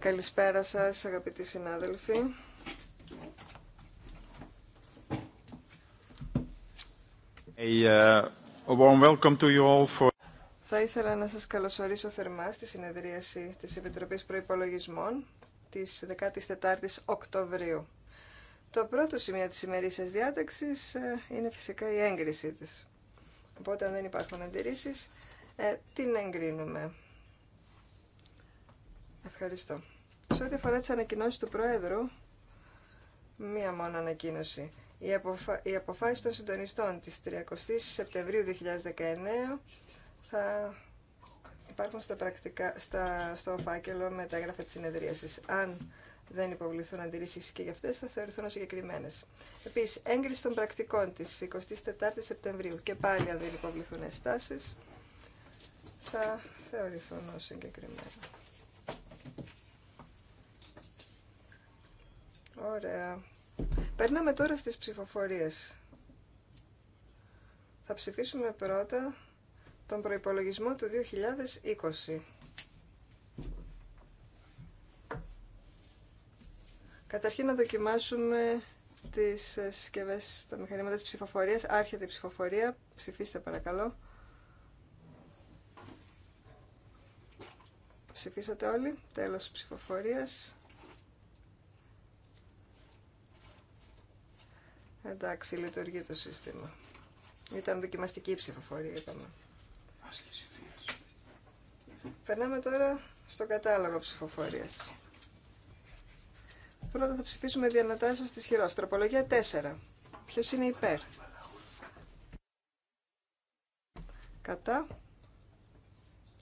Καλησπέρα σας αγαπητοί συνάδελφοι. uh, a Θα ήθελα να σας καλωσορίσω θερμά στη συνεδρίαση της Επιτροπής Προϋπολογισμών της 14ης Οκτωβρίου. Το πρώτο σημείο της σημερινής διάταξης ε, είναι φυσικά η έγκρισή της. Οπότε αν δεν υπάρχουν αντιρρήσεις, ε, την εγκρίνουμε. Ευχαριστώ. Σε ό,τι αφορά τις ανακοινώσεις του Πρόεδρου, μία μόνο ανακοίνωση. Η, αποφα... η αποφάση των συντονιστών της 30 Σεπτεμβρίου 2019 θα υπάρχουν στα πρακτικά, στα... στο φάκελο με τα έγγραφα της συνεδρίασης. Αν δεν υποβληθούν αντιρρήσει και για αυτές θα θεωρηθούν συγκεκριμένε. Επίση, Επίσης, έγκριση των πρακτικών της 24 Σεπτεμβρίου και πάλι αν δεν υποβληθούν αισθάσει θα θεωρηθούν ως συγκεκριμένα. Ωραία. Περνάμε τώρα στις ψηφοφορίες. Θα ψηφίσουμε πρώτα τον προϋπολογισμό του 2020. Καταρχήν να δοκιμάσουμε τις ε, συσκευέ τα μηχανήματα της ψηφοφορίας. Άρχεται η ψηφοφορία. Ψηφίστε παρακαλώ. Ψηφίσατε όλοι. Τέλος ψηφοφορίας. Εντάξει, λειτουργεί το σύστημα. Ήταν δοκιμαστική η ψηφοφορία, είπαμε. Περνάμε τώρα στο κατάλογο ψηφοφορίας. Πρώτα θα ψηφίσουμε διανατάσταση της χειρός. Τροπολογία 4. Ποιος είναι υπέρ. Κατά.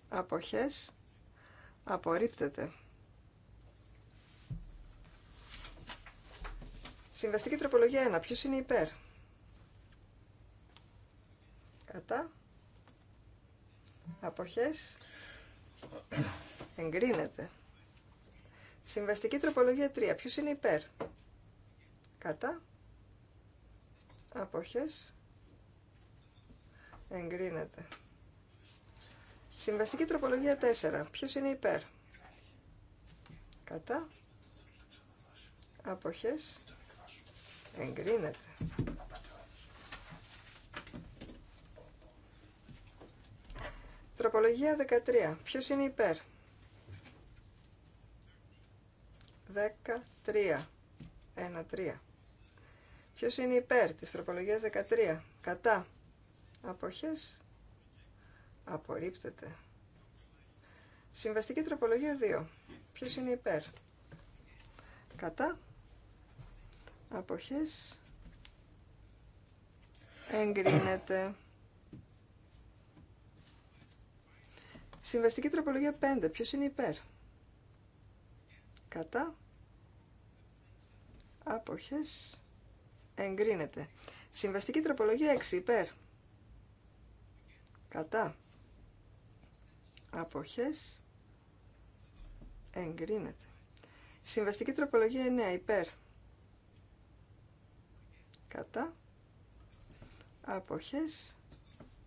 Αποχές. Απορρίπτεται. Συμβαστική τροπολογία 1. Ποιος είναι υπέρ. Κατά. Αποχές. Εγκρίνεται. Συμβαστική τροπολογία 3. Ποιος είναι υπέρ. Κατά. Αποχές. Εγκρίνεται. Συμβαστική τροπολογία 4. Ποιος είναι υπέρ. Κατά. Αποχές. Εγκρίνεται. Τροπολογία 13. Ποιος είναι υπέρ. 13. 1-3. Ποιος είναι υπέρ της τροπολογίας 13. Κατά. Αποχές. Απορρίπτεται. Συμβαστική τροπολογία 2. Ποιος είναι υπέρ. Κατά. Αποχές. Εγκρίνεται. Συμβαστική τροπολογία 5. Ποιος είναι υπέρ. Κατά. Άποχες. Εγκρίνεται. Συμβαστική τροπολογία 6 υπέρ. Κατά. Άποχες. Εγκρίνεται. Συμβαστική τροπολογία 9 υπέρ. Κατά. Άποχες.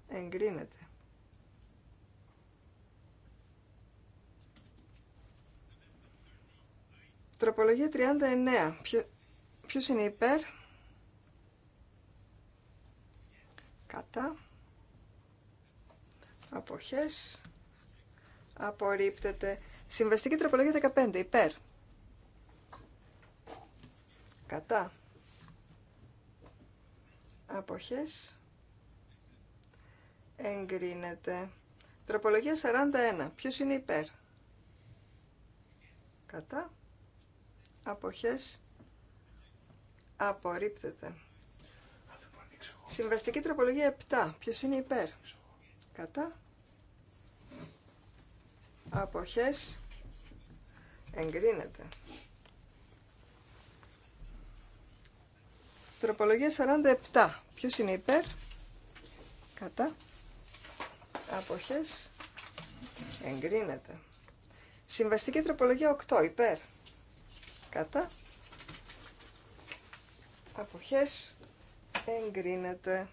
Εγκρίνεται. Τροπολογία 39. Ποιο... Ποιος είναι υπέρ. Κατά. Αποχές. Απορρίπτεται. Συμβαστική τροπολογία 15. Υπέρ. Κατά. Αποχές. Εγκρίνεται. Τροπολογία 41. Ποιος είναι υπέρ. Κατά. Αποχές Απορρίπτεται. Συμβαστική τροπολογία 7. Ποιος είναι υπέρ. Κατά. Αποχές. Εγκρίνεται. Τροπολογία 47. Ποιος είναι υπέρ. Κατά. Αποχές. Εγκρίνεται. Συμβαστική τροπολογία 8. Υπέρ. Κατά αποχές εγκρίνεται.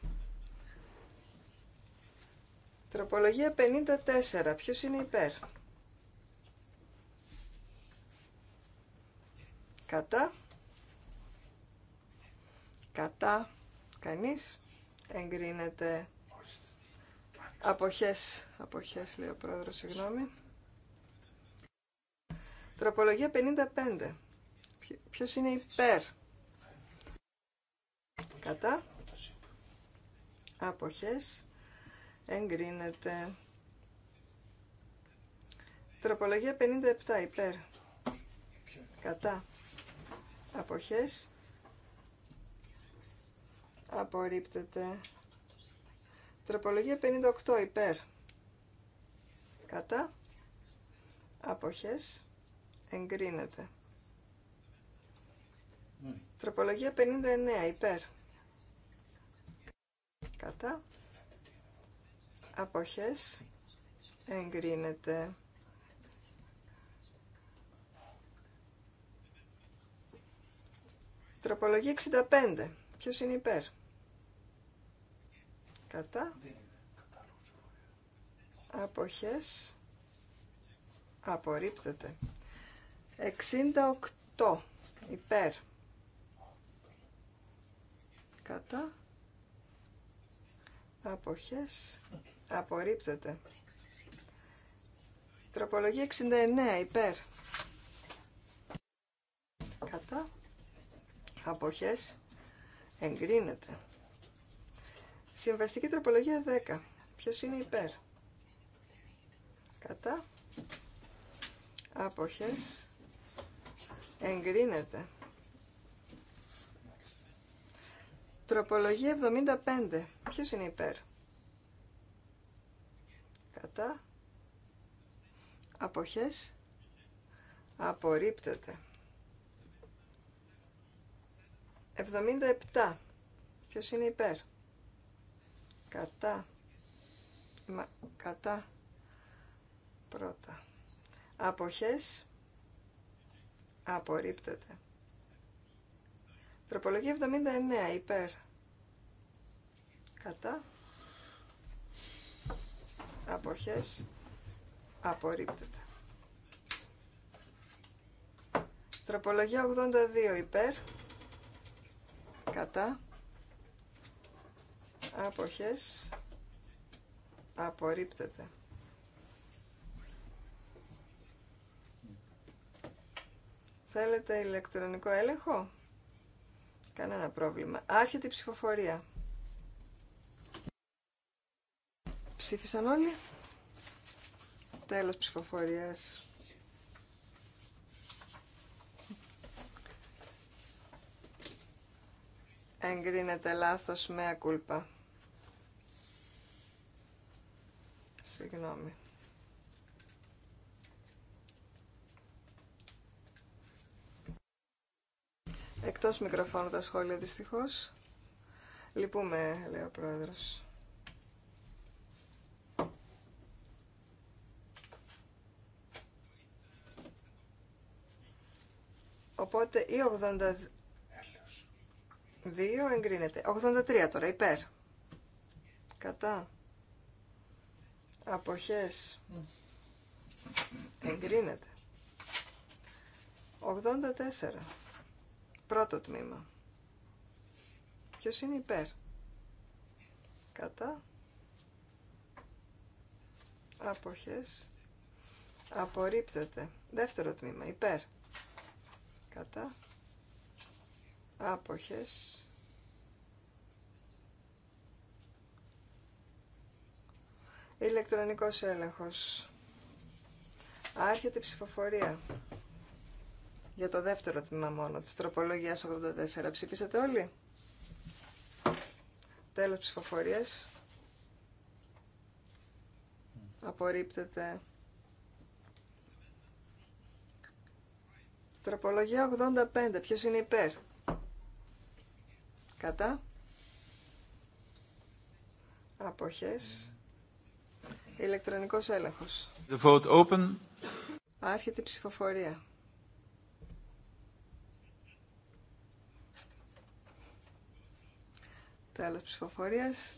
Τροπολογία 54. Ποιος είναι υπέρ. Κατά. Κατά. Κανείς. Εγκρίνεται. Αποχές. Αποχές λέει ο πρόεδρος. Συγγνώμη. Τροπολογία 55. Ποιος είναι υπέρ κατά αποχές εγκρίνεται τροπολογία 57 υπέρ κατά αποχές απορρίπτεται τροπολογία 58 υπέρ κατά αποχές εγκρίνεται Τροπολογία 59 υπέρ. Κατά. Αποχές. Εγκρίνεται. Τροπολογία 65. Ποιος είναι υπέρ. Κατά. Αποχές. Απορρίπτεται. 68. Υπέρ κατά αποχές απορρίπτεται τροπολογία 69 υπέρ κατά αποχές εγκρίνεται συμβαστική τροπολογία 10 ποιος είναι υπέρ κατά αποχές εγκρίνεται Τροπολογία 75. Ποιος είναι υπέρ. Κατά. Αποχές. Απορρίπτεται. 77. Ποιος είναι υπέρ. Κατά. Μα, κατά. Πρώτα. Αποχές. Απορρίπτεται. Τροπολογία 79 υπέρ. Κατά. Αποχές. Απορρίπτεται. Τροπολογία 82 υπέρ. Κατά. Αποχές. Απορρίπτεται. Θέλετε ηλεκτρονικό έλεγχο. Κανένα πρόβλημα. Άρχεται η ψηφοφορία. Ψήφισαν όλοι. Τέλος ψηφοφορίας. Εγκρίνεται λάθος με ακούλπα. Συγγνώμη. Εκτός μικροφώνου τα σχόλια δυστυχώς. Λυπούμε, λέει ο Πρόεδρος. Οπότε ή 82 εγκρίνεται. 83 τώρα, υπέρ. Κατά. Αποχές. Εγκρίνεται. 84. Πρώτο τμήμα. Ποιος είναι υπέρ. Κατά. Αποχές. Απορρίπτεται. Δεύτερο τμήμα. Υπέρ. Κατά. Άποχες. Ηλεκτρονικός έλεγχος. Άρχεται ψηφοφορία για το δεύτερο τμήμα μόνο της τροπολογίας 84. Ψήφισατε όλοι. Τέλος ψηφοφορίας. Απορρίπτεται. Τροπολογία 85. Ποιος είναι υπέρ. Κατά. Αποχές. Ηλεκτρονικός έλεγχος. The vote open. Άρχεται η ψηφοφορία. Τέλος ψηφοφορίας.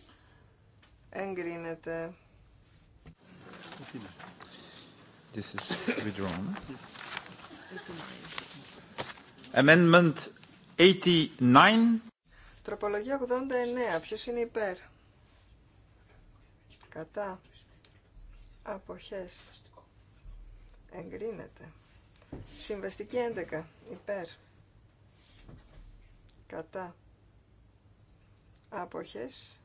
Εγκρίνεται. This is withdrawn. Amendment 89. Τροπολογία 89. Ποιος είναι υπέρ. Κατά. Αποχές. Εγκρίνεται. Συμβαστική 11. Υπέρ. Κατά άποχες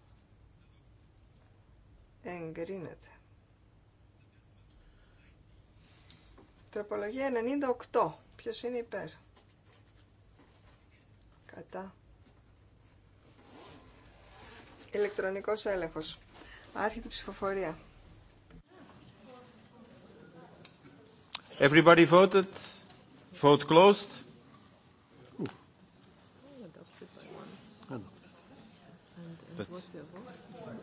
εγκρίνεται. Τροπολογία 98. Ποιος είναι υπέρ. Κατά. Ηλεκτρονικός έλεγχος. Άρχεται ψηφοφορία. Everybody voted. Vote closed. But,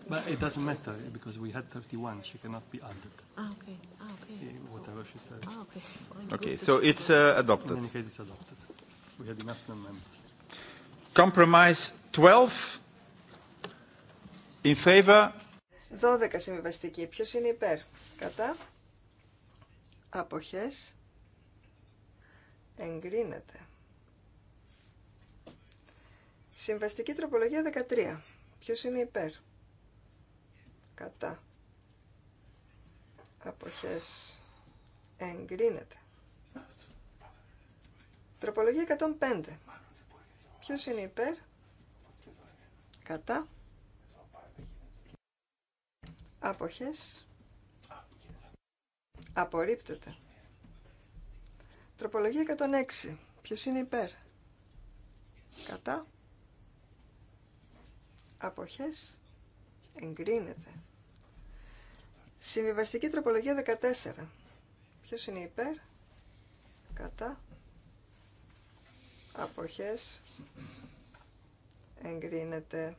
but it doesn't matter because we had 31. She cannot be added. Ah, okay. Ah, okay. Whatever she says. Ah, okay. Fine. Okay. So it's uh, adopted. In any case, it's adopted. We had enough members. Compromise 12. In favor. 12 συμβιβαστική. Ποιος είναι υπέρ. Κατά. Αποχές. Εγκρίνεται. Συμβαστική τροπολογία 13. Ποιος είναι υπέρ. Κατά. Αποχές. Εγκρίνεται. Τροπολογία 105. Ποιος είναι υπέρ. Κατά. Αποχές. Απορρίπτεται. Τροπολογία 106. Ποιος είναι υπέρ. Κατά αποχές εγκρίνεται. Συμβιβαστική τροπολογία 14. Ποιος είναι υπέρ, κατά, αποχές, εγκρίνεται.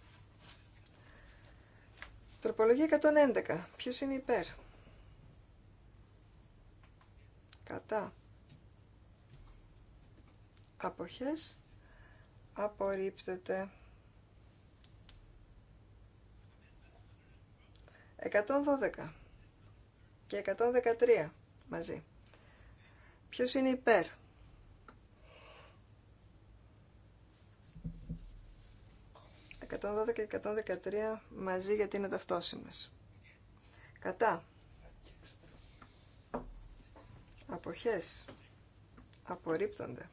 Τροπολογία 111. Ποιος είναι υπέρ, κατά, αποχές, απορρίπτεται. 112 και 113 μαζί. Ποιος είναι υπέρ. 112 και 113 μαζί γιατί είναι ταυτόσιμες. Κατά. Αποχές. Απορρίπτονται.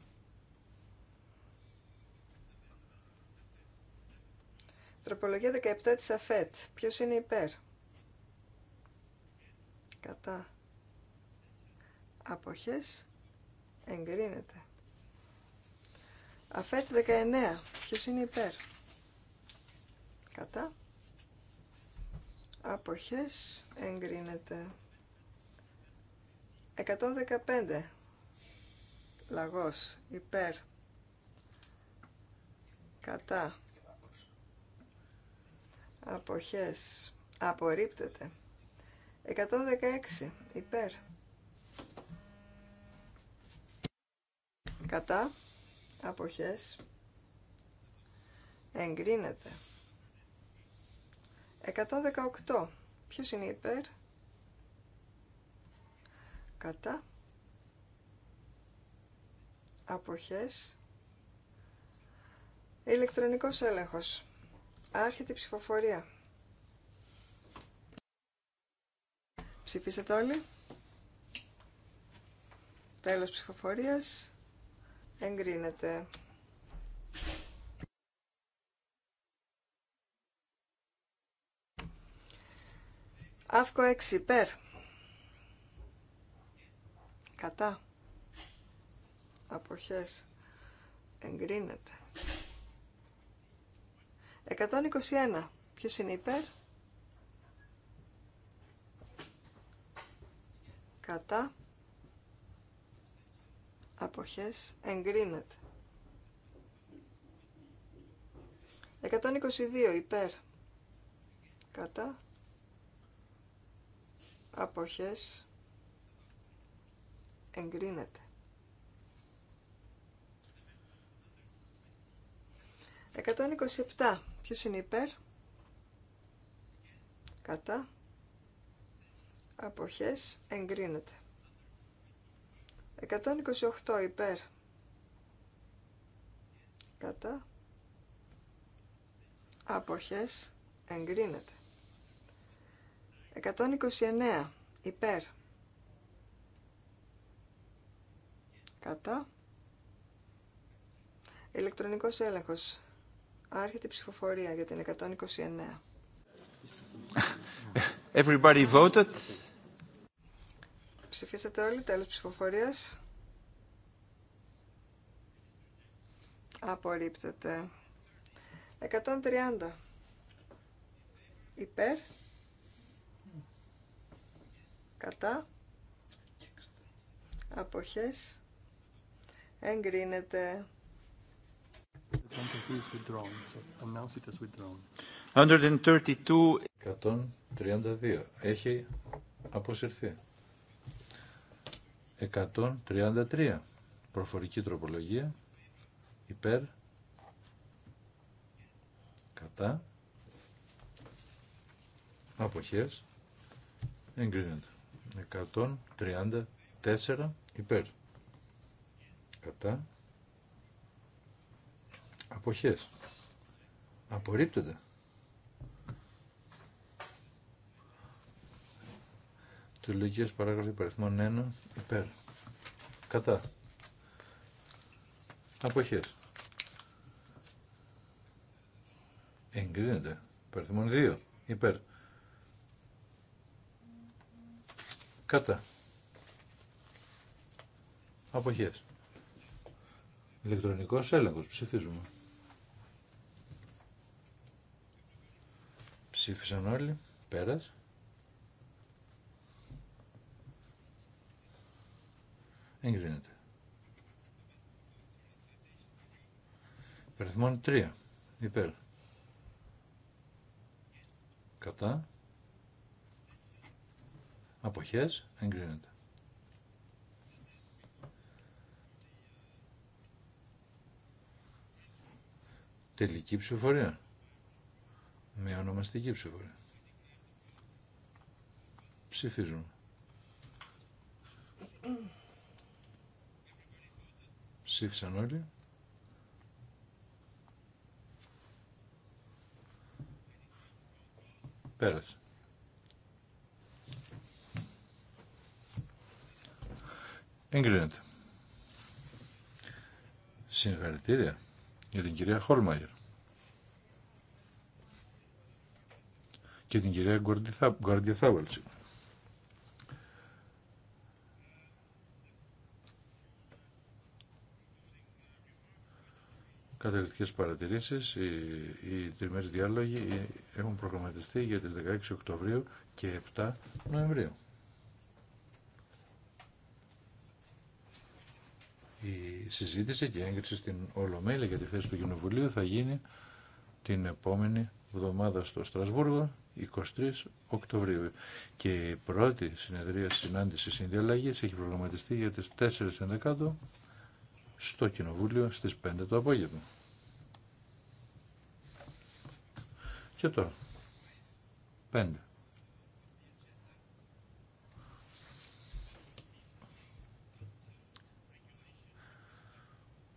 Τροπολογία 17 της ΑΦΕΤ. Ποιος είναι υπέρ κατά αποχές εγκρίνεται. Αφέτη 19. Ποιος είναι υπέρ. Κατά. Αποχές εγκρίνεται. 115. Λαγός. Υπέρ. Κατά. Αποχές. Απορρίπτεται. 116 υπέρ. Κατά αποχές εγκρίνεται. 118. Ποιος είναι υπέρ. Κατά αποχές ηλεκτρονικός έλεγχος. Άρχεται η ψηφοφορία. Ψηφίσατε όλοι. Τέλος ψηφοφορίας. Εγκρίνεται. Αύκο 6 υπέρ. Κατά. Αποχές. Εγκρίνεται. 121. Ποιος είναι υπέρ. κατά αποχές εγκρίνεται 122 υπέρ κατά αποχές εγκρίνεται 127 ποιος είναι υπέρ κατά αποχές εγκρίνεται. 128 υπέρ κατά αποχές εγκρίνεται. 129 υπέρ κατά ηλεκτρονικός έλεγχος άρχεται η ψηφοφορία για την 129 Everybody voted Ψηφίσατε όλοι, τέλος ψηφοφορίας. Απορρίπτεται. 130. Υπέρ. Κατά. Αποχές. Εγκρίνεται. 132. 132. Έχει αποσυρθεί. 133 προφορική τροπολογία υπέρ κατά αποχές εγκρίνεται 134 υπέρ κατά αποχές απορρίπτεται Τελογίας παράγραφη παριθμών 1 υπέρ. Κατά. αποχέ. Εγκρίνεται. Παριθμών 2 υπέρ. Κατά. Αποχέ. Ηλεκτρονικό έλεγχο. Ψηφίζουμε. Ψήφισαν όλοι. Πέρας. Εγκρίνεται. Περιθμόν 3. Υπέρ. Κατά. Αποχές. Εγκρίνεται. Τελική ψηφοφορία. Με ονομαστική ψηφοφορία. Ψηφίζουμε. Ψήφισαν όλοι. Πέρασε. Εγκρίνεται. Συγχαρητήρια για την κυρία Χόλμαγερ. Και την κυρία Γκουαρντιθάβαλτση. καταληκτικές παρατηρήσεις, οι, οι διάλογοι ε, έχουν προγραμματιστεί για τις 16 Οκτωβρίου και 7 Νοεμβρίου. Η συζήτηση και η έγκριση στην Ολομέλεια για τη θέση του Κοινοβουλίου θα γίνει την επόμενη εβδομάδα στο Στρασβούργο, 23 Οκτωβρίου. Και η πρώτη συνεδρία συνάντηση συνδιαλλαγή έχει προγραμματιστεί για τις 4 Ιανουαρίου στο Κοινοβούλιο στις 5 το απόγευμα. Και τώρα. Πέντε.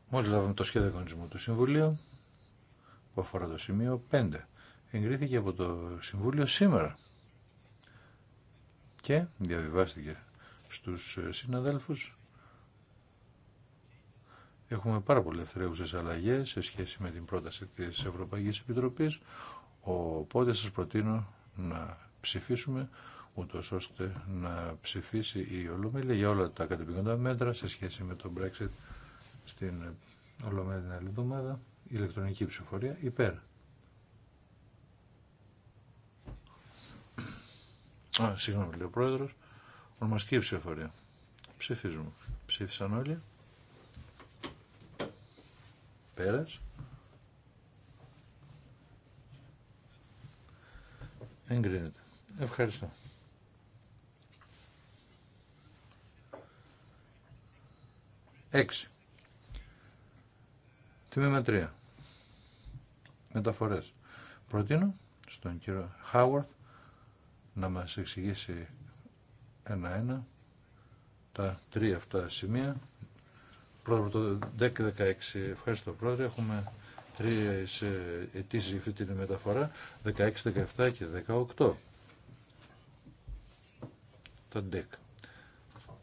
Μόλις λάβαμε το σχέδιο εγγονισμού του Συμβουλίου, που αφορά το σημείο 5, εγκρίθηκε από το Συμβούλιο σήμερα και διαβιβάστηκε στους συναδέλφους. Έχουμε πάρα πολλές ευθρέουσες αλλαγές σε σχέση με την πρόταση της Ευρωπαϊκής Επιτροπής. Οπότε σας προτείνω να ψηφίσουμε ούτω ώστε να ψηφίσει η Ολομέλεια για όλα τα κατεπηγόντα μέτρα σε σχέση με το Brexit στην Ολομέλη την άλλη εβδομάδα. Ηλεκτρονική ψηφοφορία υπέρ. Α, συγγνώμη, λέει ο πρόεδρος. Ονομαστική ψηφοφορία. Ψηφίζουμε. Ψήφισαν όλοι. Πέρας. εγκρίνεται. Ευχαριστώ. Έξι. Τμήμα 3. Μεταφορές. Προτείνω στον κύριο Χάουαρθ να μας εξηγήσει ένα-ένα τα τρία αυτά σημεία. Πρώτα το 10-16. Ευχαριστώ πρόεδρε. Έχουμε τρεις ε, αιτήσεις για αυτή την μεταφορά, 16, 17 και 18. Το DEC.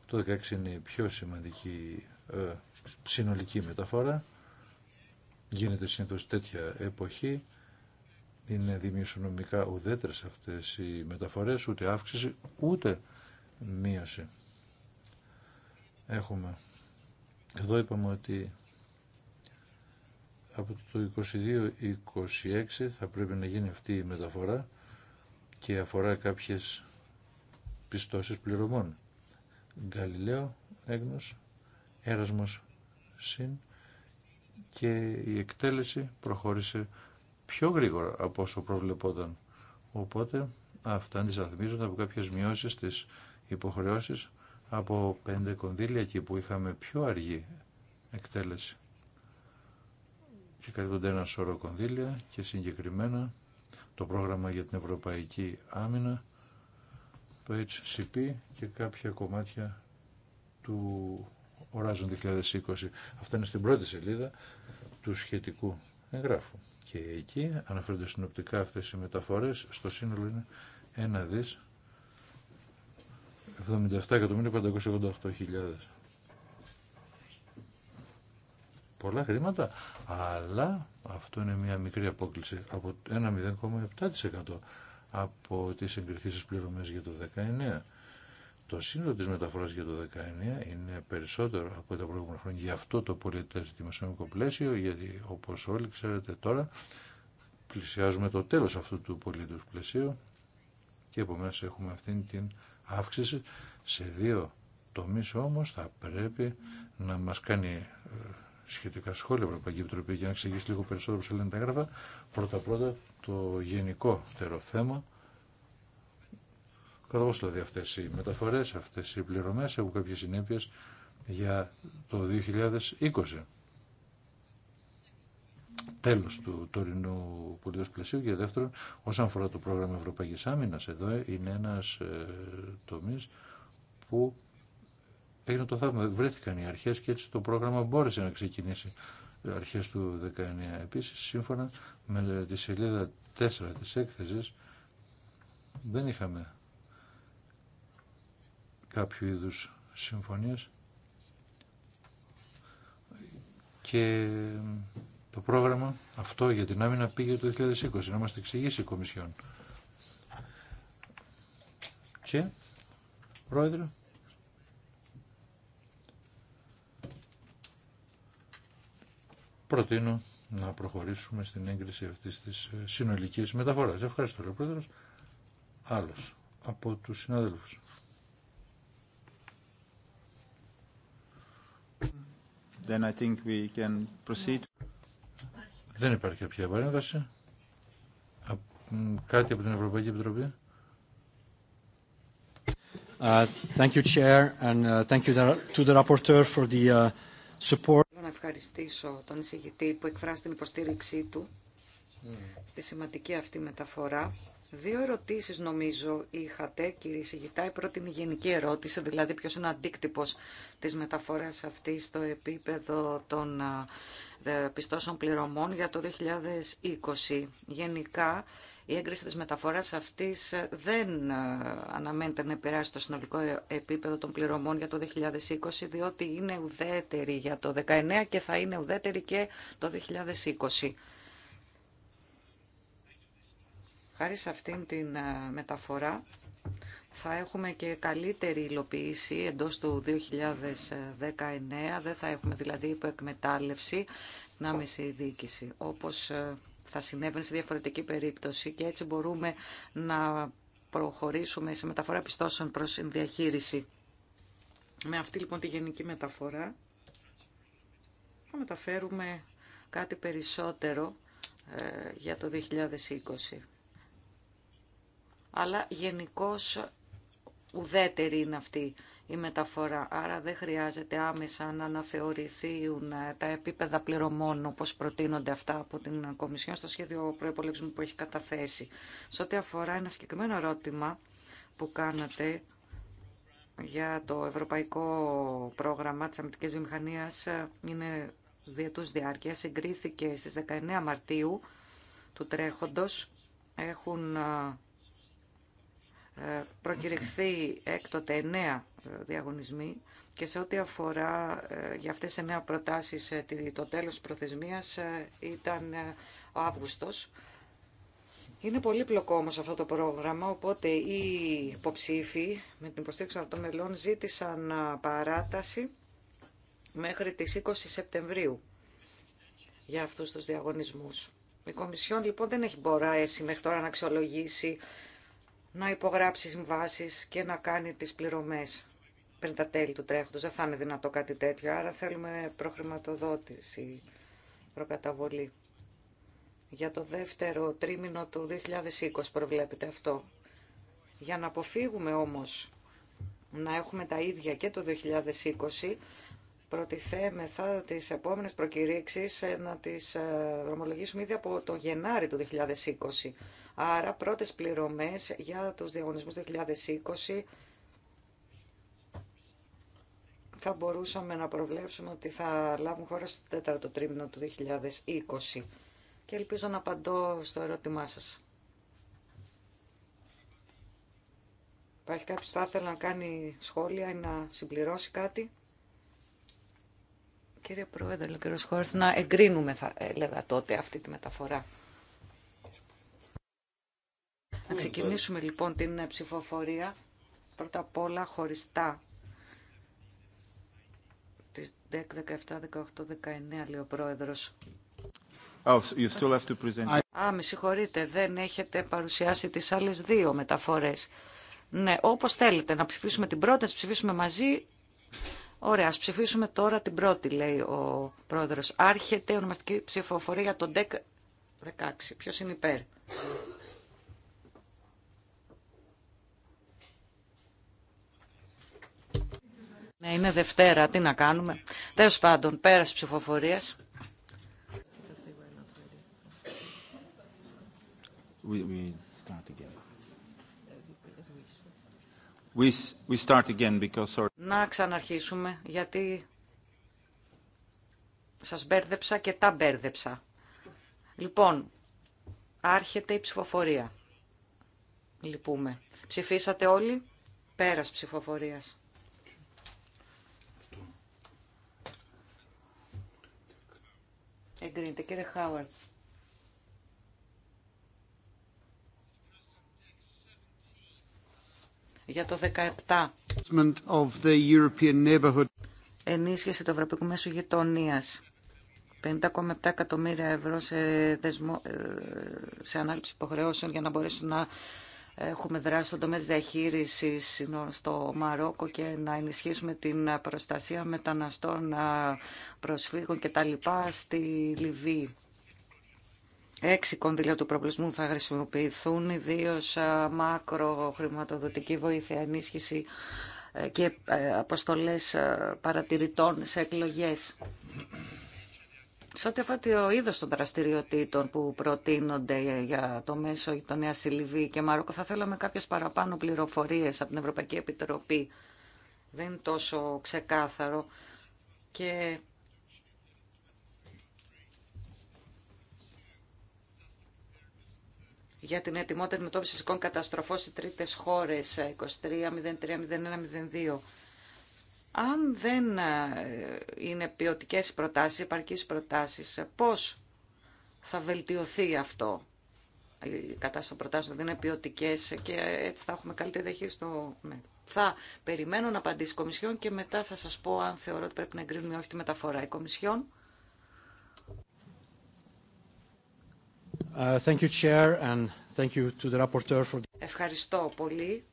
Το 16 είναι η πιο σημαντική ε, συνολική μεταφορά. Γίνεται συνήθως τέτοια εποχή. Είναι δημιουργικά ουδέτερες αυτές οι μεταφορές, ούτε αύξηση, ούτε μείωση. Έχουμε. Εδώ είπαμε ότι από το 22-26 θα πρέπει να γίνει αυτή η μεταφορά και αφορά κάποιες πιστώσεις πληρωμών. Γαλιλαίο, έγνος, έρασμος, συν και η εκτέλεση προχώρησε πιο γρήγορα από όσο προβλεπόταν. Οπότε αυτά αντισταθμίζονται από κάποιες μειώσεις της υποχρεώσεις από πέντε κονδύλια και που είχαμε πιο αργή εκτέλεση και καλύπτονται ένα σώρο κονδύλια και συγκεκριμένα το πρόγραμμα για την Ευρωπαϊκή Άμυνα, το HCP και κάποια κομμάτια του Horizon 2020. Αυτά είναι στην πρώτη σελίδα του σχετικού εγγράφου. Και εκεί αναφέρονται συνοπτικά αυτές οι μεταφορές, στο σύνολο είναι ένα δις 77.588.000. πολλά χρήματα, αλλά αυτό είναι μια μικρή απόκληση από ένα 0,7% από τι εγκριθήσει πληρωμές για το 19. Το σύνολο τη μεταφορά για το 19 είναι περισσότερο από τα προηγούμενα χρόνια. Γι' αυτό το πολιτεύει δημοσιονομικό πλαίσιο, γιατί όπω όλοι ξέρετε τώρα, πλησιάζουμε το τέλο αυτού του πολιτικού πλαισίου και επομένω έχουμε αυτήν την αύξηση σε δύο τομείς όμως θα πρέπει να μας κάνει ε, σχετικά σχόλια Ευρωπαϊκή Επιτροπή για να εξηγήσει λίγο περισσότερο που λένε τα έγραφα. πρωτα Πρώτα-πρώτα το γενικότερο θέμα. πόσο δηλαδή αυτέ οι μεταφορέ, αυτέ οι πληρωμέ έχουν κάποιε συνέπειε για το 2020. Τέλο του τωρινού πολιτικού πλαισίου και δεύτερον, όσον αφορά το πρόγραμμα Ευρωπαϊκή Άμυνα, εδώ είναι ένα ε, τομής που έγινε το θαύμα, βρέθηκαν οι αρχές και έτσι το πρόγραμμα μπόρεσε να ξεκινήσει αρχές του 19. Επίσης, σύμφωνα με τη σελίδα 4 της έκθεσης, δεν είχαμε κάποιο είδους συμφωνίες και το πρόγραμμα αυτό για την άμυνα πήγε το 2020, να μας το εξηγήσει η Κομισιόν. Και, Πρόεδρε, προτείνω να προχωρήσουμε στην έγκριση αυτής της ε, συνολικής μεταφοράς. Ευχαριστώ, ο Πρόεδρος. Άλλος από τους συναδέλφους. Then I think we can proceed. Δεν υπάρχει κάποια παρέμβαση. Κάτι από την Ευρωπαϊκή Επιτροπή. Uh, thank you, Chair, and uh, thank you to the rapporteur for the uh, support ευχαριστήσω τον εισηγητή που εκφράσει την υποστήριξή του mm. στη σημαντική αυτή μεταφορά. Δύο ερωτήσεις νομίζω είχατε, κύριε εισηγητά. Η πρώτη είναι η γενική ερώτηση, δηλαδή ποιος είναι ο αντίκτυπος της μεταφοράς αυτής στο επίπεδο των ε, ε, πιστώσεων πληρωμών για το 2020. Γενικά, η έγκριση της μεταφοράς αυτής ε, δεν ε, αναμένεται να επηρεάσει το συνολικό ε, επίπεδο των πληρωμών για το 2020, διότι είναι ουδέτερη για το 2019 και θα είναι ουδέτερη και το 2020. Χάρη σε αυτήν την μεταφορά θα έχουμε και καλύτερη υλοποίηση εντός του 2019, δεν θα έχουμε δηλαδή υποεκμετάλλευση στην άμεση διοίκηση, όπως θα συνέβαινε σε διαφορετική περίπτωση και έτσι μπορούμε να προχωρήσουμε σε μεταφορά πιστώσεων προς διαχείριση. Με αυτή λοιπόν τη γενική μεταφορά θα μεταφέρουμε κάτι περισσότερο ε, για το 2020. Αλλά γενικώς ουδέτερη είναι αυτή η μεταφορά. Άρα δεν χρειάζεται άμεσα να αναθεωρηθούν ε, τα επίπεδα πληρωμών όπως προτείνονται αυτά από την Κομισιόν στο σχέδιο προϋπολογισμού που έχει καταθέσει. Σε ό,τι αφορά ένα συγκεκριμένο ερώτημα που κάνατε για το ευρωπαϊκό πρόγραμμα της αμυντικής βιομηχανίας ε, είναι διετούς διάρκεια. Συγκρίθηκε στις 19 Μαρτίου του τρέχοντος. Έχουν ε, προκηρυχθεί έκτοτε εννέα διαγωνισμοί και σε ό,τι αφορά ε, για αυτές τις νέα προτάσεις ε, το τέλος της προθεσμίας ε, ήταν ο Αύγουστος. Είναι πολύ πλοκό όμως αυτό το πρόγραμμα, οπότε οι υποψήφοι με την υποστήριξη των μελών ζήτησαν παράταση μέχρι τις 20 Σεπτεμβρίου για αυτούς τους διαγωνισμούς. Η Κομισιόν λοιπόν δεν έχει μπορέσει μέχρι τώρα να αξιολογήσει, να υπογράψει συμβάσει και να κάνει τις πληρωμές πριν τα τέλη του τρέχοντο. Δεν θα είναι δυνατό κάτι τέτοιο, άρα θέλουμε προχρηματοδότηση, προκαταβολή. Για το δεύτερο τρίμηνο του 2020 προβλέπεται αυτό. Για να αποφύγουμε όμως να έχουμε τα ίδια και το 2020, προτιθέμεθα τις επόμενες προκηρύξεις ε, να τις ε, δρομολογήσουμε ήδη από το Γενάρη του 2020. Άρα πρώτες πληρωμές για τους διαγωνισμούς 2020 θα μπορούσαμε να προβλέψουμε ότι θα λάβουν χώρα στο τέταρτο τρίμηνο του 2020 και ελπίζω να απαντώ στο ερώτημά σας. Υπάρχει κάποιος που θα ήθελε να κάνει σχόλια ή να συμπληρώσει κάτι. Κύριε Πρόεδρε, κύριο Χόρθ, να εγκρίνουμε, θα έλεγα τότε, αυτή τη μεταφορά. Να ξεκινήσουμε λοιπόν την ψηφοφορία. Πρώτα απ' όλα χωριστά της ΔΕΚ 17, 18, 19, λέει ο πρόεδρος. Oh, Α, με συγχωρείτε, δεν έχετε παρουσιάσει τις άλλες δύο μεταφορές. Ναι, όπως θέλετε, να ψηφίσουμε την πρώτη, να ψηφίσουμε μαζί. Ωραία, ας ψηφίσουμε τώρα την πρώτη, λέει ο πρόεδρος. Άρχεται ονομαστική ψηφοφορία για τον ΔΕΚ 16. Ποιος είναι υπέρ. Ναι, είναι Δευτέρα, τι να κάνουμε. Τέλο πάντων, πέρα ψηφοφορία. Να ξαναρχίσουμε, γιατί σας μπέρδεψα και τα μπέρδεψα. Λοιπόν, άρχεται η ψηφοφορία. Λυπούμε. Ψηφίσατε όλοι πέρας ψηφοφορίας. Εγκρίνεται. Κύριε Χάουερ. Για το 17. Of the European Ενίσχυση του Ευρωπαϊκού Μέσου Γειτονία. 50,7 εκατομμύρια ευρώ σε, δεσμό, ε, σε ανάληψη υποχρεώσεων για να μπορέσει να έχουμε δράσει στον τομέα τη διαχείριση στο Μαρόκο και να ενισχύσουμε την προστασία μεταναστών προσφύγων κτλ. στη Λιβύη. Έξι κονδύλια του προβλησμού θα χρησιμοποιηθούν, ιδίω μάκρο χρηματοδοτική βοήθεια, ενίσχυση ε, και ε, αποστολές παρατηρητών σε εκλογές. Σε ό,τι αφορά το είδο των δραστηριοτήτων που προτείνονται για το μέσο για το Νέα Σιλιβή και Μαρόκο, θα θέλαμε κάποιε παραπάνω πληροφορίε από την Ευρωπαϊκή Επιτροπή. Δεν είναι τόσο ξεκάθαρο. Και για την ετοιμότητα αντιμετώπιση φυσικών καταστροφών σε τρίτε χώρε 23 03 αν δεν ε, είναι ποιοτικέ οι προτάσεις, επαρκείς προτάσεις, ε, πώς θα βελτιωθεί αυτό η κατάσταση των προτάσεων δεν δηλαδή είναι ποιοτικέ ε, και έτσι θα έχουμε καλύτερη διαχείριση στο Θα περιμένω να απαντήσει η Κομισιόν και μετά θα σας πω αν θεωρώ ότι πρέπει να εγκρίνουμε όχι τη μεταφορά η Κομισιόν. Uh, thank you, and thank you to the for... Ευχαριστώ πολύ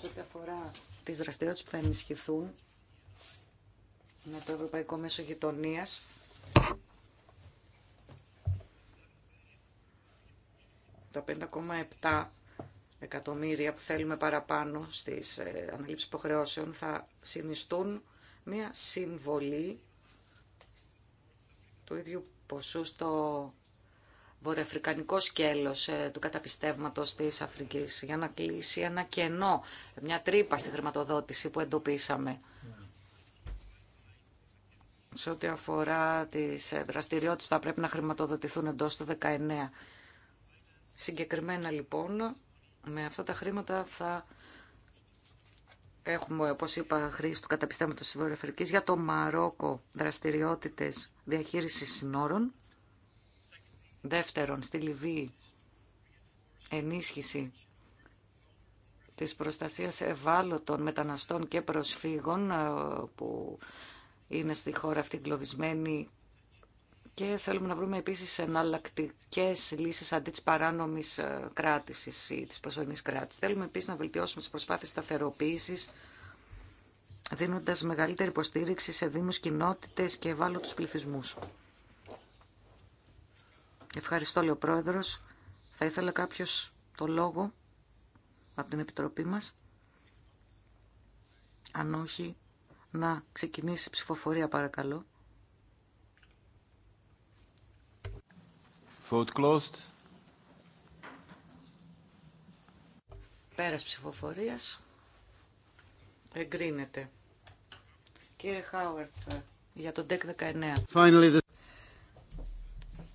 σε ό,τι αφορά τις δραστηριότητε που θα ενισχυθούν με το Ευρωπαϊκό Μέσο Γειτονία, Τα 5,7 εκατομμύρια που θέλουμε παραπάνω στις ε, αναλήψεις υποχρεώσεων θα συνιστούν μια συμβολή του ίδιου ποσού στο βορειοαφρικανικό σκέλος ε, του καταπιστεύματος της Αφρικής για να κλείσει ένα κενό, μια τρύπα στη χρηματοδότηση που εντοπίσαμε σε ό,τι αφορά τις ε, δραστηριότητες που θα πρέπει να χρηματοδοτηθούν εντός του 19. Συγκεκριμένα λοιπόν, με αυτά τα χρήματα θα έχουμε, όπω είπα, χρήση του καταπιστέματος της Βορειοαφρικής για το Μαρόκο δραστηριότητες διαχείρισης συνόρων. Δεύτερον, στη Λιβύη ενίσχυση της προστασίας ευάλωτων μεταναστών και προσφύγων ε, που είναι στη χώρα αυτή εγκλωβισμένη και θέλουμε να βρούμε επίσης εναλλακτικέ λύσεις αντί της παράνομης ε, κράτησης ή της προσωρινής κράτησης. Θέλουμε επίσης να βελτιώσουμε τις προσπάθειες σταθεροποίησης δίνοντας μεγαλύτερη υποστήριξη σε δήμους, κοινότητες και ευάλωτους πληθυσμούς. Ευχαριστώ, λέει ο Πρόεδρος. Θα ήθελα κάποιος το λόγο από την Επιτροπή μας. Αν όχι, να ξεκινήσει η ψηφοφορία, παρακαλώ. Vote closed. Πέρας ψηφοφορίας. Εγκρίνεται. Κύριε Χάουερτ, για τον ΤΕΚ 19. Finally,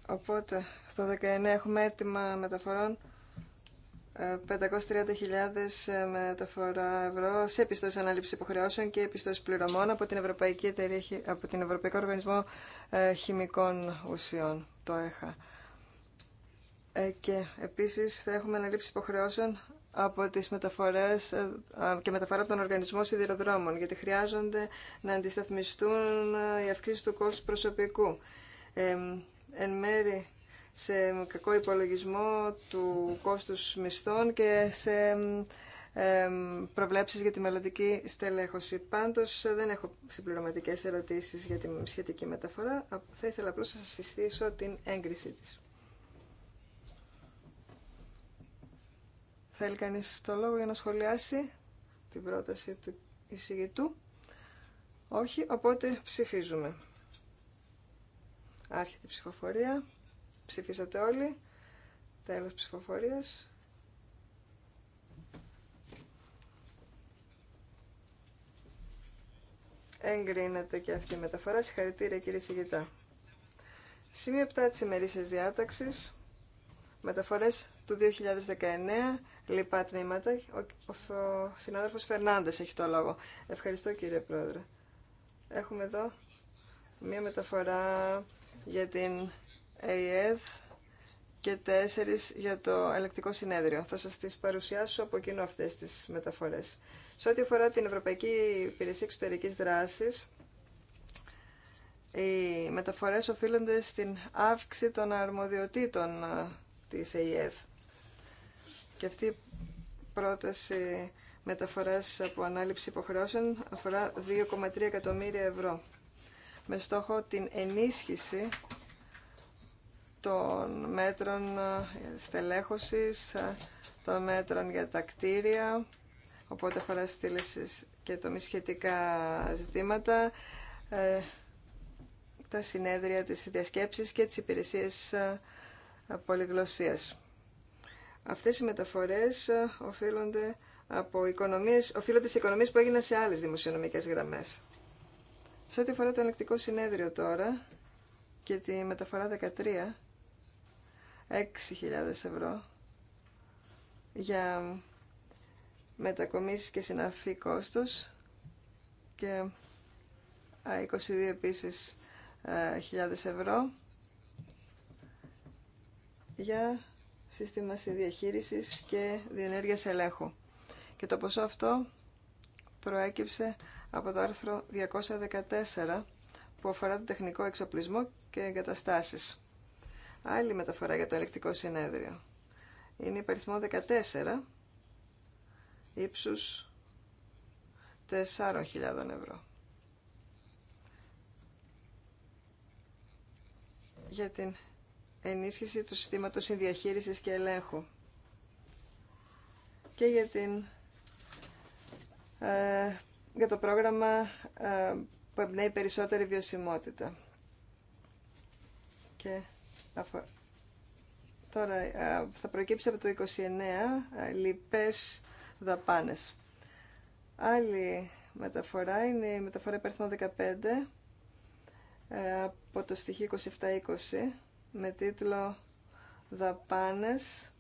Οπότε, στο 19 έχουμε έτοιμα μεταφορών 530.000 ε, ε, μεταφορά ευρώ σε επιστώσεις αναλήψης υποχρεώσεων και επιστώσεις πληρωμών από την, Ευρωπαϊκή Εταιρεία, από την Ευρωπαϊκό Οργανισμό ε, Χημικών Ουσιών, το ΕΧΑ. Και επίσης θα έχουμε ανάληψη υποχρεώσεων από τις μεταφορές και μεταφορά από τον Οργανισμό Σιδηροδρόμων, γιατί χρειάζονται να αντισταθμιστούν οι αυξήσει του κόστου προσωπικού εν μέρη σε κακό υπολογισμό του κόστους μισθών και σε προβλέψεις για τη μελλοντική στελέχωση. Πάντως δεν έχω συμπληρωματικές ερωτήσεις για τη σχετική μεταφορά. Θα ήθελα απλώς να σας συστήσω την έγκρισή της. Θέλει κανείς το λόγο για να σχολιάσει την πρόταση του εισηγητού. Όχι, οπότε ψηφίζουμε. Άρχεται η ψηφοφορία. Ψηφίσατε όλοι. Τέλος ψηφοφορίας. Εγκρίνεται και αυτή η μεταφορά. Συγχαρητήρια κύριε Σιγητά. Σημείο 7 της ημερήσιας διάταξης. Μεταφορές του 2019. Λοιπά τμήματα. Ο, ο συνάδελφος Φερνάντες έχει το λόγο. Ευχαριστώ κύριε Πρόεδρε. Έχουμε εδώ μία μεταφορά για την ΑΕΔ και τέσσερις για το ελεκτικό συνέδριο. Θα σας τις παρουσιάσω από κοινού αυτές τις μεταφορές. Σε ό,τι αφορά την Ευρωπαϊκή Υπηρεσία Εξωτερικής Δράσης, οι μεταφορές οφείλονται στην αύξηση των αρμοδιοτήτων ε, της ΑΕΔ. Και αυτή η πρόταση μεταφοράς από ανάληψη υποχρεώσεων αφορά 2,3 εκατομμύρια ευρώ με στόχο την ενίσχυση των μέτρων ε, στελέχωσης, ε, των μέτρων για τα κτίρια, οπότε αφορά στήλες και το μη σχετικά ζητήματα, ε, τα συνέδρια της διασκέψης και τις υπηρεσίες πολυγλωσσίας. Αυτές οι μεταφορές οφείλονται από οικονομίες, οφείλονται σε οικονομίες που έγιναν σε άλλες δημοσιονομικές γραμμές. Σε ό,τι αφορά το ελεκτικό συνέδριο τώρα και τη μεταφορά 13, 6.000 ευρώ για μετακομίσεις και συναφή κόστος και 22 επίσης ευρώ για σύστημα συνδιαχείρισης και διενέργειας ελέγχου. Και το ποσό αυτό προέκυψε από το άρθρο 214 που αφορά το τεχνικό εξοπλισμό και εγκαταστάσεις. Άλλη μεταφορά για το ελεκτικό συνέδριο. Είναι υπαριθμό 14 ύψους 4.000 ευρώ. Για την ενίσχυση του συστήματος συνδιαχείρισης και ελέγχου και για την ε, για το πρόγραμμα ε, που εμπνέει περισσότερη βιωσιμότητα. Και τώρα ε, θα προκύψει από το 29 ε, λοιπές δαπάνες. Άλλη μεταφορά είναι η μεταφορά υπέρθυμα 15 από το στοιχείο 2720 με τίτλο «Δαπάνες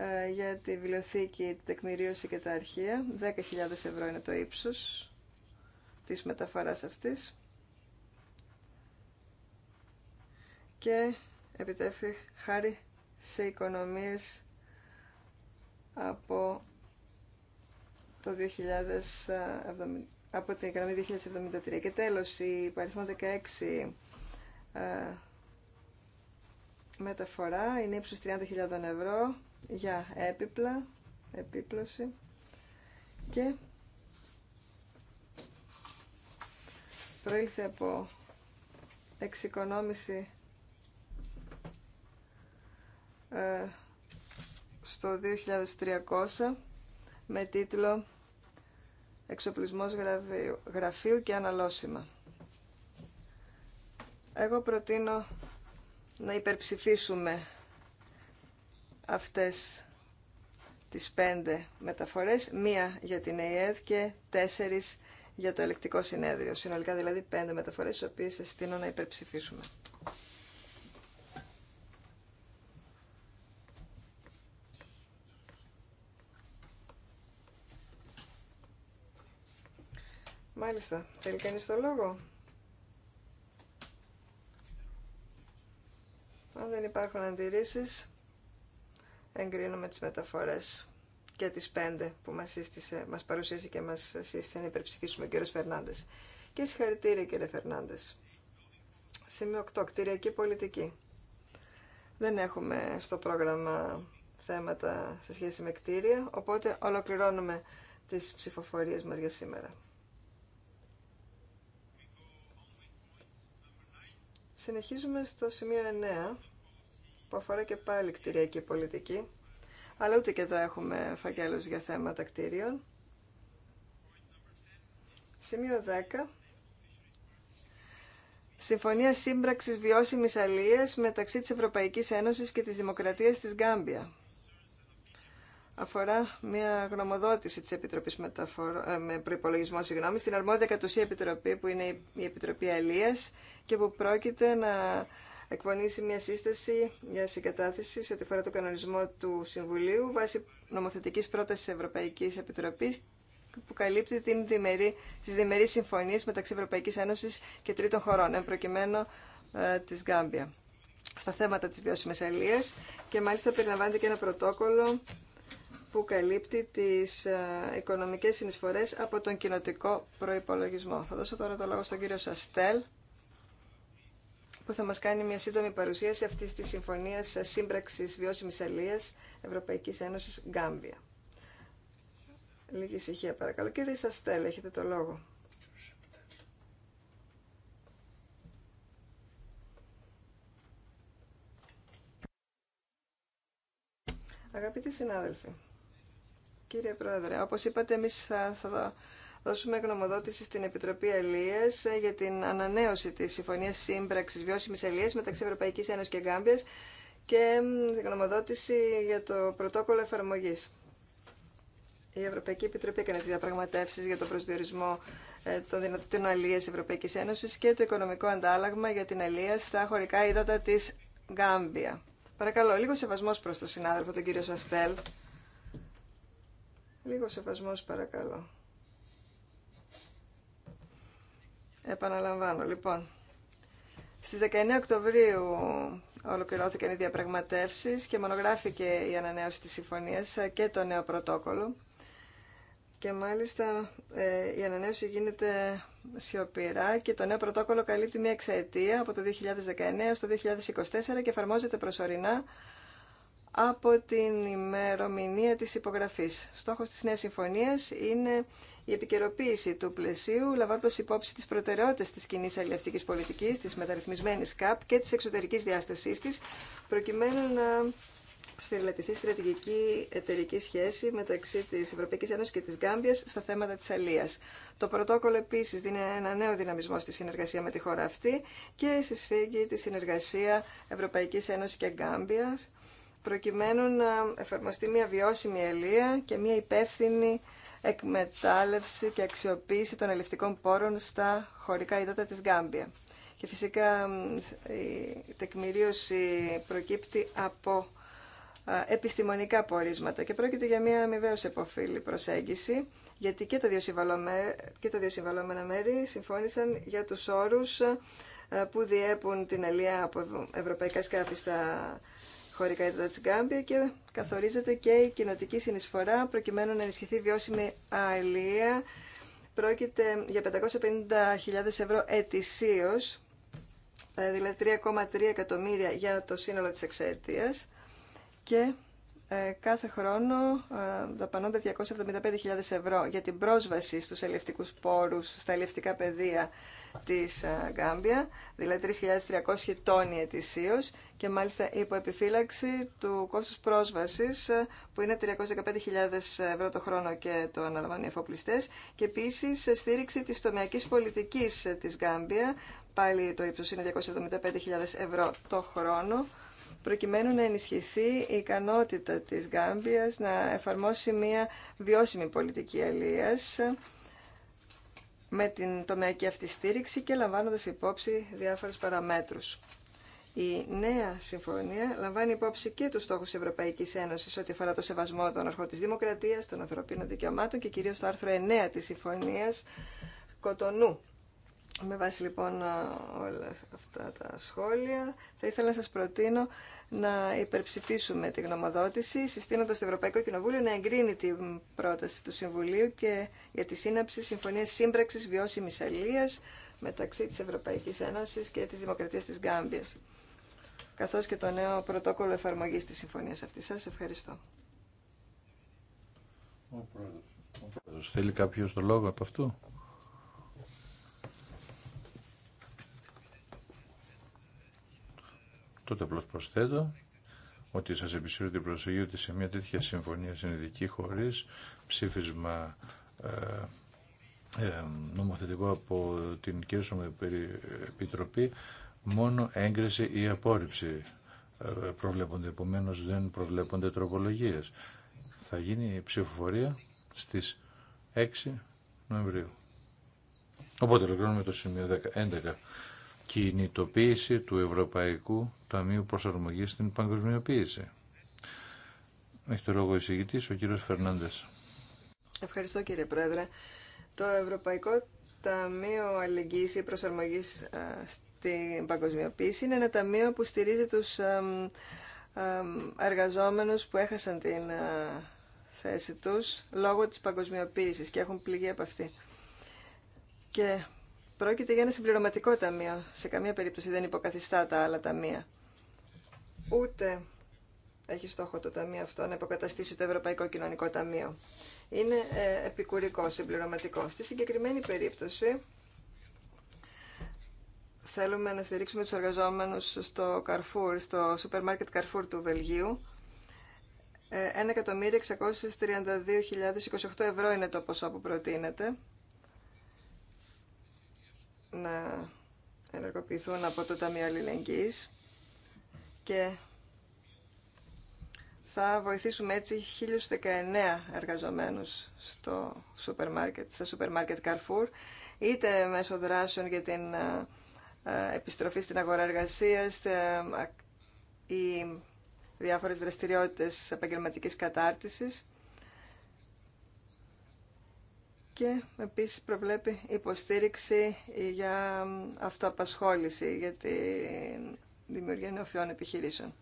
ε, για τη βιβλιοθήκη, την τεκμηρίωση και τα αρχεία. 10.000 ευρώ είναι το ύψος της μεταφοράς αυτής. Και επιτεύχθη χάρη σε οικονομίες από το 2070 από την γραμμή 2073. Και τέλος, η παριθμό 16 η ε, μεταφορά είναι ύψος 30.000 ευρώ για έπιπλα, επίπλωση και προήλθε από εξοικονόμηση ε, στο 2300 με τίτλο «Εξοπλισμός γραφείου, και αναλώσιμα». Εγώ προτείνω να υπερψηφίσουμε αυτές τις πέντε μεταφορές, μία για την ΕΕΔ και τέσσερις για το ελεκτικό συνέδριο. Συνολικά δηλαδή πέντε μεταφορές, τις οποίες αισθήνω να υπερψηφίσουμε. Μάλιστα. Θέλει κανείς το λόγο. Αν δεν υπάρχουν αντιρρήσεις, εγκρίνουμε τις μεταφορές και τις πέντε που μας, σύστησε, μας παρουσίασε και μας σύστησε να υπερψηφίσουμε ο κύριος Φερνάντες. Και συγχαρητήρια κύριε Φερνάντες. Σημείο 8. Κτηριακή πολιτική. Δεν έχουμε στο πρόγραμμα θέματα σε σχέση με κτίρια, οπότε ολοκληρώνουμε τις ψηφοφορίες μας για σήμερα. Συνεχίζουμε στο σημείο 9 που αφορά και πάλι κτηριακή πολιτική, αλλά ούτε και εδώ έχουμε φαγγέλους για θέματα κτίριων. Σημείο 10. Συμφωνία σύμπραξης βιώσιμης αλίας μεταξύ της Ευρωπαϊκής Ένωσης και της Δημοκρατίας της Γκάμπια. Αφορά μια γνωμοδότηση της Επιτροπής Μεταφορο... Ε, με προϋπολογισμό συγγνώμη, στην αρμόδια κατουσία επιτροπή που είναι η Επιτροπή Αλίας και που πρόκειται να εκπονήσει μια σύσταση για συγκατάθεση σε ό,τι αφορά το κανονισμό του Συμβουλίου βάσει νομοθετικής πρότασης Ευρωπαϊκής Επιτροπής που καλύπτει την διμερή, τις διμερείς συμφωνίες μεταξύ Ευρωπαϊκής Ένωσης και τρίτων χωρών, εν προκειμένου ε, της Γκάμπια, στα θέματα της βιώσιμης αλίας και μάλιστα περιλαμβάνεται και ένα πρωτόκολλο που καλύπτει τις οικονομικέ ε, οικονομικές συνεισφορές από τον κοινοτικό προϋπολογισμό. Θα δώσω τώρα το λόγο στον κύριο Σαστέλ που θα μας κάνει μια σύντομη παρουσίαση αυτής της Συμφωνίας Σύμπραξης Βιώσιμης Αλίας Ευρωπαϊκής Ένωσης Γκάμπια. Λίγη ησυχία παρακαλώ. Κύριε Σαστέλ, έχετε το λόγο. Αγαπητοί συνάδελφοι, κύριε Πρόεδρε, όπως είπατε εμείς θα, θα, δώσουμε γνωμοδότηση στην Επιτροπή Ελίε για την ανανέωση της Συμφωνίας Σύμπραξης βιώσιμη Ελίε μεταξύ Ευρωπαϊκή Ένωση και Γκάμπια και γνωμοδότηση για το πρωτόκολλο εφαρμογή. Η Ευρωπαϊκή Επιτροπή έκανε τι διαπραγματεύσει για τον προσδιορισμό ε, των δυνατοτήτων αλληλεία Ευρωπαϊκή Ένωση και το οικονομικό αντάλλαγμα για την αλληλεία στα χωρικά ύδατα τη Γκάμπια. Παρακαλώ, λίγο σεβασμό προ τον συνάδελφο, τον κύριο Σαστέλ. Λίγο σεβασμό, παρακαλώ. Επαναλαμβάνω, λοιπόν. Στις 19 Οκτωβρίου ολοκληρώθηκαν οι διαπραγματεύσεις και μονογράφηκε η ανανέωση της συμφωνίας και το νέο πρωτόκολλο. Και μάλιστα ε, η ανανέωση γίνεται σιωπηρά και το νέο πρωτόκολλο καλύπτει μια εξαετία από το 2019 στο 2024 και εφαρμόζεται προσωρινά από την ημερομηνία της υπογραφής. Στόχος της νέας συμφωνίας είναι η επικαιροποίηση του πλαισίου, λαμβάνοντας υπόψη τις προτεραιότητες της κοινή αλληλευτικής πολιτικής, της μεταρρυθμισμένης ΚΑΠ και της εξωτερικής διάστασής της, προκειμένου να σφυριλατηθεί στρατηγική εταιρική σχέση μεταξύ τη Ευρωπαϊκή Ένωση και τη Γκάμπια στα θέματα τη Αλία. Το πρωτόκολλο επίση δίνει ένα νέο δυναμισμό στη συνεργασία με τη χώρα αυτή και συσφίγγει τη συνεργασία Ευρωπαϊκή Ένωση και Γκάμπια προκειμένου να εφαρμοστεί μια βιώσιμη ελεία και μια υπεύθυνη εκμετάλλευση και αξιοποίηση των ελευτικών πόρων στα χωρικά ύδατα της Γκάμπια. Και φυσικά η τεκμηρίωση προκύπτει από επιστημονικά πορίσματα και πρόκειται για μια αμοιβαίως εποφίλη προσέγγιση γιατί και τα, δύο και τα μέρη συμφώνησαν για τους όρους που διέπουν την αλία από ευρωπαϊκά σκάφη στα χωρικά ύδατα τη και καθορίζεται και η κοινοτική συνεισφορά προκειμένου να ενισχυθεί βιώσιμη αλληλεία Πρόκειται για 550.000 ευρώ ετησίω, ε, δηλαδή 3,3 εκατομμύρια για το σύνολο τη εξαετία. και ε, κάθε χρόνο ε, δαπανώνται 275.000 ευρώ για την πρόσβαση στους ελευτικούς πόρους στα ελευτικά πεδία της ε, Γκάμπια, δηλαδή 3.300 τόνοι ετησίως και μάλιστα υπό επιφύλαξη του κόστους πρόσβασης που είναι 315.000 ευρώ το χρόνο και το αναλαμβάνουν οι εφοπλιστές και επίσης στήριξη της τομεακής πολιτικής της Γκάμπια, πάλι το ύψος είναι 275.000 ευρώ το χρόνο προκειμένου να ενισχυθεί η ικανότητα της Γκάμπιας να εφαρμόσει μια βιώσιμη πολιτική αλίας με την τομεακή αυτή στήριξη και λαμβάνοντας υπόψη διάφορες παραμέτρους. Η νέα συμφωνία λαμβάνει υπόψη και τους στόχους της Ευρωπαϊκής Ένωσης ό,τι αφορά το σεβασμό των αρχών της δημοκρατίας, των ανθρωπίνων δικαιωμάτων και κυρίως το άρθρο 9 της συμφωνίας Κοτονού με βάση λοιπόν όλα αυτά τα σχόλια, θα ήθελα να σας προτείνω να υπερψηφίσουμε τη γνωμοδότηση, συστήνοντας το Ευρωπαϊκό Κοινοβούλιο να εγκρίνει την πρόταση του Συμβουλίου και για τη σύναψη Συμφωνίας Σύμπραξης Βιώσιμης Αλίας μεταξύ της Ευρωπαϊκής Ένωσης και της Δημοκρατίας της Γκάμπιας, καθώς και το νέο πρωτόκολλο εφαρμογής της συμφωνίας αυτής. Σας ευχαριστώ. Ο πρόεδρος. Θέλει λόγο από Τότε απλώ προσθέτω ότι σας επισύρω την προσοχή ότι σε μια τέτοια συμφωνία συνειδητική χωρίς ψήφισμα ε, ε, νομοθετικό από την κύριο Σωματεπιτροπή μόνο έγκριση ή απόρριψη ε, προβλέπονται. επομένω δεν προβλέπονται τροπολογίες. Θα γίνει η ψηφοφορία στις 6 Νοεμβρίου. Οπότε ολοκληρώνουμε το σημείο 11 κινητοποίηση του Ευρωπαϊκού Ταμείου Προσαρμογής στην Παγκοσμιοποίηση. Έχει το λόγο εισηγητής ο κύριος Φερνάντες. Ευχαριστώ κύριε Πρόεδρε. Το Ευρωπαϊκό Ταμείο Αλληλεγγύης ή Προσαρμογής ε, στην Παγκοσμιοποίηση είναι ένα ταμείο που στηρίζει τους ε, ε, εργαζόμενους που έχασαν την θέση τους λόγω της παγκοσμιοποίησης και έχουν πληγεί από αυτή. Και Πρόκειται για ένα συμπληρωματικό ταμείο. Σε καμία περίπτωση δεν υποκαθιστά τα άλλα ταμεία. Ούτε έχει στόχο το ταμείο αυτό να υποκαταστήσει το Ευρωπαϊκό Κοινωνικό Ταμείο. Είναι ε, επικουρικό, συμπληρωματικό. Στη συγκεκριμένη περίπτωση θέλουμε να στηρίξουμε τους εργαζόμενους στο Carrefour, στο σούπερ Carrefour του Βελγίου. 1.632.028 ε, ευρώ είναι το ποσό που προτείνεται να ενεργοποιηθούν από το Ταμείο Αλληλεγγύης και θα βοηθήσουμε έτσι 1019 εργαζομένους στο σούπερ μάρκετ, στα σούπερ μάρκετ Carrefour, είτε μέσω δράσεων για την ε, ε, επιστροφή στην αγορά εργασίας ή ε, διάφορες δραστηριότητες επαγγελματικής κατάρτισης και επίσης προβλέπει υποστήριξη για αυτοαπασχόληση, για τη δημιουργία νεοφιών επιχειρήσεων.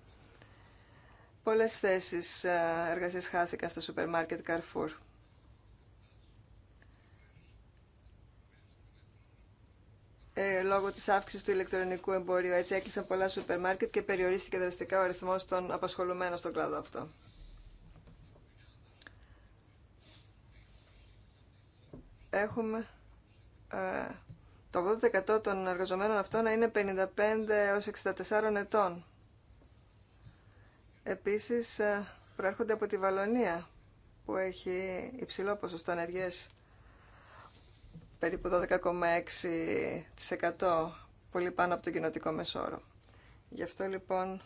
Πολλές θέσεις ε, εργασίας χάθηκαν στα σούπερ μάρκετ Carrefour. Ε, λόγω της αύξησης του ηλεκτρονικού εμπορίου. Έτσι έκλεισαν πολλά σούπερ μάρκετ και περιορίστηκε δραστικά ο αριθμός των απασχολουμένων στον κλάδο αυτό. έχουμε ε, το 80% των εργαζομένων αυτών να είναι 55 έως 64 ετών. Επίσης ε, προέρχονται από τη Βαλονία που έχει υψηλό ποσοστό ανεργία περίπου 12,6% πολύ πάνω από το κοινοτικό μεσόρο. Γι' αυτό λοιπόν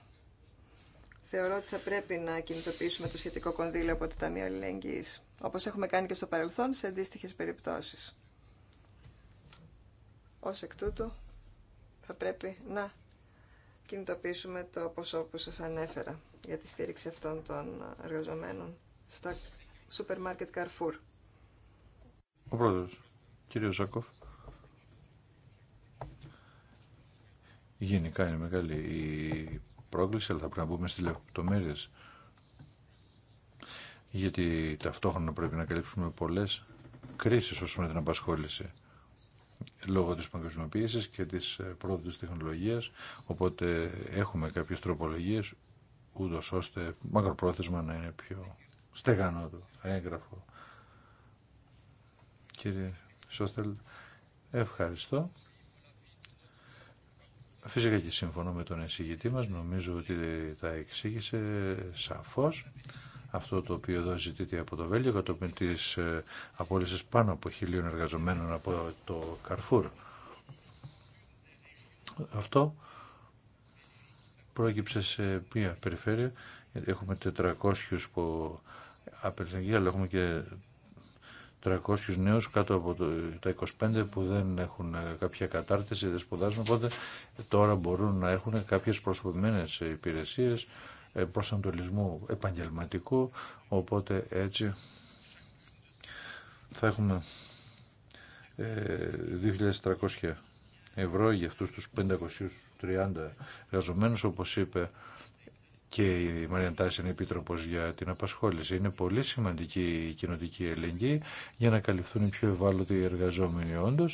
θεωρώ ότι θα πρέπει να κινητοποιήσουμε το σχετικό κονδύλιο από το Ταμείο Αλληλεγγύης, όπως έχουμε κάνει και στο παρελθόν σε αντίστοιχε περιπτώσεις. Ως εκ τούτου, θα πρέπει να κινητοποιήσουμε το ποσό που σας ανέφερα για τη στήριξη αυτών των εργαζομένων στα σούπερ μάρκετ Carrefour. Ο πρόεδρος, κύριος Ζάκοφ. Γενικά είναι μεγάλη η πρόκληση, αλλά θα πρέπει να μπούμε στι λεπτομέρειε. Γιατί ταυτόχρονα πρέπει να καλύψουμε πολλές κρίσεις όσον την απασχόληση λόγω της παγκοσμιοποίησης και της ε, πρόοδου της τεχνολογίας, οπότε έχουμε κάποιες τροπολογίες, ούτως ώστε μακροπρόθεσμα να είναι πιο στεγανό το έγγραφο. Κύριε Σώστελ, ευχαριστώ. Φυσικά και συμφωνώ με τον εισηγητή μας. Νομίζω ότι τα εξήγησε σαφώς αυτό το οποίο εδώ ζητείται από το Βέλγιο κατόπιν τη ε, απόλυση πάνω από χιλίων εργαζομένων από το Καρφούρ. Αυτό πρόκειψε σε μία περιφέρεια. Έχουμε 400 που απελευθερία, αλλά έχουμε και 300 νέους κάτω από το, τα 25 που δεν έχουν ε, κάποια κατάρτιση, δεν σπουδάζουν, οπότε τώρα μπορούν να έχουν κάποιες προσωπημένες υπηρεσίες ε, προσανατολισμού επαγγελματικού, οπότε έτσι θα έχουμε 2.300 ε, ευρώ για αυτούς τους 530 εργαζομένους, όπως είπε και η Μαρία Τάση είναι επίτροπο για την απασχόληση. Είναι πολύ σημαντική η κοινοτική ελεγγύη για να καλυφθούν οι πιο ευάλωτοι εργαζόμενοι. Όντω,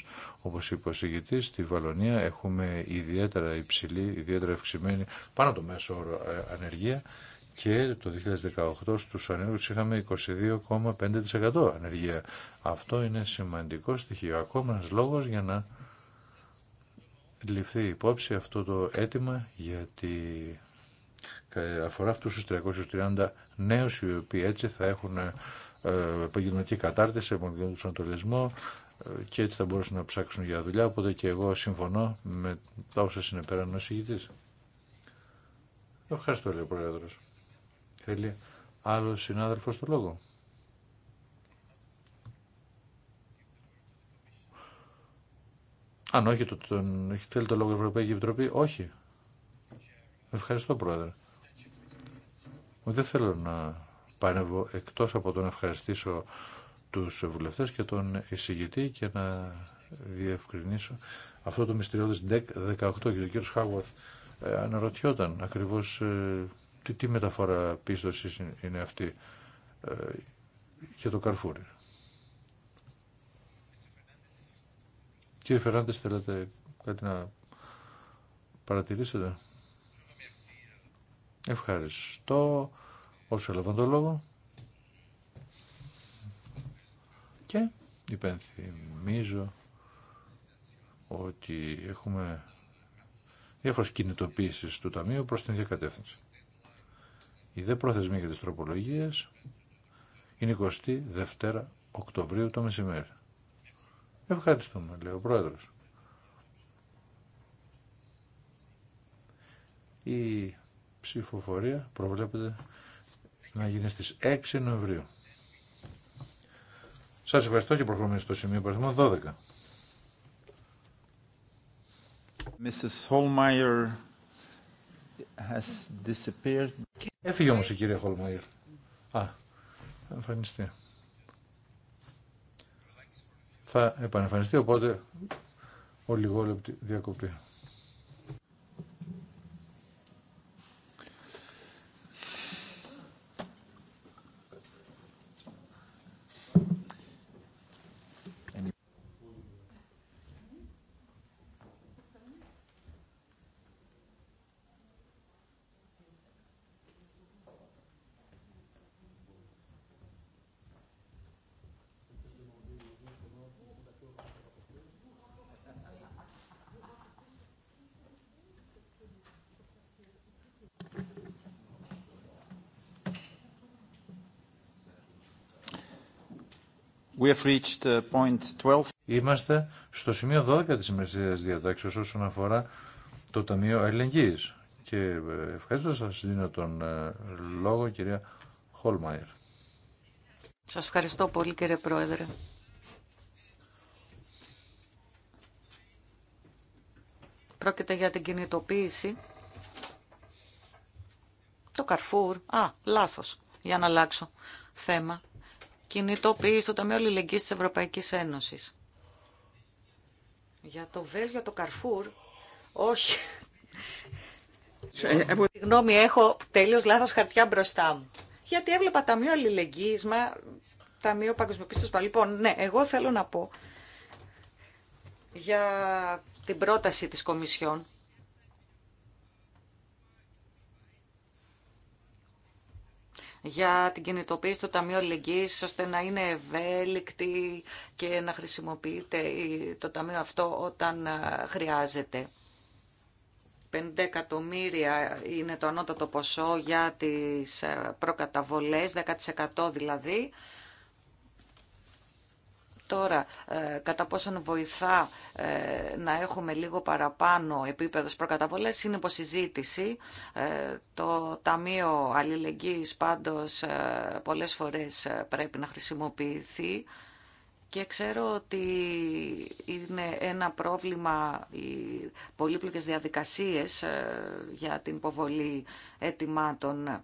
όπω είπε ο συγητή, στη Βαλονία έχουμε ιδιαίτερα υψηλή, ιδιαίτερα αυξημένη πάνω το μέσο όρο ε, ανεργία και το 2018 στους ανέργους είχαμε 22,5% ανεργία. Αυτό είναι σημαντικό στοιχείο. Ακόμα ένας λόγος για να ληφθεί υπόψη αυτό το αίτημα γιατί ε, αφορά αυτούς τους 330 νέους οι οποίοι έτσι θα έχουν ε, επαγγελματική κατάρτιση, επαγγελματικό ανατολισμό ε, και έτσι θα μπορούσαν να ψάξουν για δουλειά. Οπότε και εγώ συμφωνώ με τα όσα συνεπέραν ο εισηγητής. Ευχαριστώ, λέει ο Πρόεδρος. Θέλει άλλο συνάδελφο το λόγο. Αν όχι, τον, θέλει το λόγο η Ευρωπαϊκή Επιτροπή, όχι. Ευχαριστώ, Πρόεδρε. Δεν θέλω να πανεύω εκτός από το να ευχαριστήσω τους βουλευτές και τον εισηγητή και να διευκρινίσω αυτό το μυστηριώδες 18 και ο κύριο Χάουαθ ε, αναρωτιόταν ακριβώς ε, τι, τι μεταφορά πίστοσης είναι αυτή ε, για το Καρφούρι. Κύριε Φεράντες, θέλετε κάτι να παρατηρήσετε. Ευχαριστώ Όσο έλαβαν το λόγο. Και υπενθυμίζω ότι έχουμε διάφορες κινητοποίησεις του Ταμείου προς την ίδια κατεύθυνση. Η δε προθεσμία για τις τροπολογίες είναι 22 Οκτωβρίου το μεσημέρι. Ευχαριστούμε, λέει ο Πρόεδρος. Η ψηφοφορία προβλέπεται να γίνει στις 6 Νοεμβρίου. Σας ευχαριστώ και προχωρούμε στο σημείο παρασμό 12. Mrs. Holmeyer has disappeared. Έφυγε όμως η κυρία Χολμαϊρ. Α, θα εμφανιστεί. Θα επανεμφανιστεί, οπότε ο λιγόλεπτη διακοπή. Uh, Είμαστε στο σημείο 12 της ημερησίας διατάξεως όσον αφορά το Ταμείο Ελληνικής. Και ε, ευχαριστώ σας δίνω τον ε, λόγο κυρία Χολμαϊρ. Σας ευχαριστώ πολύ κύριε Πρόεδρε. Πρόκειται για την κινητοποίηση. Το Καρφούρ. Α, λάθος. Για να αλλάξω θέμα κινητοποιεί στο Ταμείο Αλληλεγγύης της Ευρωπαϊκής Ένωσης. Για το Βέλγιο, το Καρφούρ, όχι. Συγγνώμη, έχω τελείως λάθος χαρτιά μπροστά μου. Γιατί έβλεπα Ταμείο Αλληλεγγύης, μα Ταμείο Παγκοσμιοποίησης. Λοιπόν, ναι, εγώ θέλω να πω για την πρόταση της Κομισιόν για την κινητοποίηση του Ταμείου Αλληλεγγύης ώστε να είναι ευέλικτη και να χρησιμοποιείται το Ταμείο αυτό όταν χρειάζεται. 50 εκατομμύρια είναι το ανώτατο ποσό για τις προκαταβολές, 10% δηλαδή. Τώρα, ε, κατά πόσον βοηθά ε, να έχουμε λίγο παραπάνω επίπεδο προκαταβολές είναι υποσυζήτηση. Ε, το Ταμείο Αλληλεγγύης πάντως πολλές φορές πρέπει να χρησιμοποιηθεί και ξέρω ότι είναι ένα πρόβλημα οι πολύπλοκες διαδικασίες για την υποβολή αιτημάτων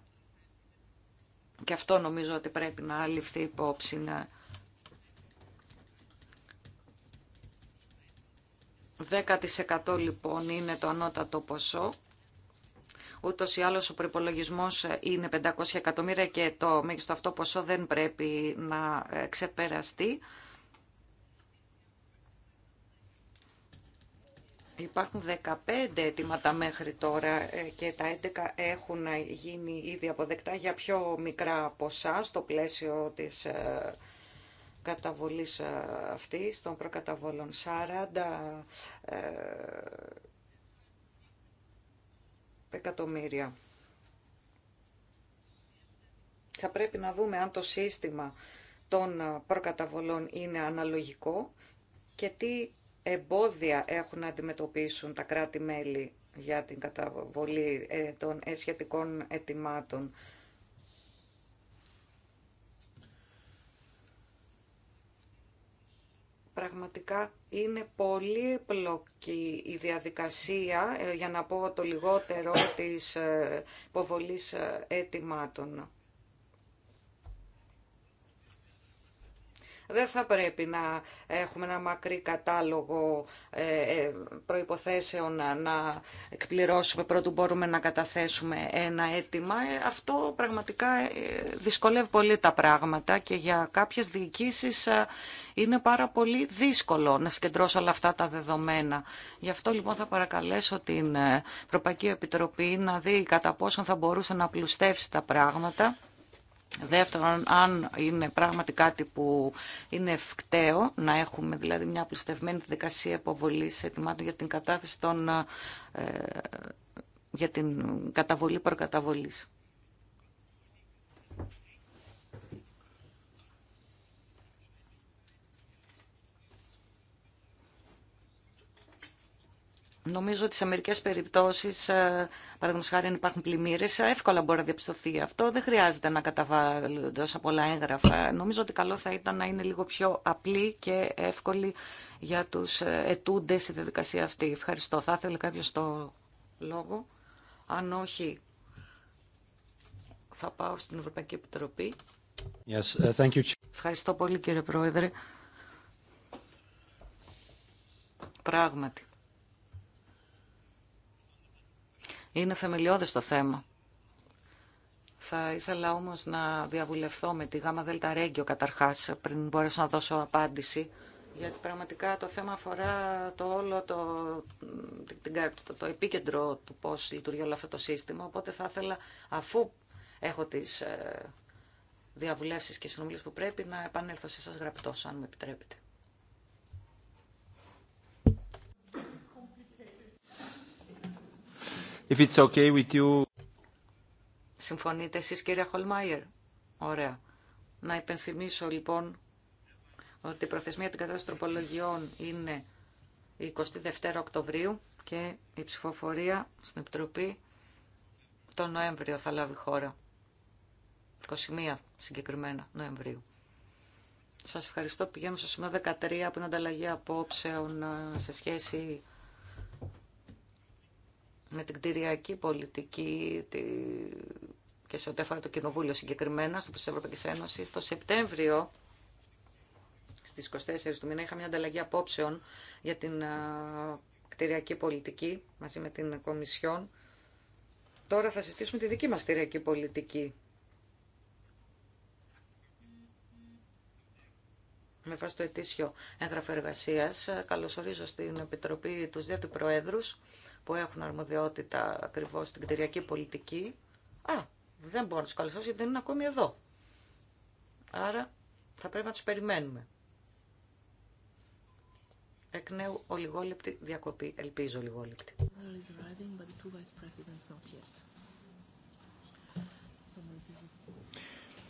και αυτό νομίζω ότι πρέπει να ληφθεί υπόψη ναι. 10% λοιπόν είναι το ανώτατο ποσό. Ούτω ή άλλω ο προπολογισμό είναι 500 εκατομμύρια και το μέγιστο αυτό ποσό δεν πρέπει να ε, ξεπεραστεί. Υπάρχουν 15 αιτήματα μέχρι τώρα ε, και τα 11 έχουν γίνει ήδη αποδεκτά για πιο μικρά ποσά στο πλαίσιο της ε, καταβολής ε, αυτής, των προκαταβολών 40 ε, εκατομμύρια. Θα πρέπει να δούμε αν το σύστημα των ε, προκαταβολών είναι αναλογικό και τι εμπόδια έχουν να αντιμετωπίσουν τα κράτη-μέλη για την καταβολή των σχετικών ετοιμάτων. Πραγματικά είναι πολύ πλοκή η διαδικασία, ε, για να πω το λιγότερο, της ε, υποβολής ε, αιτημάτων. Δεν θα πρέπει να έχουμε ένα μακρύ κατάλογο ε, ε, προϋποθέσεων να εκπληρώσουμε πρώτου μπορούμε να καταθέσουμε ένα αίτημα. Ε, αυτό πραγματικά δυσκολεύει πολύ τα πράγματα και για κάποιες διοικήσεις είναι πάρα πολύ δύσκολο να συγκεντρώσω όλα αυτά τα δεδομένα. Γι' αυτό λοιπόν θα παρακαλέσω την Ευρωπαϊκή Επιτροπή να δει κατά πόσον θα μπορούσε να πλουστεύσει τα πράγματα Δεύτερον, αν είναι πράγματι κάτι που είναι ευκταίο, να έχουμε δηλαδή μια απλουστευμένη δικασία αποβολής ετοιμάτων για την κατάθεση των, ε, για την καταβολή προκαταβολής. Νομίζω ότι σε μερικέ περιπτώσει, ε, παραδείγματο χάρη, αν υπάρχουν πλημμύρε, ε, εύκολα μπορεί να διαπιστωθεί αυτό. Δεν χρειάζεται να καταβάλλονται τόσα πολλά έγγραφα. Νομίζω ότι καλό θα ήταν να είναι λίγο πιο απλή και εύκολη για του ε, ετούντε η διαδικασία αυτή. Ευχαριστώ. Θα ήθελε κάποιο το λόγο. Αν όχι, θα πάω στην Ευρωπαϊκή Επιτροπή. Uh, Ευχαριστώ πολύ, κύριε Πρόεδρε. Πράγματι Είναι θεμελιώδες το θέμα. Θα ήθελα όμως να διαβουλευθώ με τη ΓΑΜΑ ΔΕΛΤΑ καταρχάς πριν μπορέσω να δώσω απάντηση. Γιατί πραγματικά το θέμα αφορά το όλο το, το, το επίκεντρο του πώς λειτουργεί όλο αυτό το σύστημα. Οπότε θα ήθελα αφού έχω τις ε, διαβουλεύσεις και συνομιλίες που πρέπει να επανέλθω σε σας γραπτός αν μου επιτρέπετε. Συμφωνείτε εσείς κυρία Χολμάιερ. Ωραία. Να υπενθυμίσω λοιπόν ότι η προθεσμία την κατάσταση τροπολογιών είναι η 22 Οκτωβρίου και η ψηφοφορία στην Επιτροπή τον Νοέμβριο θα λάβει χώρα. 21 συγκεκριμένα Νοεμβρίου. Σας ευχαριστώ. Πηγαίνουμε στο σημείο 13 που είναι ανταλλαγή απόψεων ε, σε σχέση με την κτηριακή πολιτική τη... και σε ό,τι αφορά το Κοινοβούλιο συγκεκριμένα, στο της Ευρωπαϊκή Ένωση, το Σεπτέμβριο στις 24 του μήνα είχα μια ανταλλαγή απόψεων για την κτηριακή πολιτική μαζί με την Κομισιόν. Τώρα θα συστήσουμε τη δική μας κτηριακή πολιτική. Με βάση το ετήσιο έγγραφο εργασία, καλωσορίζω στην Επιτροπή του δύο του Προέδρους που έχουν αρμοδιότητα ακριβώ στην κτηριακή πολιτική. Α, δεν μπορώ να του καλωσορίσω γιατί δεν είναι ακόμη εδώ. Άρα θα πρέπει να του περιμένουμε. Εκ νέου ολιγόλεπτη διακοπή, ελπίζω ολιγόλεπτη.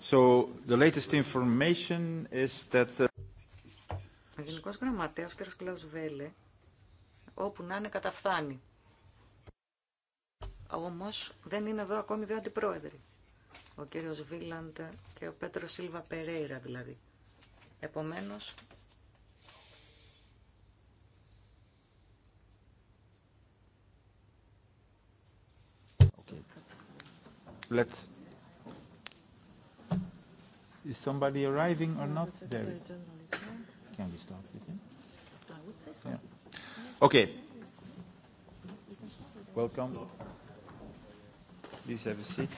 So the latest information is that the... Ο Γενικός Γραμματέας, κ. Κλάους Βέλε, όπου να είναι καταφθάνει. Όμως δεν είναι εδώ ακόμη δύο αντιπρόεδροι. Ο κύριος Βίλαντ και ο Πέτρο Σίλβα Περέιρα δηλαδή. Επομένως, Let's. Is somebody arriving or not? There. Can we start with him? I would say so. Yeah. Okay. Welcome. Please have a seat.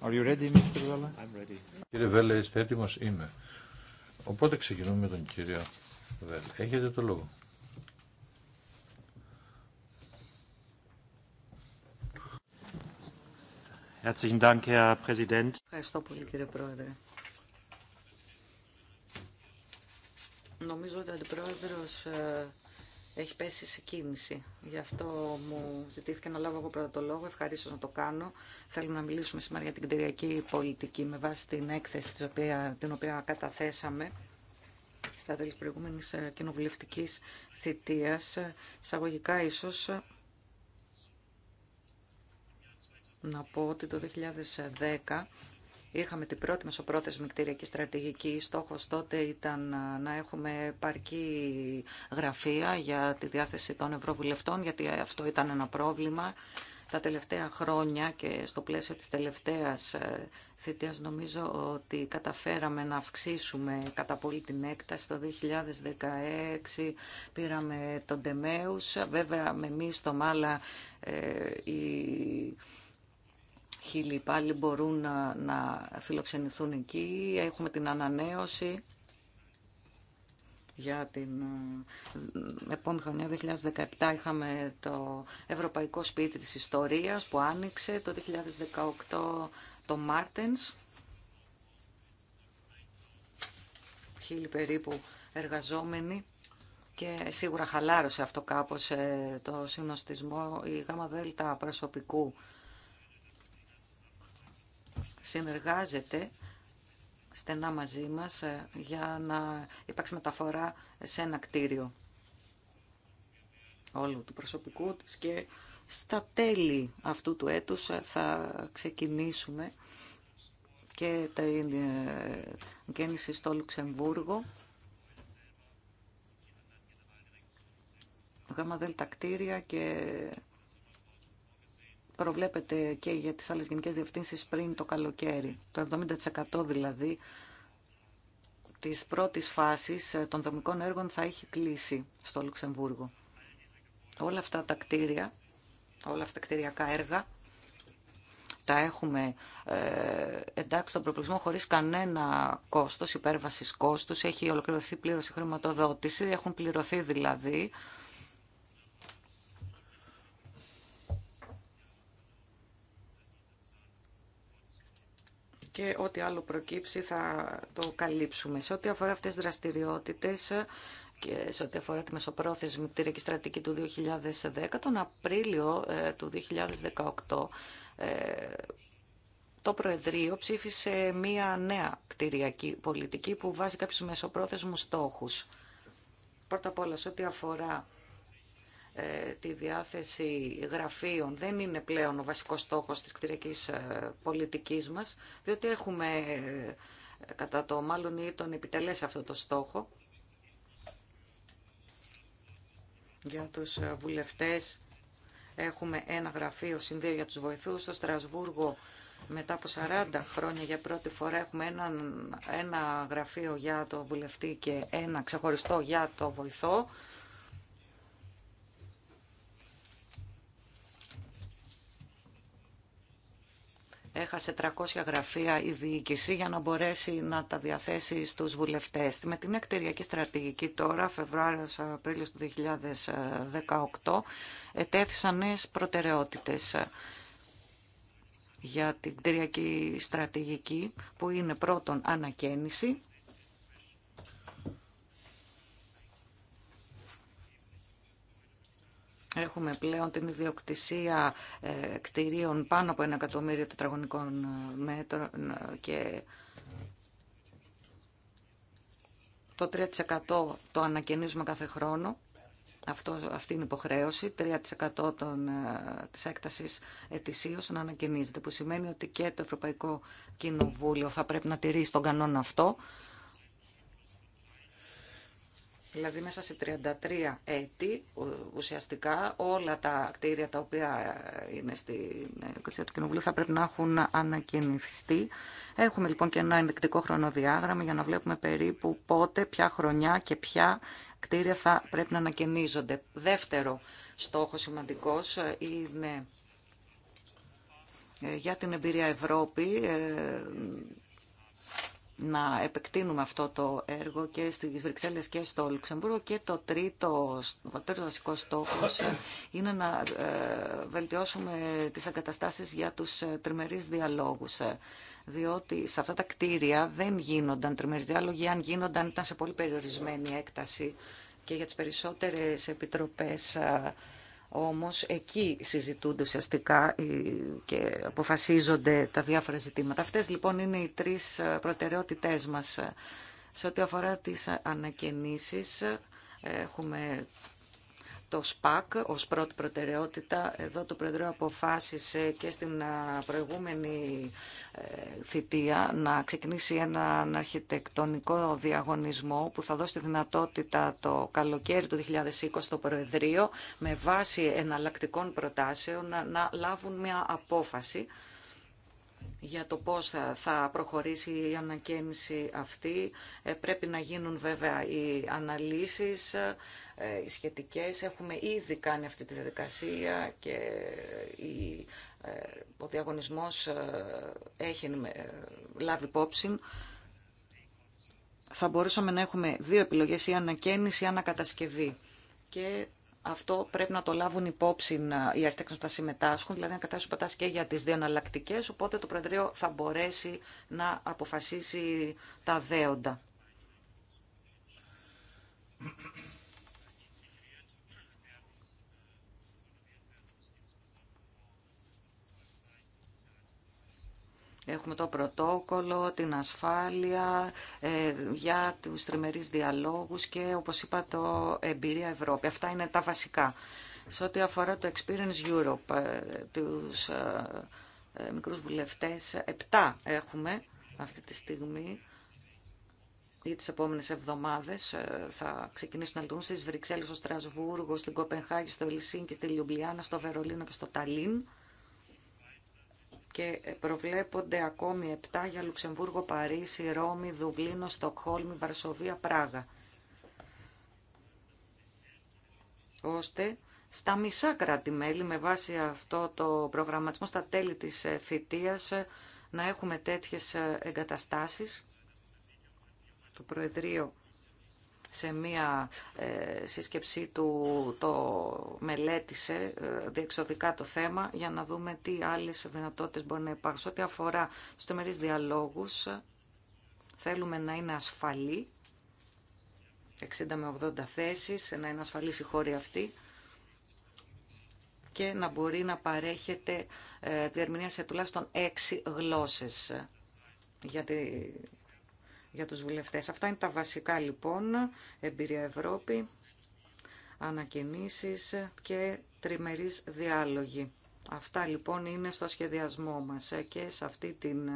Are you ready, Mr. Vella? I'm ready. Κύριε Βέλλε, είστε έτοιμος? Είμαι. Οπότε ξεκινούμε με τον κύριο Βέλλε. Έχετε το λόγο. Herzlichen Dank, Herr Präsident. Ευχαριστώ πολύ κύριε Πρόεδρε. Νομίζω ότι ο Αντιπρόεδρος ε, έχει πέσει σε κίνηση. Γι' αυτό μου ζητήθηκε να λάβω εγώ πρώτα το λόγο. Ευχαρίστω να το κάνω. Θέλουμε να μιλήσουμε σήμερα για την κτηριακή πολιτική με βάση την έκθεση την οποία, την οποία καταθέσαμε στα τέλη προηγούμενη ε, κοινοβουλευτική θητεία. θητείας. Εισαγωγικά ίσως να πω ότι το 2010 Είχαμε την πρώτη μεσοπρόθεσμη κτηριακή στρατηγική. Στόχο τότε ήταν να έχουμε παρκή γραφεία για τη διάθεση των ευρωβουλευτών, γιατί αυτό ήταν ένα πρόβλημα τα τελευταία χρόνια και στο πλαίσιο της τελευταίας ε, θητείας νομίζω ότι καταφέραμε να αυξήσουμε κατά πολύ την έκταση. Το 2016 πήραμε τον Τεμέους, βέβαια με μίστομα, αλλά ε, η χίλιοι πάλι μπορούν να, να φιλοξενηθούν εκεί. Έχουμε την ανανέωση για την ε, επόμενη χρονιά, 2017, είχαμε το Ευρωπαϊκό Σπίτι της Ιστορίας που άνοιξε, το 2018 το Μάρτενς. Χίλιοι περίπου εργαζόμενοι και σίγουρα χαλάρωσε αυτό κάπως ε, το συνοστισμό η γάμα προσωπικού συνεργάζεται στενά μαζί μας ε, για να υπάρξει μεταφορά σε ένα κτίριο όλου του προσωπικού της και στα τέλη αυτού του έτους ε, θα ξεκινήσουμε και ε, την γέννηση στο Λουξεμβούργο. Γάμα και προβλέπεται και για τις άλλες γενικές διευθύνσεις πριν το καλοκαίρι. Το 70% δηλαδή της πρώτης φάσης ε, των δομικών έργων θα έχει κλείσει στο Λουξεμβούργο. Όλα αυτά τα κτίρια, όλα αυτά τα κτηριακά έργα τα έχουμε ε, εντάξει στον προπλησμό χωρίς κανένα κόστος, υπέρβασης κόστους. Έχει ολοκληρωθεί πλήρωση χρηματοδότηση, έχουν πληρωθεί δηλαδή και ό,τι άλλο προκύψει θα το καλύψουμε. Σε ό,τι αφορά αυτές τις δραστηριότητες και σε ό,τι αφορά τη μεσοπρόθεσμη τη στρατηγική του 2010, τον Απρίλιο ε, του 2018 ε, το Προεδρείο ψήφισε μία νέα κτηριακή πολιτική που βάζει κάποιους μεσοπρόθεσμους στόχους. Πρώτα απ' όλα, σε ό,τι αφορά ε, τη διάθεση γραφείων δεν είναι πλέον ο βασικός στόχος της κτηριακής ε, πολιτικής μας, διότι έχουμε ε, κατά το μάλλον ή τον επιτελέσει αυτό το στόχο για τους βουλευτές. Έχουμε ένα γραφείο συνδύο για τους βοηθούς στο Στρασβούργο. Μετά από 40 χρόνια για πρώτη φορά έχουμε ένα, ένα γραφείο για το βουλευτή και ένα ξεχωριστό για το βοηθό. έχασε 300 γραφεία η διοίκηση για να μπορέσει να τα διαθέσει στους βουλευτές. Με την εκτεριακη στρατηγική τώρα, Φεβρουάριο, Απρίλιος του 2018, ετέθησαν νέες προτεραιότητες για την κτηριακή στρατηγική που είναι πρώτον ανακαίνιση Έχουμε πλέον την ιδιοκτησία ε, κτηρίων πάνω από ένα εκατομμύριο τετραγωνικών ε, μέτρων ε, και το 3% το ανακαινίζουμε κάθε χρόνο. Αυτό, αυτή είναι η υποχρέωση, 3% των, της έκτασης ετησίως να ανακαινίζεται, που σημαίνει ότι και το Ευρωπαϊκό Κοινοβούλιο θα πρέπει να τηρήσει τον κανόνα αυτό. Δηλαδή μέσα σε 33 έτη ουσιαστικά όλα τα κτίρια τα οποία είναι στην οικογένεια του Κοινοβουλίου θα πρέπει να έχουν ανακαινιστεί. Έχουμε λοιπόν και ένα ενδεικτικό χρονοδιάγραμμα για να βλέπουμε περίπου πότε, ποια χρονιά και ποια κτίρια θα πρέπει να ανακαινίζονται. Δεύτερο στόχο σημαντικός ε, είναι ε, για την εμπειρία Ευρώπη ε, να επεκτείνουμε αυτό το έργο και στις Βρυξέλλες και στο Λουξεμβούργο και το τρίτο, ο τρίτο στόχος είναι να ε, βελτιώσουμε τις εγκαταστάσεις για τους ε, τριμερείς διαλόγους ε, διότι σε αυτά τα κτίρια δεν γίνονταν τριμερείς διάλογοι, αν γίνονταν ήταν σε πολύ περιορισμένη έκταση και για τις περισσότερες επιτροπές όμως εκεί συζητούνται ουσιαστικά ε, και αποφασίζονται τα διάφορα ζητήματα. Αυτές λοιπόν είναι οι τρεις ε, προτεραιότητές μας. Σε ό,τι αφορά τις ανακαινήσεις, ε, έχουμε το ΣΠΑΚ ως πρώτη προτεραιότητα. Εδώ το Προεδρείο αποφάσισε και στην ε, προηγούμενη ε, θητεία να ξεκινήσει έναν αρχιτεκτονικό διαγωνισμό που θα δώσει τη δυνατότητα το καλοκαίρι του 2020 στο Προεδρείο με βάση εναλλακτικών προτάσεων να λάβουν μια απόφαση για το πώς θα προχωρήσει η ανακαίνιση αυτή. Ε, πρέπει να γίνουν βέβαια οι αναλύσεις ε, οι σχετικές. Έχουμε ήδη κάνει αυτή τη διαδικασία και ε, ο διαγωνισμός ε, έχει λάβει υπόψη. Θα μπορούσαμε να έχουμε δύο επιλογές, η ανακαίνιση ή ανακατασκευή. Και αυτό πρέπει να το λάβουν υπόψη οι αρχέ που θα συμμετάσχουν, δηλαδή να κατάσχουν πατάσει και για τι δύο εναλλακτικέ. Οπότε το Προεδρείο θα μπορέσει να αποφασίσει τα δέοντα. Έχουμε το πρωτόκολλο, την ασφάλεια ε, για τους τριμερείς διαλόγους και όπως είπα το Εμπειρία Ευρώπη. Αυτά είναι τα βασικά. Σε ό,τι αφορά το Experience Europe, ε, τους ε, μικρούς βουλευτές, επτά έχουμε αυτή τη στιγμή ή τις επόμενες εβδομάδες θα ξεκινήσουν να λειτουργούν στις Βρυξέλλες, στο Στρασβούργο, στην Κοπενχάγη, στο και στη Λιουμπλιάνα, στο Βερολίνο και στο Ταλίν και προβλέπονται ακόμη 7 για Λουξεμβούργο, Παρίσι, Ρώμη, Δουβλίνο, Στοκχόλμη, Βαρσοβία, Πράγα. Ώστε στα μισά κράτη-μέλη με βάση αυτό το προγραμματισμό στα τέλη της ε, θητείας ε, να έχουμε τέτοιες ε, εγκαταστάσεις. Το Προεδρείο σε μία ε, σύσκεψή του το μελέτησε ε, διεξοδικά το θέμα για να δούμε τι άλλες δυνατότητες μπορεί να υπάρχουν. Σε ό,τι αφορά στους τεμερείς διαλόγους, θέλουμε να είναι ασφαλή, 60 με 80 θέσεις, να είναι ασφαλής η χώρη αυτή και να μπορεί να παρέχεται ε, διερμηνία σε τουλάχιστον 6 γλώσσες για για τους βουλευτές. Αυτά είναι τα βασικά λοιπόν, εμπειρία Ευρώπη, ανακοινήσεις και τριμερείς διάλογοι. Αυτά λοιπόν είναι στο σχεδιασμό μας ε, και σε αυτή την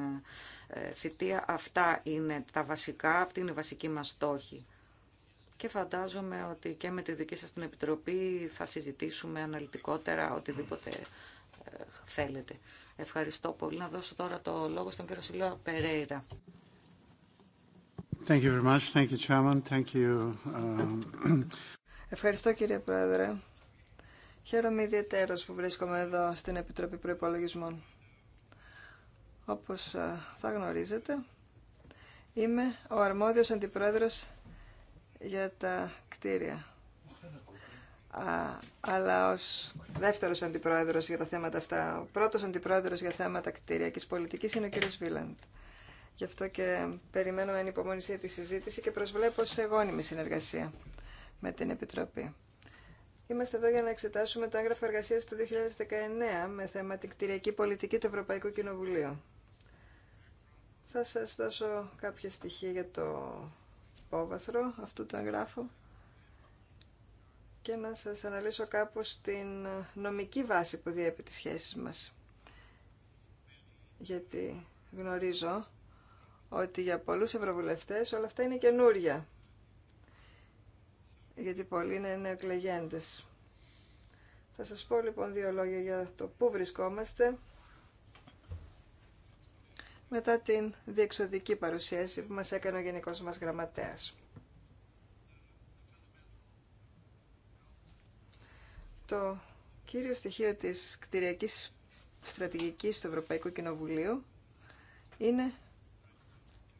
ε, θητεία αυτά είναι τα βασικά, αυτή είναι η βασική μας στόχη. Και φαντάζομαι ότι και με τη δική σας την Επιτροπή θα συζητήσουμε αναλυτικότερα οτιδήποτε ε, θέλετε. Ευχαριστώ πολύ. Να δώσω τώρα το λόγο στον κύριο Σιλό Περέιρα. Ευχαριστώ κύριε Πρόεδρε. Χαίρομαι ιδιαίτερο που βρίσκομαι εδώ στην Επιτροπή Προϋπολογισμών. Όπως ε, θα γνωρίζετε, είμαι ο αρμόδιος αντιπρόεδρος για τα κτίρια. Α, αλλά ω δεύτερος αντιπρόεδρος για τα θέματα αυτά, ο πρώτος αντιπρόεδρος για θέματα και πολιτική είναι ο κύριος Βίλαντ. Γι' αυτό και περιμένω με ανυπομονησία τη συζήτηση και προσβλέπω σε γόνιμη συνεργασία με την Επιτροπή. Είμαστε εδώ για να εξετάσουμε το έγγραφο εργασία του 2019 με θέμα την κτηριακή πολιτική του Ευρωπαϊκού Κοινοβουλίου. Θα σας δώσω κάποια στοιχεία για το υπόβαθρο αυτού του εγγράφου και να σας αναλύσω κάπως την νομική βάση που διέπει τις σχέσεις μας. Γιατί γνωρίζω ότι για πολλούς ευρωβουλευτές όλα αυτά είναι καινούρια. Γιατί πολλοί είναι νεοκλεγέντες. Θα σας πω λοιπόν δύο λόγια για το πού βρισκόμαστε μετά την διεξοδική παρουσίαση που μας έκανε ο Γενικός μας Γραμματέας. Το κύριο στοιχείο της κτηριακής στρατηγικής του Ευρωπαϊκού Κοινοβουλίου είναι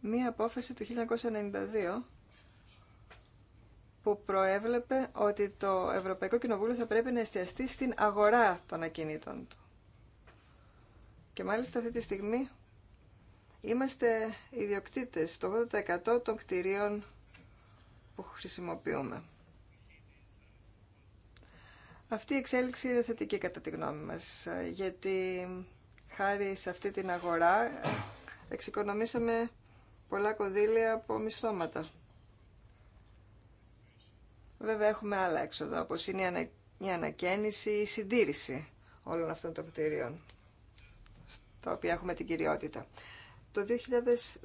μία απόφαση του 1992 που προέβλεπε ότι το Ευρωπαϊκό Κοινοβούλιο θα πρέπει να εστιαστεί στην αγορά των ακινήτων του. Και μάλιστα αυτή τη στιγμή είμαστε ιδιοκτήτες το 80% των κτηρίων που χρησιμοποιούμε. Αυτή η εξέλιξη είναι θετική κατά τη γνώμη μας, γιατί χάρη σε αυτή την αγορά εξοικονομήσαμε πολλά κονδύλια από μισθώματα. Βέβαια έχουμε άλλα έξοδα, όπως είναι η, ανα... η η συντήρηση όλων αυτών των κτίριων, στα οποία έχουμε την κυριότητα. Το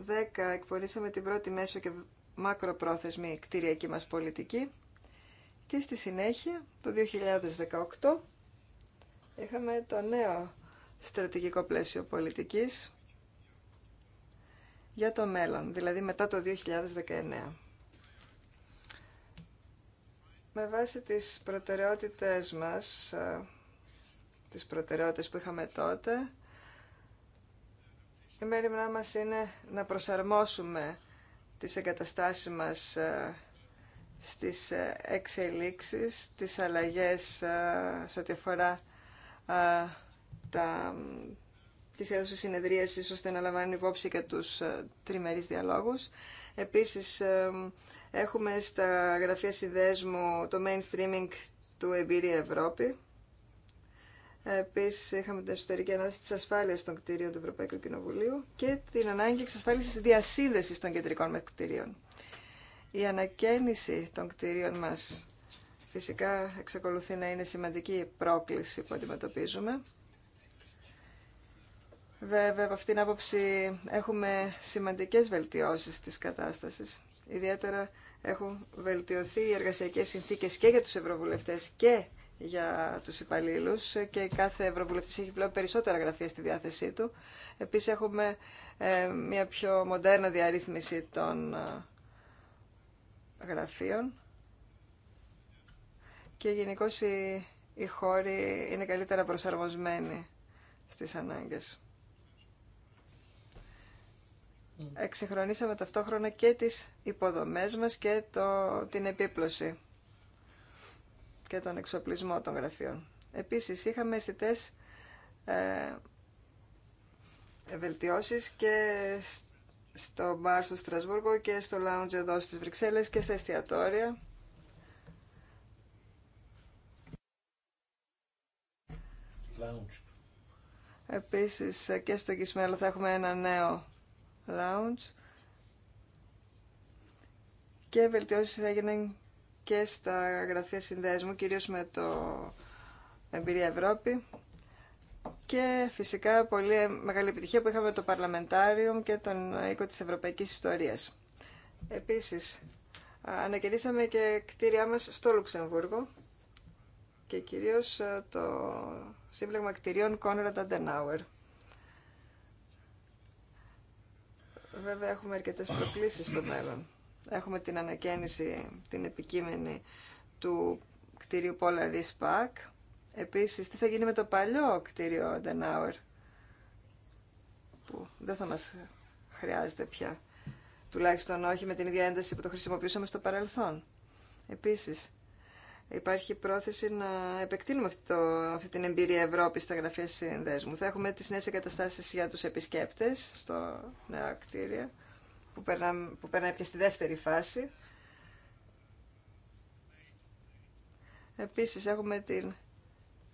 2010 εκπονήσαμε την πρώτη μέσο και μακροπρόθεσμη κτηριακή μας πολιτική και στη συνέχεια, το 2018, είχαμε το νέο στρατηγικό πλαίσιο πολιτικής για το μέλλον, δηλαδή μετά το 2019. Με βάση τις προτεραιότητες μας, ε, τις προτεραιότητες που είχαμε τότε, η μέρη μας είναι να προσαρμόσουμε τις εγκαταστάσεις μας ε, στις ε, εξελίξεις, τις αλλαγές σε ό,τι αφορά τα Τη έδωση συνεδρίασης ώστε να λαμβάνουν υπόψη και του ε, τριμερεί διαλόγου. Επίση, ε, έχουμε στα γραφεία συνδέσμου το mainstreaming του Εμπειρία Ευρώπη. Επίση είχαμε την εσωτερική ανάθεση τη ασφάλεια των κτηρίων του Ευρωπαϊκού Κοινοβουλίου και την ανάγκη εξασφάλιση διασύνδεση των κεντρικών με κτηρίων. Η ανακαίνιση των κτηρίων μα. φυσικά εξακολουθεί να είναι σημαντική πρόκληση που αντιμετωπίζουμε Βέβαια, από αυτήν την άποψη έχουμε σημαντικές βελτιώσεις της κατάστασης. Ιδιαίτερα έχουν βελτιωθεί οι εργασιακές συνθήκες και για τους ευρωβουλευτές και για τους υπαλλήλου. και κάθε ευρωβουλευτή έχει πλέον περισσότερα γραφεία στη διάθεσή του. Επίσης έχουμε ε, μια πιο μοντέρνα διαρρύθμιση των ε, γραφείων και γενικώ οι, οι χώροι είναι καλύτερα προσαρμοσμένοι στις ανάγκες. Mm. εξυγχρονίσαμε ταυτόχρονα και τις υποδομές μας και το, την επίπλωση και τον εξοπλισμό των γραφείων. Επίσης είχαμε αισθητέ ε, βελτιώσεις και στο μπαρ στο Στρασβούργο και στο lounge εδώ στις Βρυξέλλες και στα εστιατόρια. Lounge. Επίσης ε, και στο Κισμέλο θα έχουμε ένα νέο Lounge και βελτιώσει έγιναν και στα γραφεία συνδέσμου, κυρίως με το Εμπειρία Ευρώπη και φυσικά πολύ μεγάλη επιτυχία που είχαμε το Παρλαμεντάριο και τον οίκο της Ευρωπαϊκής Ιστορίας. Επίσης, ανακαινήσαμε και κτίρια μας στο Λουξεμβούργο και κυρίως ε, το σύμπλεγμα κτιριών Κόνραντ Αντενάουερ. Βέβαια έχουμε αρκετές προκλήσεις στο μέλλον. Έχουμε την ανακαίνιση, την επικείμενη του κτίριου Polaris Park. Επίσης, τι θα γίνει με το παλιό κτίριο Denauer, που δεν θα μας χρειάζεται πια. Τουλάχιστον όχι με την ίδια ένταση που το χρησιμοποιούσαμε στο παρελθόν. Επίσης, υπάρχει πρόθεση να επεκτείνουμε αυτή την εμπειρία Ευρώπη στα γραφεία συνδέσμου. Θα έχουμε τι νέες εγκαταστάσει για τους επισκέπτες στο νέο κτίριο που, που περνάει πια στη δεύτερη φάση. Επίσης έχουμε την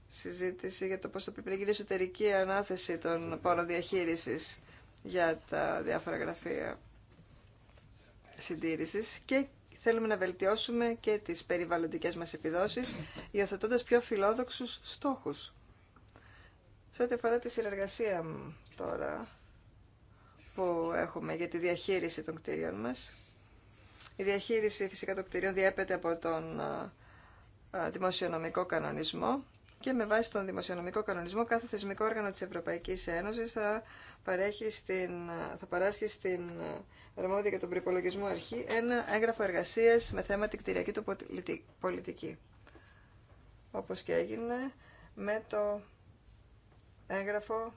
συζήτηση για το πώς θα πρέπει να γίνει εσωτερική ανάθεση των πόρων διαχείρισης για τα διάφορα γραφεία συντήρησης και θέλουμε να βελτιώσουμε και τις περιβαλλοντικές μας επιδόσεις, υιοθετώντα πιο φιλόδοξους στόχους. Σε ό,τι αφορά τη συνεργασία τώρα που έχουμε για τη διαχείριση των κτηρίων μας, η διαχείριση φυσικά των κτιρίων διέπεται από τον δημοσιονομικό κανονισμό και με βάση τον δημοσιονομικό κανονισμό κάθε θεσμικό όργανο της Ευρωπαϊκής Ένωσης θα, παρέχει στην, θα παράσχει στην ε, αρμόδια για τον προπολογισμό αρχή ένα έγγραφο εργασίας με θέμα την κτηριακή του πολιτική. Όπως και έγινε με το έγγραφο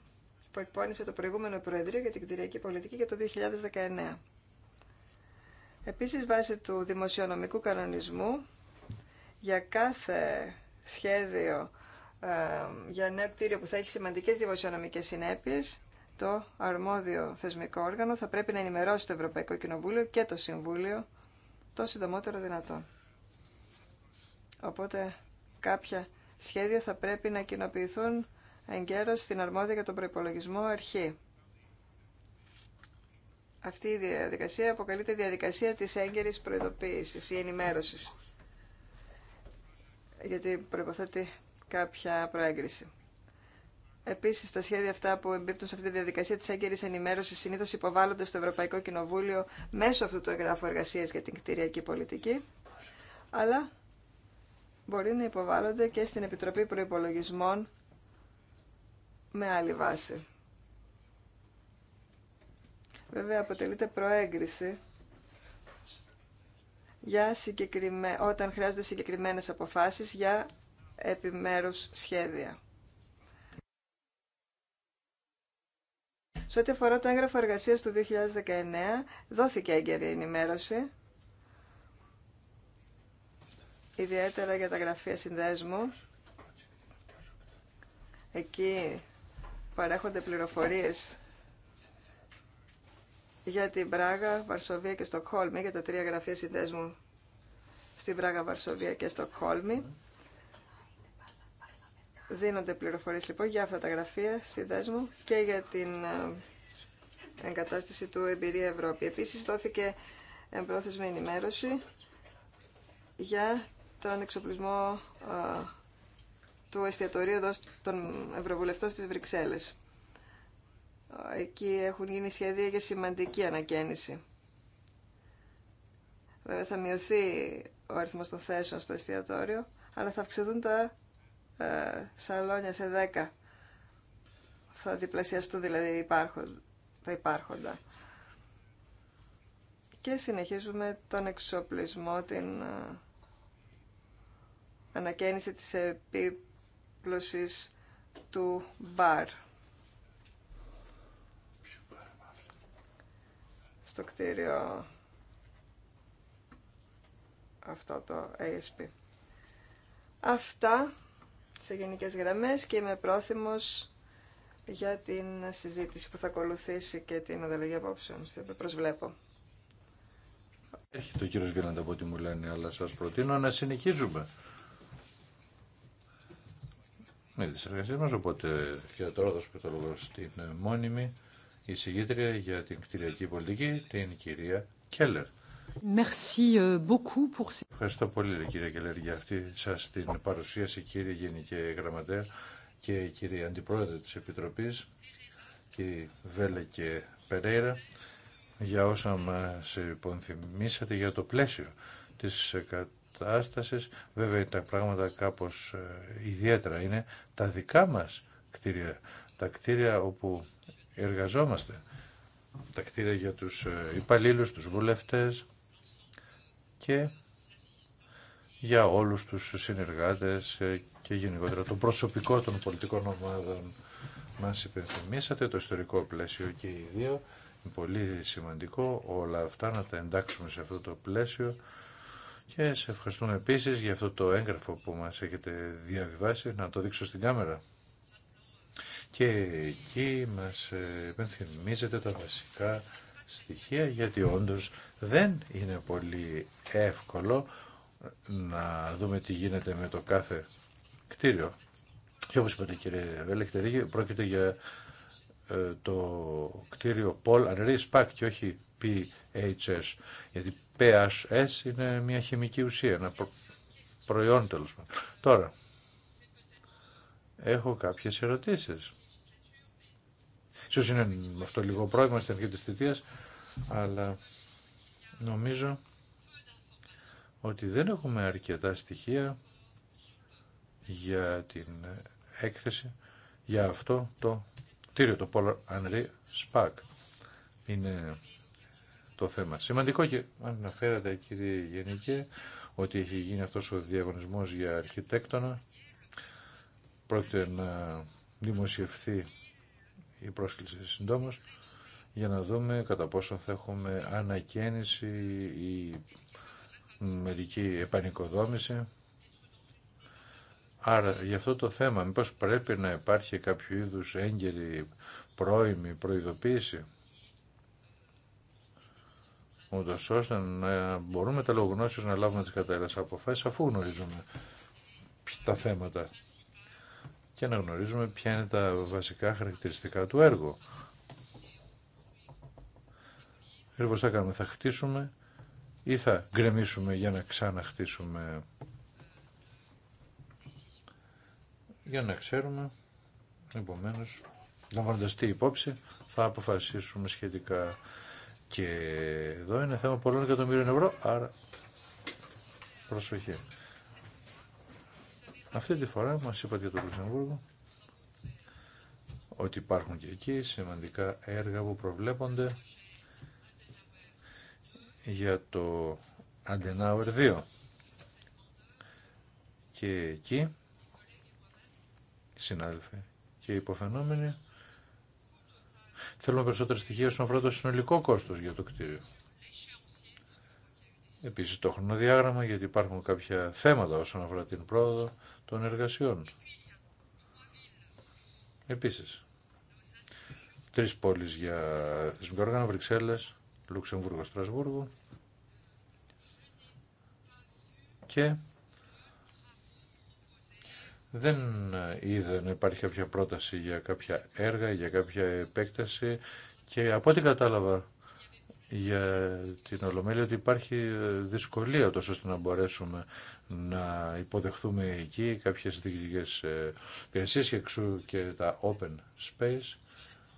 που εκπώνησε το προηγούμενο Προεδρείο για την κτηριακή πολιτική για το 2019. Επίσης, βάσει του δημοσιονομικού κανονισμού, για κάθε σχέδιο ε, για νέο κτίριο που θα έχει σημαντικέ δημοσιονομικέ συνέπειε. το αρμόδιο θεσμικό όργανο θα πρέπει να ενημερώσει το Ευρωπαϊκό Κοινοβούλιο και το Συμβούλιο το συντομότερο δυνατό. Οπότε κάποια σχέδια θα πρέπει να κοινοποιηθούν εγκαίρως στην αρμόδια για τον προπολογισμό αρχή. Αυτή η διαδικασία αποκαλείται διαδικασία της έγκαιρης προειδοποίησης ή ενημέρωσης. Γιατί προϋποθέτει κάποια προέγκριση. Επίση, τα σχέδια αυτά που εμπίπτουν σε αυτή τη διαδικασία τη έγκαιρη ενημέρωση συνήθω υποβάλλονται στο Ευρωπαϊκό Κοινοβούλιο μέσω αυτού του εγγράφου εργασία για την κτηριακή πολιτική, αλλά μπορεί να υποβάλλονται και στην Επιτροπή Προπολογισμών με άλλη βάση. Βέβαια, αποτελείται προέγκριση για όταν χρειάζονται συγκεκριμένες αποφάσεις για επιμέρους σχέδια. Σε ό,τι αφορά το έγγραφο εργασίας του 2019, δόθηκε έγκαιρη ενημέρωση, ιδιαίτερα για τα γραφεία συνδέσμου. Εκεί παρέχονται πληροφορίες για την Πράγα, Βαρσοβία και Στοκχόλμη, για τα τρία γραφεία συνδέσμου στην Πράγα, Βαρσοβία και Στοκχόλμη. Δίνονται πληροφορίες λοιπόν για αυτά τα γραφεία στη και για την ε, εγκατάσταση του Εμπειρία Ευρώπη. Επίσης δόθηκε εμπρόθεσμη ενημέρωση για τον εξοπλισμό ε, του εστιατορίου εδώ των Ευρωβουλευτών στις Βρυξέλλες. Εκεί έχουν γίνει σχέδια για σημαντική ανακαίνιση. Βέβαια θα μειωθεί ο αριθμός των θέσεων στο εστιατόριο, αλλά θα αυξηθούν τα ε, σαλόνια σε 10 θα διπλασιαστούν δηλαδή υπάρχουν, τα υπάρχοντα. Και συνεχίζουμε τον εξοπλισμό, την ε, ανακαίνιση της επίπλωσης του μπαρ. Στο κτίριο αυτό το ASP. Αυτά σε γενικές γραμμές και είμαι πρόθυμος για την συζήτηση που θα ακολουθήσει και την ανταλλαγή απόψεων, στην προσβλέπω. Έρχεται ο κύριος Βίλαντα από ό,τι μου λένε, αλλά σας προτείνω να συνεχίζουμε με ναι, τις εργασίες μας, οπότε για τώρα θα σου το λόγο στην μόνιμη εισηγήτρια για την κτηριακή πολιτική, την κυρία Κέλλερ. Merci euh, beaucoup pour... Ευχαριστώ πολύ κύριε Κελέρη για αυτή σας την παρουσίαση κύριε Γενική Γραμματέα και κύριε Αντιπρόεδρε της Επιτροπής κύριε Βέλε και Περέιρα για όσα μας υποθυμίσατε για το πλαίσιο της κατάστασης. Βέβαια τα πράγματα κάπως ε, ιδιαίτερα είναι τα δικά μας κτίρια, τα κτίρια όπου εργαζόμαστε, τα κτίρια για τους ε, υπαλλήλους, τους βουλευτές και για όλους τους συνεργάτες ε, και γενικότερα το προσωπικό των πολιτικών ομάδων μας υπενθυμίσατε, το ιστορικό πλαίσιο και οι δύο. Είναι πολύ σημαντικό όλα αυτά να τα εντάξουμε σε αυτό το πλαίσιο και σε ευχαριστούμε επίσης για αυτό το έγγραφο που μας έχετε διαβιβάσει, να το δείξω στην κάμερα. Και εκεί μας υπενθυμίζετε τα βασικά στοιχεία γιατί όντως δεν είναι πολύ εύκολο να δούμε τι γίνεται με το κάθε κτίριο. Και όπως είπατε κύριε Βέλεχτε, πρόκειται για ε, το κτίριο Paul Henry Spack και όχι PHS. Γιατί PHS είναι μια χημική ουσία, ένα προϊόν τέλος πάντων. Τώρα, έχω κάποιες ερωτήσεις. Ίσως είναι αυτό λίγο πρόβλημα στην αρχή της θητείας, αλλά νομίζω ότι δεν έχουμε αρκετά στοιχεία για την έκθεση για αυτό το κτίριο, το Polar Henry Σπάκ Είναι το θέμα. Σημαντικό και αναφέρατε κύριε Γενικέ ότι έχει γίνει αυτός ο διαγωνισμός για αρχιτέκτονα. Πρόκειται να δημοσιευθεί η πρόσκληση συντόμω για να δούμε κατά πόσο θα έχουμε ανακαίνιση ή μερική επανοικοδόμηση. Άρα για αυτό το θέμα μήπως πρέπει να υπάρχει κάποιο είδους έγκαιρη πρώιμη προειδοποίηση ούτως ώστε να μπορούμε τα λογογνώσεις να λάβουμε τις κατάλληλες αποφάσεις αφού γνωρίζουμε τα θέματα και να γνωρίζουμε ποια είναι τα βασικά χαρακτηριστικά του έργου. Λοιπόν, θα κάνουμε, θα χτίσουμε ή θα γκρεμίσουμε για να ξαναχτίσουμε για να ξέρουμε επομένως λαμβάνοντας τι υπόψη θα αποφασίσουμε σχετικά και εδώ είναι θέμα πολλών εκατομμύριων ευρώ άρα προσοχή αυτή τη φορά μας είπατε για το Λουξεμβούργο ότι υπάρχουν και εκεί σημαντικά έργα που προβλέπονται για το Αντενάουερ 2. Και εκεί, συνάδελφοι και υποφαινόμενοι, θέλουμε περισσότερα στοιχεία όσον αφορά το συνολικό κόστος για το κτίριο. Επίσης το χρονοδιάγραμμα, γιατί υπάρχουν κάποια θέματα όσον αφορά την πρόοδο των εργασιών. Επίσης, τρεις πόλεις για θεσμικό όργανο, Βρυξέλλες, Λουξεμβούργο, Στρασβούργο και δεν ε, είδα να υπάρχει κάποια πρόταση για κάποια έργα, για κάποια επέκταση και από ό,τι κατάλαβα για την Ολομέλεια ότι υπάρχει ε, δυσκολία τόσο ώστε να μπορέσουμε να υποδεχθούμε εκεί κάποιες διοικητικές ε, υπηρεσίε και εξού και τα open space.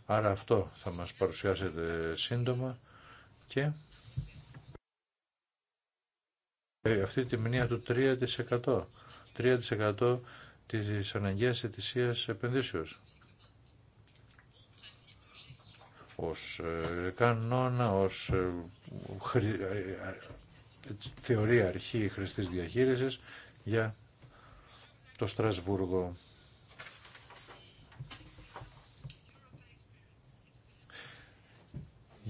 Άρα αυτό θα μας παρουσιάσετε σύντομα και ε, αυτή τη μνήμα του 3%. 3% της αναγκαίας ετησίας επενδύσεως. Ως ε, κανόνα, ως ε, θεωρία αρχή χρηστής διαχείρισης για το Στρασβούργο.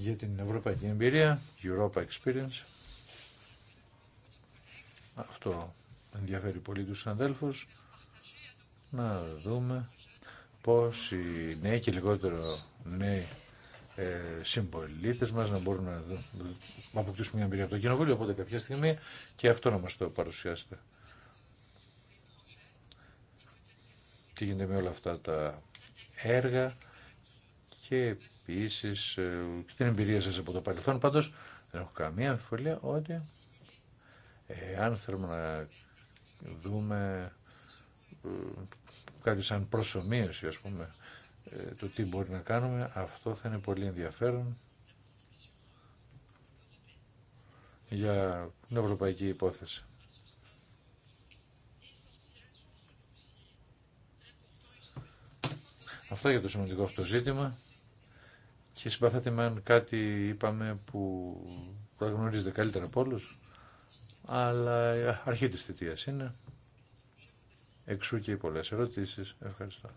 για την ευρωπαϊκή εμπειρία, Europa Experience. Αυτό ενδιαφέρει πολύ τους αδέλφους. Να δούμε πώς οι νέοι και λιγότερο νέοι ε, συμπολίτε μας να μπορούν να, να αποκτήσουν μια εμπειρία από το κοινοβούλιο, οπότε κάποια στιγμή και αυτό να μας το παρουσιάσετε. Τι γίνεται με όλα αυτά τα έργα και ε, και την εμπειρία σα από το παρελθόν. Πάντως δεν έχω καμία αμφιβολία ότι ε, αν θέλουμε να δούμε ε, κάτι σαν προσωμείωση ας πούμε το τι μπορεί να κάνουμε αυτό θα είναι πολύ ενδιαφέρον για την ευρωπαϊκή υπόθεση. Αυτά για το σημαντικό αυτό ζήτημα και συμπαθάτε με κάτι είπαμε που τα γνωρίζετε καλύτερα από όλους, αλλά ε, αρχή της θητείας είναι. Εξού και οι πολλές ερωτήσεις. Ευχαριστώ.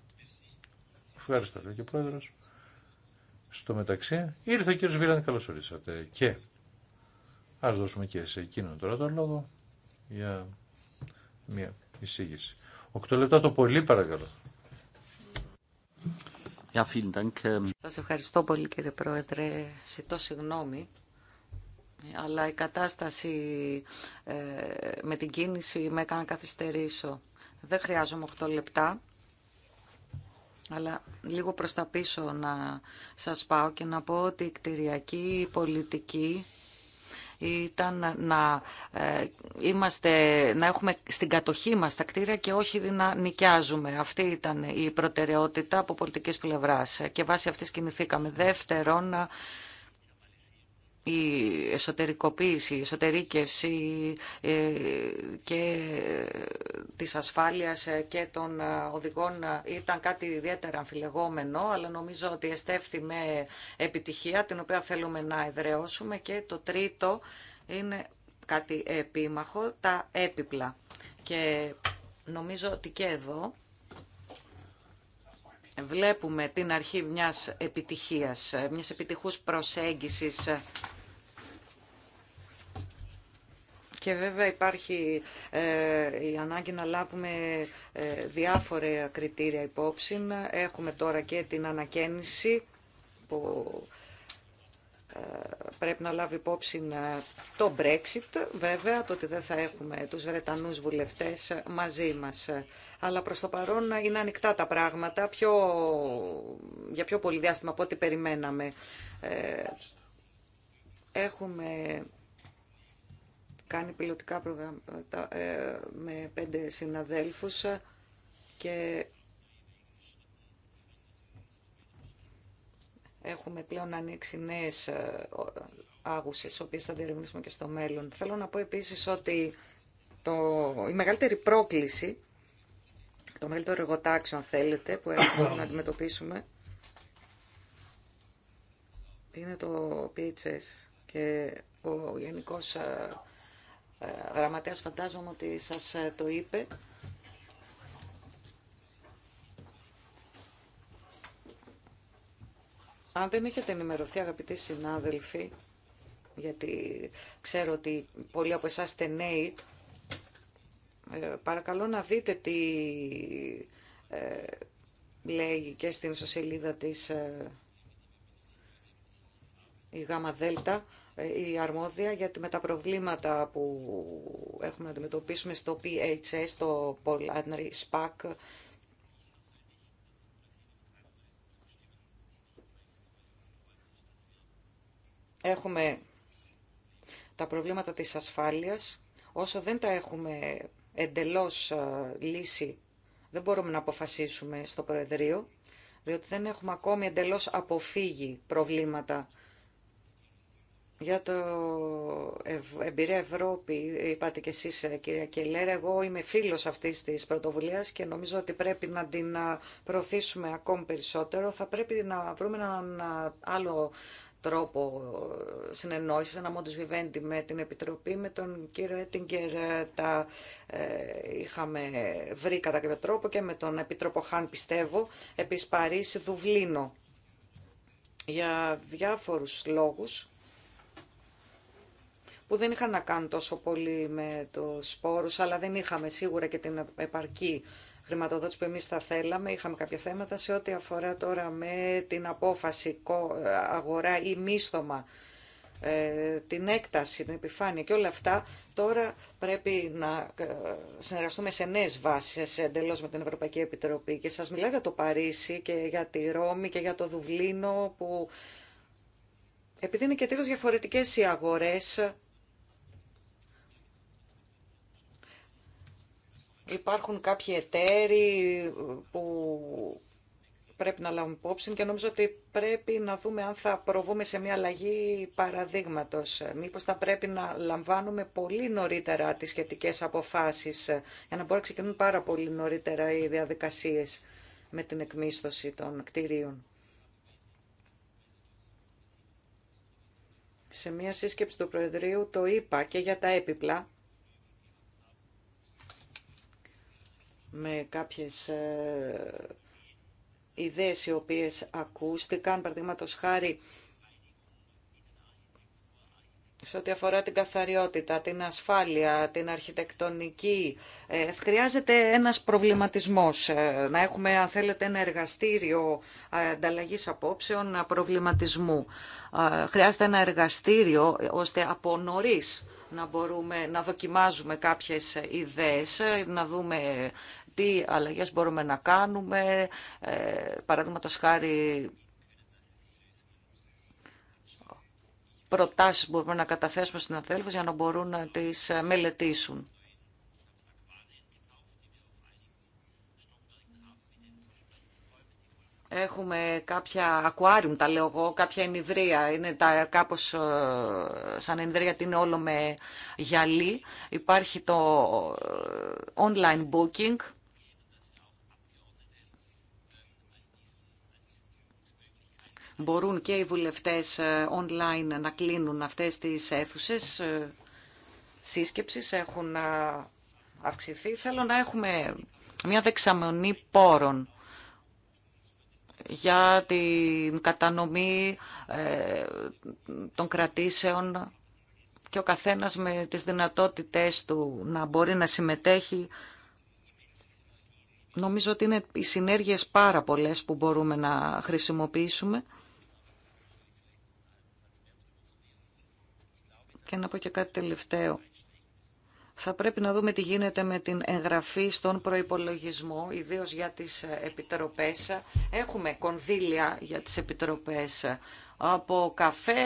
Ευχαριστώ, λέει και ο Πρόεδρος. Στο μεταξύ, ήρθε ο κύριος Βίλαν, καλώς ορίσατε. Και ας δώσουμε και σε εκείνον τώρα τον λόγο για μια εισήγηση. Οκτώ λεπτά το πολύ παρακαλώ. Ähm. Σας ευχαριστώ πολύ κύριε Πρόεδρε. Σητώ συγγνώμη αλλά η κατάσταση ε, με την κίνηση με έκανε να καθυστερήσω. Δεν χρειάζομαι 8 λεπτά, αλλά λίγο προς τα πίσω να σας πάω και να πω ότι η κτηριακή πολιτική ήταν να, ε, είμαστε, να έχουμε στην κατοχή μας τα κτίρια και όχι να νοικιάζουμε. Αυτή ήταν η προτεραιότητα από πολιτικής πλευράς και βάσει αυτής κινηθήκαμε. Δεύτερον, η εσωτερικοποίηση, η εσωτερήκευση ε, και της ασφάλειας ε, και των ε, οδηγών ήταν κάτι ιδιαίτερα αμφιλεγόμενο, αλλά νομίζω ότι εστέφθη με επιτυχία, την οποία θέλουμε να εδραιώσουμε. Και το τρίτο είναι κάτι επίμαχο, τα έπιπλα. Και νομίζω ότι και εδώ βλέπουμε την αρχή μιας επιτυχίας, μιας επιτυχούς προσέγγισης Και βέβαια υπάρχει ε, η ανάγκη να λάβουμε ε, διάφορα κριτήρια υπόψη. Έχουμε τώρα και την ανακαίνιση που ε, πρέπει να λάβει υπόψη το Brexit, βέβαια, το ότι δεν θα έχουμε τους Βρετανούς βουλευτές μαζί μας. Αλλά προς το παρόν είναι ανοιχτά τα πράγματα, πιο, για πιο πολύ διάστημα από ό,τι περιμέναμε. Έχουμε κάνει πιλωτικά προγράμματα ε, με πέντε συναδέλφους και έχουμε πλέον ανοίξει νέες ε, άγουσες, οποίες θα διερευνήσουμε και στο μέλλον. Θέλω να πω επίσης ότι το, η μεγαλύτερη πρόκληση, το μεγαλύτερο εργοτάξιο αν θέλετε, που έχουμε να αντιμετωπίσουμε, είναι το PHS και ο γενικός ε, γραμματέας φαντάζομαι ότι σας ε, το είπε. Αν δεν έχετε ενημερωθεί αγαπητοί συνάδελφοι, γιατί ξέρω ότι πολλοί από εσάς είστε νέοι, ε, παρακαλώ να δείτε τι ε, λέει και στην ισοσελίδα της η ΓΑΜΑ ΔΕΛΤΑ η αρμόδια γιατί με τα προβλήματα που έχουμε να αντιμετωπίσουμε στο PHS, στο Polonary SPAC, έχουμε τα προβλήματα της ασφάλειας. Όσο δεν τα έχουμε εντελώς ε, λύσει, δεν μπορούμε να αποφασίσουμε στο Προεδρείο, διότι δεν έχουμε ακόμη εντελώς αποφύγει προβλήματα για το Εμπειρία Ευρώπη, είπατε και εσείς ε, κυρία Κελέρα, εγώ είμαι φίλος αυτής της πρωτοβουλίας και νομίζω ότι πρέπει να την ε, προωθήσουμε ακόμη περισσότερο. Θα πρέπει να βρούμε έναν ε, άλλο τρόπο συνεννόησης, ένα μόντους βιβέντη με την Επιτροπή, με τον κύριο Έτιγκερ τα είχαμε βρει κατά κάποιο τρόπο και με τον Επίτροπο Χάν πιστεύω, επί Παρίσι Δουβλίνο για διάφορους λόγους που δεν είχαν να κάνουν τόσο πολύ με του σπόρους, αλλά δεν είχαμε σίγουρα και την επαρκή χρηματοδότηση που εμείς θα θέλαμε. Είχαμε κάποια θέματα σε ό,τι αφορά τώρα με την απόφαση αγορά ή μίσθωμα ε, την έκταση, την επιφάνεια και όλα αυτά, τώρα πρέπει να ε, συνεργαστούμε σε νέε βάσει εντελώ με την Ευρωπαϊκή Επιτροπή. Και σα μιλάω για το Παρίσι και για τη Ρώμη και για το Δουβλίνο, που επειδή είναι και τελείω διαφορετικέ οι αγορέ, Υπάρχουν κάποιοι εταίροι που πρέπει να λάβουν υπόψη και νομίζω ότι πρέπει να δούμε αν θα προβούμε σε μια αλλαγή παραδείγματος. Μήπως θα πρέπει να λαμβάνουμε πολύ νωρίτερα τις σχετικές αποφάσεις για να μπορούν να ξεκινούν πάρα πολύ νωρίτερα οι διαδικασίες με την εκμίσθωση των κτηρίων. Σε μια σύσκεψη του Προεδρείου το είπα και για τα έπιπλα με κάποιες ε, ιδέες οι οποίες ακούστηκαν, παραδείγματο χάρη σε ό,τι αφορά την καθαριότητα, την ασφάλεια, την αρχιτεκτονική. Ε, χρειάζεται ένας προβληματισμός, ε, να έχουμε αν θέλετε ένα εργαστήριο ανταλλαγή απόψεων προβληματισμού. χρειάζεται ένα εργαστήριο ώστε από νωρίς να μπορούμε να δοκιμάζουμε κάποιες ιδέες, να δούμε τι αλλαγές μπορούμε να κάνουμε, ε, παραδείγματο χάρη προτάσεις μπορούμε να καταθέσουμε στην αθέλφους για να μπορούν να τις ε, μελετήσουν. Έχουμε κάποια ακουάριου, τα λέω εγώ, κάποια ενιδρία. Είναι τα, κάπως ε, σαν ενιδρία την είναι όλο με γυαλί. Υπάρχει το ε, online booking, μπορούν και οι βουλευτές ε, online να κλείνουν αυτές τις αίθουσες ε, σύσκεψης έχουν ε, αυξηθεί. Θέλω να έχουμε μια δεξαμενή πόρων για την κατανομή των κρατήσεων και ο καθένας με τις δυνατότητές του να μπορεί να συμμετέχει. Νομίζω ότι είναι οι συνέργειες πάρα πολλές που μπορούμε να χρησιμοποιήσουμε. Και να πω και κάτι τελευταίο. Θα πρέπει να δούμε τι γίνεται με την εγγραφή στον προϋπολογισμό, ιδίως για τις επιτροπές. Έχουμε κονδύλια για τις επιτροπές από καφέ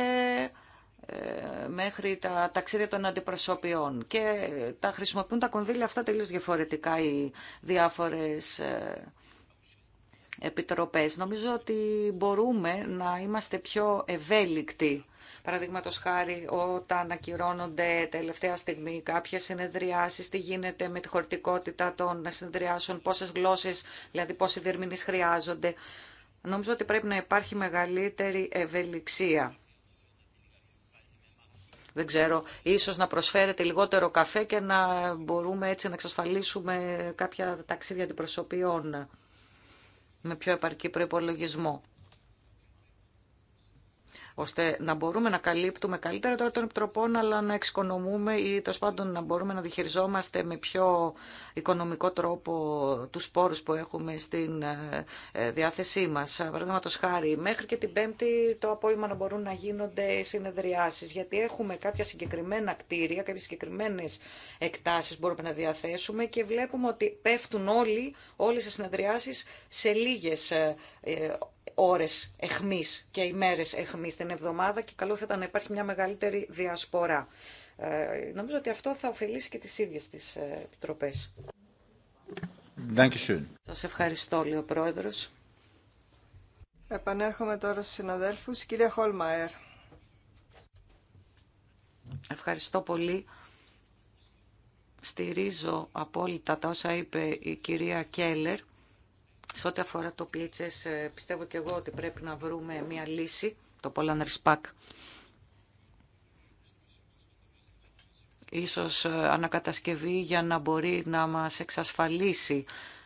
ε, μέχρι τα ταξίδια των αντιπροσωπιών και τα χρησιμοποιούν τα κονδύλια αυτά τελείως διαφορετικά οι διάφορες ε, επιτροπές. Νομίζω ότι μπορούμε να είμαστε πιο ευέλικτοι Παραδείγματο χάρη, όταν ακυρώνονται τελευταία στιγμή κάποιε συνεδριάσει, τι γίνεται με τη χωρητικότητα των συνεδριάσεων, πόσε γλώσσε, δηλαδή πόσοι διερμηνεί χρειάζονται. Νομίζω ότι πρέπει να υπάρχει μεγαλύτερη ευελιξία. Δεν ξέρω, ίσως να προσφέρετε λιγότερο καφέ και να μπορούμε έτσι να εξασφαλίσουμε κάποια ταξίδια αντιπροσωπιών με πιο επαρκή προϋπολογισμό ώστε να μπορούμε να καλύπτουμε καλύτερα τώρα των επιτροπών, αλλά να εξοικονομούμε ή τέλο πάντων να μπορούμε να διχειριζόμαστε με πιο οικονομικό τρόπο του σπόρου που έχουμε στην ε, ε, διάθεσή μα. Παραδείγματο χάρη, μέχρι και την Πέμπτη το απόγευμα να μπορούν να γίνονται συνεδριάσει, γιατί έχουμε κάποια συγκεκριμένα κτίρια, κάποιε συγκεκριμένε εκτάσει μπορούμε να διαθέσουμε και βλέπουμε ότι πέφτουν όλοι, όλε οι συνεδριάσει σε λίγε ε, ώρες εχμής και ημέρες εχμής την εβδομάδα και καλό θα ήταν να υπάρχει μια μεγαλύτερη διασπορά. Ε, νομίζω ότι αυτό θα ωφελήσει και τις ίδιες τις ε, επιτροπές. Σας ευχαριστώ, λέει ο Πρόεδρος. Επανέρχομαι τώρα στους συναδέλφους. Κυρία Χολμαέρ. Ευχαριστώ πολύ. Στηρίζω απόλυτα τα όσα είπε η κυρία Κέλλερ σε ό,τι αφορά το PHS, ε, πιστεύω και εγώ ότι πρέπει να βρούμε μια λύση, το Poland Pack. Ίσως ε, ανακατασκευή για να μπορεί να μας εξασφαλίσει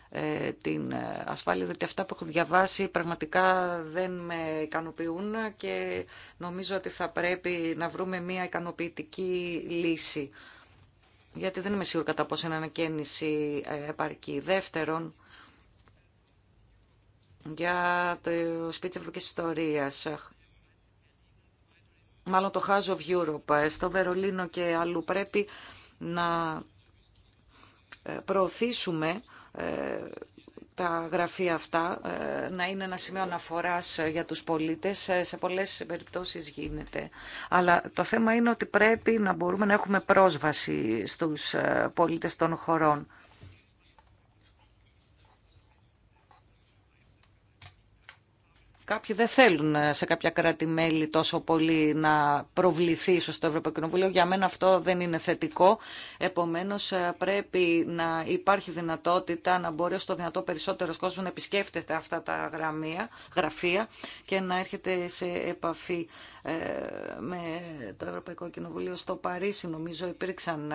ε, την ασφάλεια, διότι αυτά που έχω διαβάσει πραγματικά δεν με ικανοποιούν και νομίζω ότι θα πρέπει να βρούμε μια ικανοποιητική λύση. Γιατί δεν είμαι σίγουρη κατά πόσο είναι ανακαίνιση επαρκή. Δεύτερον, για το σπίτι Ευρωπαϊκής Ιστορίας. Μάλλον το House of Europe ε, στο Βερολίνο και αλλού πρέπει να ε, προωθήσουμε ε, τα γραφεία αυτά να είναι ένα σημείο αναφοράς για τους πολίτες. Σε πολλές περιπτώσεις γίνεται. Αλλά το θέμα είναι ότι πρέπει να μπορούμε να έχουμε πρόσβαση στους πολίτες των χωρών. Κάποιοι δεν θέλουν ε, σε κάποια κράτη-μέλη τόσο πολύ να προβληθεί στο Ευρωπαϊκό Κοινοβούλιο. Για μένα αυτό δεν είναι θετικό. Επομένως ε, πρέπει να υπάρχει δυνατότητα να μπορεί στο δυνατό περισσότερος κόσμος να επισκέφτεται αυτά τα γραμμία, γραφεία και να έρχεται σε επαφή ε, με το Ευρωπαϊκό Κοινοβούλιο. Στο Παρίσι νομίζω υπήρξαν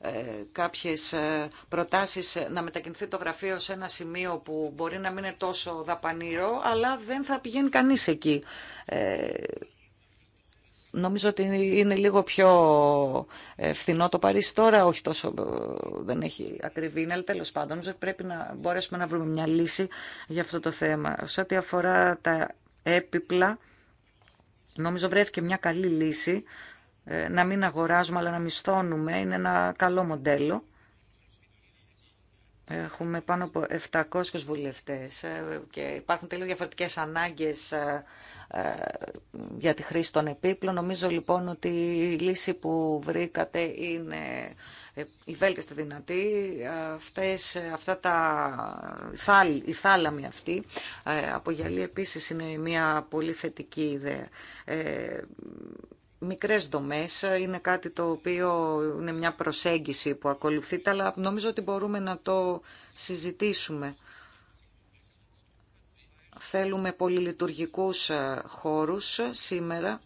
ε, κάποιες ε, προτάσεις ε, να μετακινηθεί το γραφείο σε ένα σημείο που μπορεί να μην είναι τόσο δαπανηρό, αλλά δεν θα πηγαίνει κανείς εκεί. Νομίζω ότι είναι λίγο πιο φθηνό το Παρίσι τώρα, όχι τόσο δεν έχει ακριβή, είναι, αλλά τέλος πάντων νομίζω ότι πρέπει να μπορέσουμε να βρούμε μια λύση για αυτό το θέμα. Σε ό,τι αφορά τα έπιπλα, νομίζω βρέθηκε μια καλή λύση ε, να μην αγοράζουμε αλλά να μισθώνουμε είναι ένα καλό μοντέλο. Έχουμε πάνω από 700 βουλευτές ε, και υπάρχουν τελείως διαφορετικές ανάγκες ε, για τη χρήση των επίπλων. Νομίζω λοιπόν ότι η λύση που βρήκατε είναι η βέλτιστη δυνατή. Αυτές, αυτά τα, η θάλαμη αυτή από γυαλί επίσης είναι μια πολύ θετική ιδέα μικρές δομές είναι κάτι το οποίο είναι μια προσέγγιση που ακολουθείται, αλλά νομίζω ότι μπορούμε να το συζητήσουμε. Θέλουμε πολυλειτουργικούς ε, χώρους σήμερα.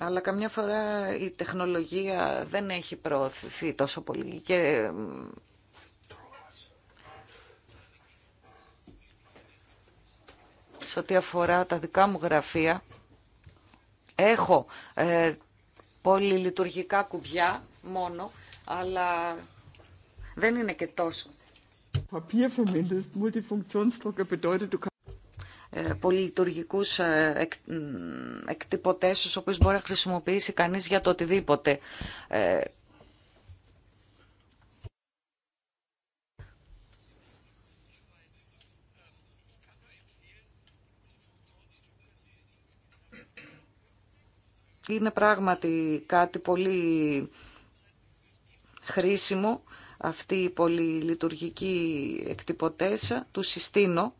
Αλλά καμιά φορά η τεχνολογία δεν έχει προωθηθεί τόσο πολύ και Στο ό,τι αφορά τα δικά μου γραφεία, έχω ε, πολυλειτουργικά κουμπιά μόνο, αλλά δεν είναι και τόσο. Πολυλειτουργικού πολυλειτουργικούς ε, εκ, εκτυπωτές, μπορεί να χρησιμοποιήσει κανείς για το οτιδήποτε. Ε, Είναι πράγματι κάτι πολύ χρήσιμο αυτή η λειτουργική εκτυπωτέσα του συστήνω.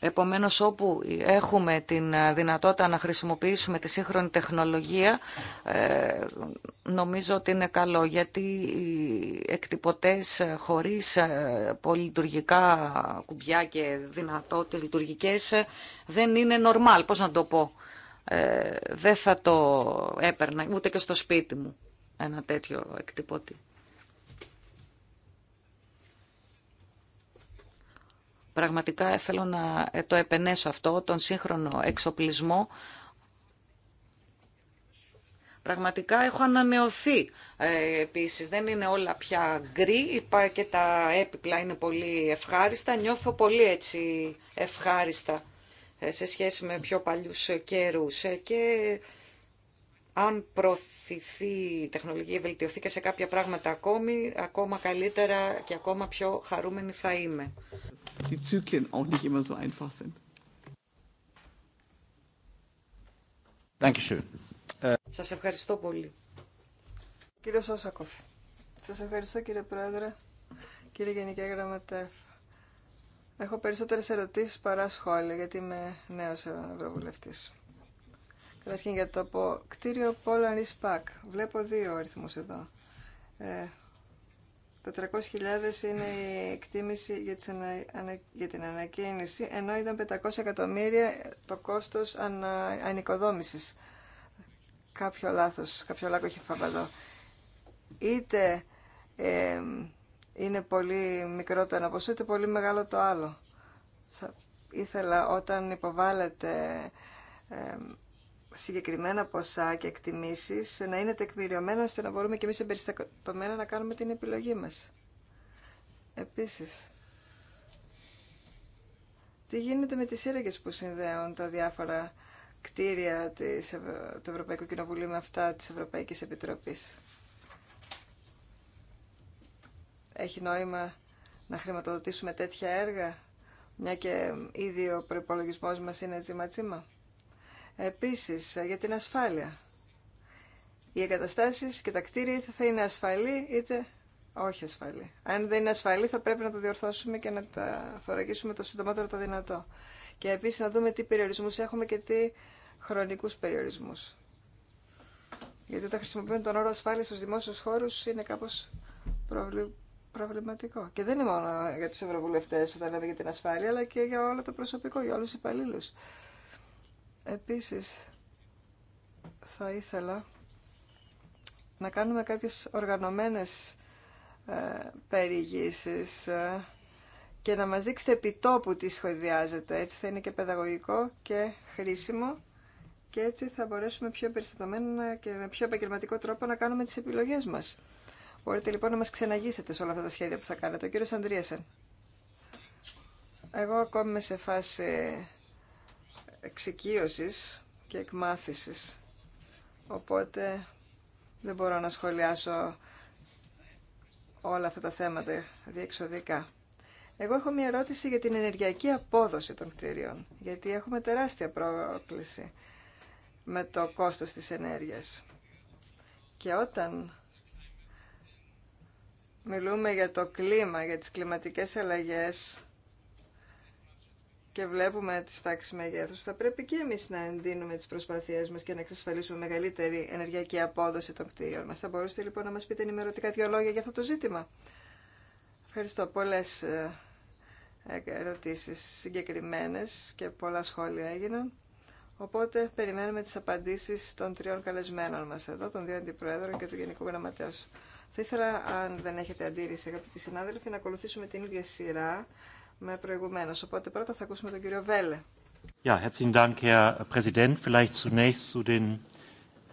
Επομένως όπου έχουμε την δυνατότητα να χρησιμοποιήσουμε τη σύγχρονη τεχνολογία ε, νομίζω ότι είναι καλό γιατί οι εκτυπωτές χωρίς ε, πολυλειτουργικά κουμπιά και δυνατότητες λειτουργικές ε, δεν είναι normal, πώς να το πω ε, δεν θα το έπαιρνα ούτε και στο σπίτι μου ένα τέτοιο εκτυπώτη. Πραγματικά θέλω να ε, το επενέσω αυτό, τον σύγχρονο εξοπλισμό. Πραγματικά έχω ανανεωθεί ε, επίσης. Δεν είναι όλα πια γκρι, είπα και τα έπιπλα είναι πολύ ευχάριστα. Νιώθω πολύ έτσι ευχάριστα ε, σε σχέση με πιο παλιούς καιρούς ε, και αν προωθηθεί η τεχνολογία, βελτιωθεί και σε κάποια πράγματα ακόμη, ακόμα καλύτερα και ακόμα πιο χαρούμενη θα είμαι. Äh, σας ευχαριστώ πολύ. Κύριε Σόσακοφ, σας ευχαριστώ κύριε Πρόεδρε, κύριε Γενική Γραμματέα. Έχω περισσότερε ερωτήσει παρά σχόλια, γιατί είμαι νέο ευρωβουλευτή. Καταρχήν για το πω, κτίριο Polar πακ. Βλέπω δύο αριθμούς εδώ. Ε, 400.000 είναι η εκτίμηση για, την ανακαίνιση, ενώ ήταν 500 εκατομμύρια το κόστος ανα, ανοικοδόμησης. Κάποιο λάθος, κάποιο λάκκο έχει φαμπαδό. Είτε είναι πολύ μικρό το ένα ποσό, είτε πολύ μεγάλο το άλλο. Θα ήθελα όταν υποβάλλεται συγκεκριμένα ποσά και εκτιμήσεις να είναι τεκμηριωμένα ώστε να μπορούμε και εμείς εμπεριστατωμένα να κάνουμε την επιλογή μας. Επίσης, τι γίνεται με τις σύραγγες που συνδέουν τα διάφορα κτίρια της, του Ευρωπαϊκού Κοινοβουλίου με αυτά της Ευρωπαϊκής Επιτροπής. έχει νόημα να χρηματοδοτήσουμε τέτοια έργα, μια και ήδη ο προπολογισμό μα είναι τσιμα-τσιμα. Επίση, για την ασφάλεια. Οι εγκαταστάσει και τα κτίρια είτε θα είναι ασφαλή είτε όχι ασφαλή. Αν δεν είναι ασφαλή θα πρέπει να το διορθώσουμε και να τα θωρακίσουμε το συντομότερο το δυνατό. Και επίση να δούμε τι περιορισμού έχουμε και τι χρονικού περιορισμού. Γιατί όταν χρησιμοποιούμε τον όρο ασφάλεια στου δημόσιου χώρου, είναι κάπω προβλήμα προβληματικό. Και δεν είναι μόνο για τους ευρωβουλευτέ όταν λέμε για την ασφάλεια, αλλά και για όλο το προσωπικό, για όλου του υπαλλήλου. Επίση, θα ήθελα να κάνουμε κάποιες οργανωμένες ε, ε και να μας δείξετε επιτόπου τι σχεδιάζεται. Έτσι θα είναι και παιδαγωγικό και χρήσιμο και έτσι θα μπορέσουμε πιο περιστατωμένα και με πιο επαγγελματικό τρόπο να κάνουμε τις επιλογές μας. Μπορείτε λοιπόν να μας ξεναγήσετε σε όλα αυτά τα σχέδια που θα κάνετε. Ο κύριος Ανδρίασεν. Εγώ ακόμη είμαι σε φάση εξοικείωσης και εκμάθησης. Οπότε δεν μπορώ να σχολιάσω όλα αυτά τα θέματα διεξοδικά. Εγώ έχω μια ερώτηση για την ενεργειακή απόδοση των κτίριων, γιατί έχουμε τεράστια πρόκληση με το κόστος της ενέργειας. Και όταν μιλούμε για το κλίμα, για τις κλιματικές αλλαγές και βλέπουμε τις τάξεις μεγέθους, θα πρέπει και εμείς να εντείνουμε τις προσπαθίες μας και να εξασφαλίσουμε μεγαλύτερη ενεργειακή απόδοση των κτίριων μας. Θα μπορούσατε λοιπόν να μας πείτε ενημερωτικά δύο λόγια για αυτό το ζήτημα. Ευχαριστώ. Πολλές ε, ε, ερωτήσεις συγκεκριμένες και πολλά σχόλια έγιναν. Οπότε περιμένουμε τις απαντήσεις των τριών καλεσμένων μας εδώ, των δύο αντιπροέδρων και του Γενικού Γραμματέως. Θα ήθελα, αν δεν έχετε αντίρρηση, αγαπητοί συνάδελφοι, να ακολουθήσουμε την ίδια σειρά με προηγουμένω. Οπότε πρώτα θα ακούσουμε τον κύριο Βέλε.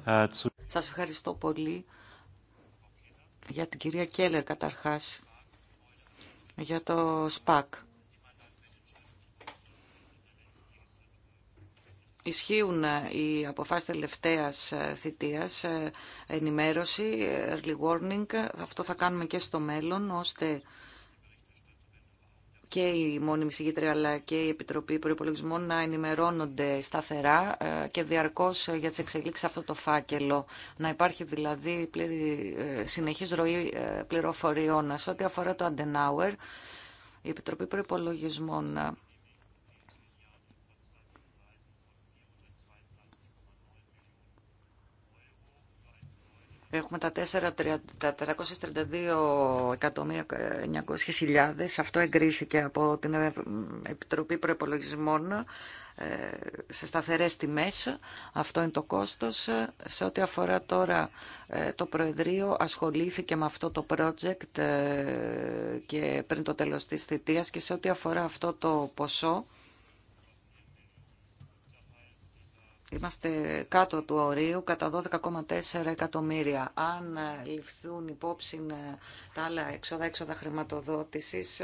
Äh, Σα ευχαριστώ πολύ για την κυρία Κέλλερ καταρχά, για το ΣΠΑΚ. ισχύουν ε, οι αποφάσεις τελευταίας ε, θητείας, ε, ενημέρωση, early warning. Αυτό θα κάνουμε και στο μέλλον, ώστε και η μόνιμη συγκήτρια αλλά και η Επιτροπή Προϋπολογισμών να ενημερώνονται σταθερά και διαρκώς για τις εξελίξεις αυτό το φάκελο. Να υπάρχει δηλαδή πλήρη, συνεχής ροή πληροφοριών. Σε ό,τι αφορά το Αντενάουερ, η Επιτροπή Προπολογισμών Έχουμε τα, 4, 432 εκατομμύρια ε, Αυτό εγκρίθηκε από την ε, Επιτροπή Προπολογισμών ε, σε σταθερές τιμές. Αυτό είναι το κόστος. Σε ό,τι αφορά τώρα το Προεδρείο ασχολήθηκε με αυτό το project και πριν το τέλος της θητείας και σε ό,τι αφορά αυτό το ποσό Είμαστε κάτω του ορίου κατά 12,4 εκατομμύρια. Αν ε, ληφθούν υπόψη ε, τα άλλα έξοδα, έξοδα χρηματοδότησης,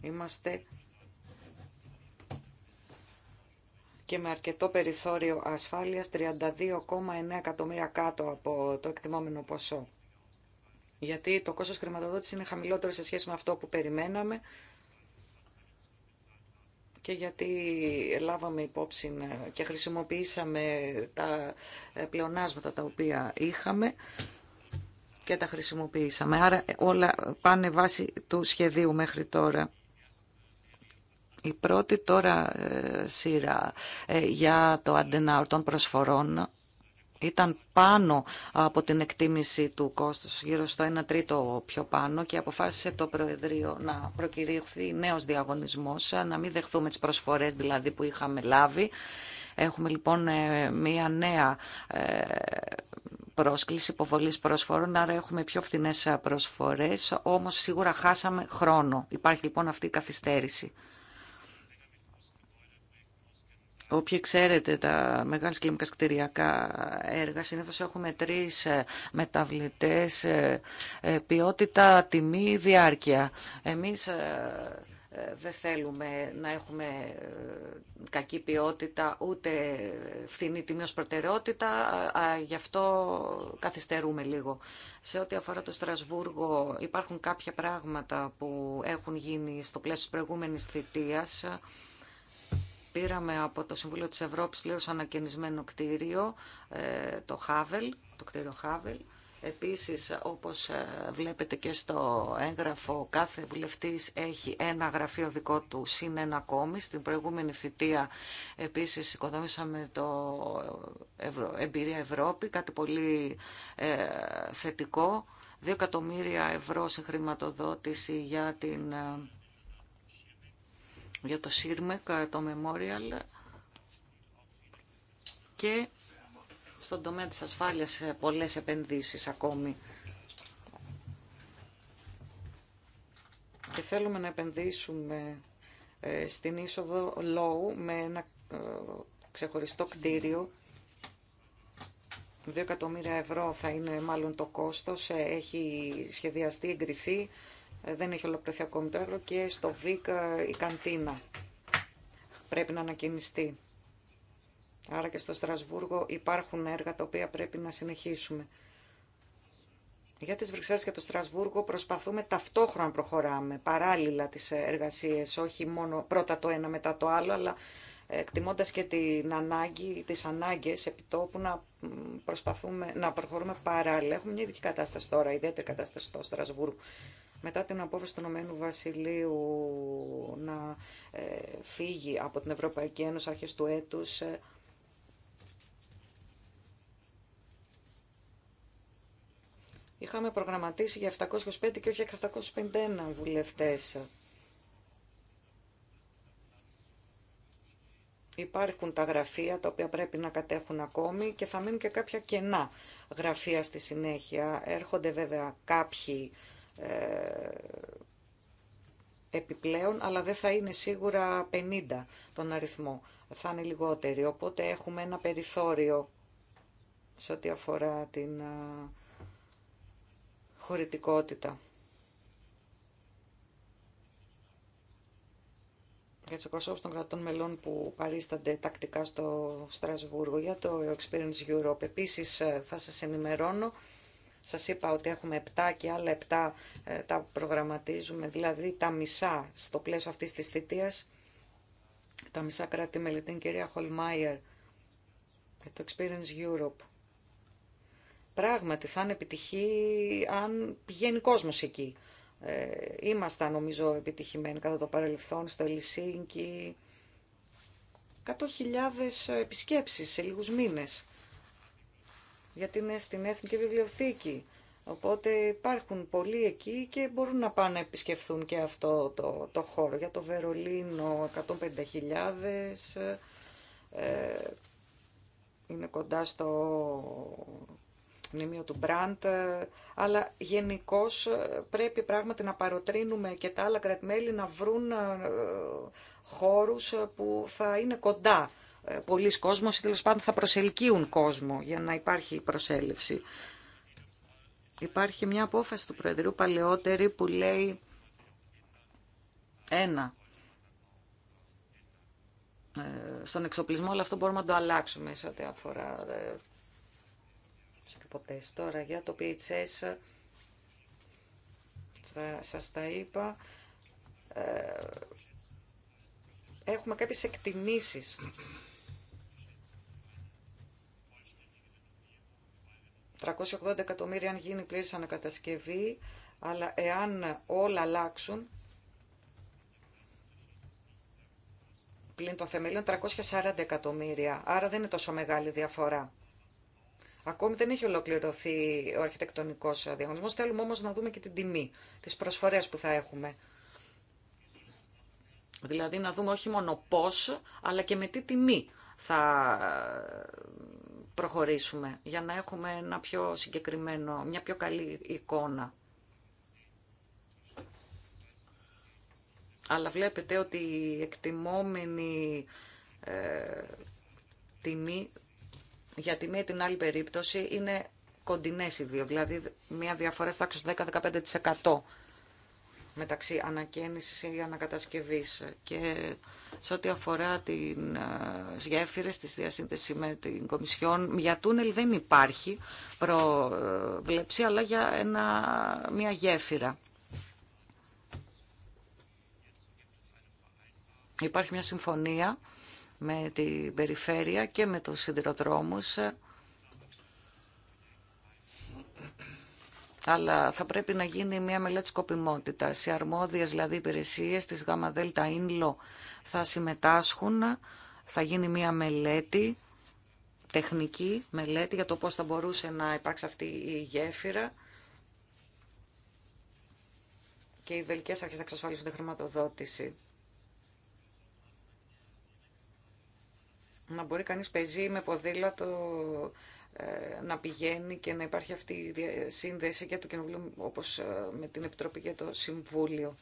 είμαστε και με αρκετό περιθώριο ασφάλειας 32,9 εκατομμύρια κάτω από το εκτιμόμενο ποσό. Γιατί το κόστος χρηματοδότησης είναι χαμηλότερο σε σχέση με αυτό που περιμέναμε και γιατί λάβαμε υπόψη και χρησιμοποιήσαμε τα ε, πλεονάσματα τα οποία είχαμε και τα χρησιμοποιήσαμε. Άρα ε, όλα πάνε βάση του σχεδίου μέχρι τώρα. Η πρώτη τώρα ε, σειρά για το αντενάωρ των προσφορών ήταν πάνω από την εκτίμηση του κόστους, γύρω στο 1 τρίτο πιο πάνω και αποφάσισε το Προεδρείο να προκηρύχθει νέος διαγωνισμός, να μην δεχθούμε τις προσφορές δηλαδή που είχαμε λάβει. Έχουμε λοιπόν ε, μία νέα ε, πρόσκληση υποβολής προσφορών, άρα έχουμε πιο φθηνές προσφορές, όμως σίγουρα χάσαμε χρόνο. Υπάρχει λοιπόν αυτή η καθυστέρηση. Όποιοι ξέρετε τα μεγάλα κλιμακά κτηριακά έργα, Συνήθω έχουμε τρει ε, μεταβλητέ ε, ε, ποιότητα, τιμή, διάρκεια. Εμείς δεν θέλουμε να έχουμε κακή ποιότητα ούτε φθηνή τιμή ως προτεραιότητα, γι' αυτό καθυστερούμε λίγο. Σε ό,τι αφορά το Στρασβούργο υπάρχουν κάποια πράγματα που έχουν γίνει στο πλαίσιο της προηγούμενης θητείας, Πήραμε από το Συμβούλιο της Ευρώπης πλήρως ανακαινισμένο κτίριο, ε, το Χάβελ, το κτίριο Χάβελ. Επίσης, όπως ε, βλέπετε και στο έγγραφο, κάθε βουλευτής έχει ένα γραφείο δικό του συν ένα ακόμη. Στην προηγούμενη θητεία, επίσης, οικοδόμησαμε το ε, Εμπειρία Ευρώπη, κάτι πολύ ε, θετικό. Δύο εκατομμύρια ευρώ σε χρηματοδότηση για την για το ΣΥΡΜΕΚ, το Memorial και στον τομέα της ασφάλειας ε, πολλές επενδύσεις ακόμη. Και θέλουμε να επενδύσουμε ε, στην είσοδο Λόου με ένα ε, ξεχωριστό κτίριο 2 εκατομμύρια ευρώ θα είναι μάλλον το κόστος, έχει σχεδιαστεί, εγκριθεί δεν έχει ολοκληρωθεί ακόμη το έργο και στο ΒΙΚ ε, η καντίνα πρέπει να ανακοινιστεί. Άρα και στο Στρασβούργο υπάρχουν έργα τα οποία πρέπει να συνεχίσουμε. Για τις Βρυξέλλες και το Στρασβούργο προσπαθούμε ταυτόχρονα να προχωράμε, παράλληλα τις εργασίες, όχι μόνο πρώτα το ένα μετά το άλλο, αλλά ε, εκτιμώντας και την ανάγκη, τις ανάγκες επιτόπου να προσπαθούμε να προχωρούμε παράλληλα. Έχουμε μια ειδική κατάσταση τώρα, ιδιαίτερη κατάσταση στο Στρασβούργο μετά την απόφαση του Ηνωμένου Βασιλείου να ε, φύγει από την Ευρωπαϊκή Ένωση αρχές του έτους, ε, είχαμε προγραμματίσει για 725 και όχι για 751 βουλευτές. Υπάρχουν τα γραφεία τα οποία πρέπει να κατέχουν ακόμη και θα μείνουν και κάποια κενά γραφεία στη συνέχεια. Έρχονται βέβαια κάποιοι ε, επιπλέον, αλλά δεν θα είναι σίγουρα 50 τον αριθμό. Θα είναι λιγότεροι, οπότε έχουμε ένα περιθώριο σε ό,τι αφορά την ε, χωρητικότητα. για του εκπροσώπους των κρατών μελών που παρίστανται τακτικά στο Στρασβούργο για το Experience Europe. Επίση, ε, θα σας ενημερώνω σας είπα ότι έχουμε 7 και άλλα 7 ε, τα προγραμματίζουμε, δηλαδή τα μισά στο πλαίσιο αυτής της θητείας, τα μισά κράτη μελή, την κυρία Χολμάιερ, το Experience Europe. Πράγματι θα είναι επιτυχή αν πηγαίνει κόσμος εκεί. Ε, είμαστε νομίζω επιτυχημένοι κατά το παρελθόν στο Ελισίνκι. 100.000 επισκέψεις σε λίγους μήνες γιατί είναι στην Εθνική Βιβλιοθήκη. Οπότε υπάρχουν πολλοί εκεί και μπορούν να πάνε να επισκεφθούν και αυτό το, το χώρο. Για το Βερολίνο 150.000 ε, είναι κοντά στο μνημείο του Μπραντ, αλλά γενικώ ε, πρέπει πράγματι να παροτρύνουμε και τα άλλα κρατημέλη να βρουν ε, χώρους που θα είναι κοντά ε, πολλοί κόσμος ή τέλος πάντων θα προσελκύουν κόσμο για να υπάρχει προσέλευση. Υπάρχει μια απόφαση του Προεδρού παλαιότερη που λέει ένα. Ε, στον εξοπλισμό, αλλά αυτό μπορούμε να το αλλάξουμε σε ό,τι αφορά ε, Τώρα για το PHS, θα, σας τα είπα, ε, έχουμε κάποιες εκτιμήσεις 380 εκατομμύρια αν γίνει πλήρης ανακατασκευή, αλλά εάν όλα αλλάξουν, πλην των θεμελίων 340 εκατομμύρια, άρα δεν είναι τόσο μεγάλη διαφορά. Ακόμη δεν έχει ολοκληρωθεί ο αρχιτεκτονικός διαγωνισμός, θέλουμε όμως να δούμε και την τιμή, τις προσφορές που θα έχουμε. Δηλαδή να δούμε όχι μόνο πώς, αλλά και με τι τιμή θα προχωρήσουμε για να έχουμε ένα πιο συγκεκριμένο, μια πιο καλή εικόνα. Αλλά βλέπετε ότι η εκτιμόμενη ε, τιμή για τη μία ή την άλλη περίπτωση είναι κοντινές οι δύο, δηλαδή μια την αλλη περιπτωση ειναι κοντινες οι δυο δηλαδη μια διαφορα στα 10-15% μεταξύ ανακαίνησης ή ανακατασκευής και σε ό,τι αφορά την ε, γέφυρες τη διασύνδεση με την Κομισιόν για τούνελ δεν υπάρχει προβλέψη αλλά για ένα, μια γέφυρα. Υπάρχει μια συμφωνία με την περιφέρεια και με τους σιδηροδρόμους αλλά θα πρέπει να γίνει μια μελέτη σκοπιμότητας. Οι αρμόδιε δηλαδή υπηρεσίε της ΓΔ ΙΝΛΟ θα συμμετάσχουν, θα γίνει μια μελέτη, τεχνική μελέτη για το πώς θα μπορούσε να υπάρξει αυτή η γέφυρα και οι βελικές αρχές να εξασφαλίσουν τη χρηματοδότηση. Να μπορεί κανείς πεζί με ποδήλατο ε, να πηγαίνει και να υπάρχει αυτή η σύνδεση για το Κοινοβούλιο όπως ε, με την Επιτροπή για το Συμβούλιο.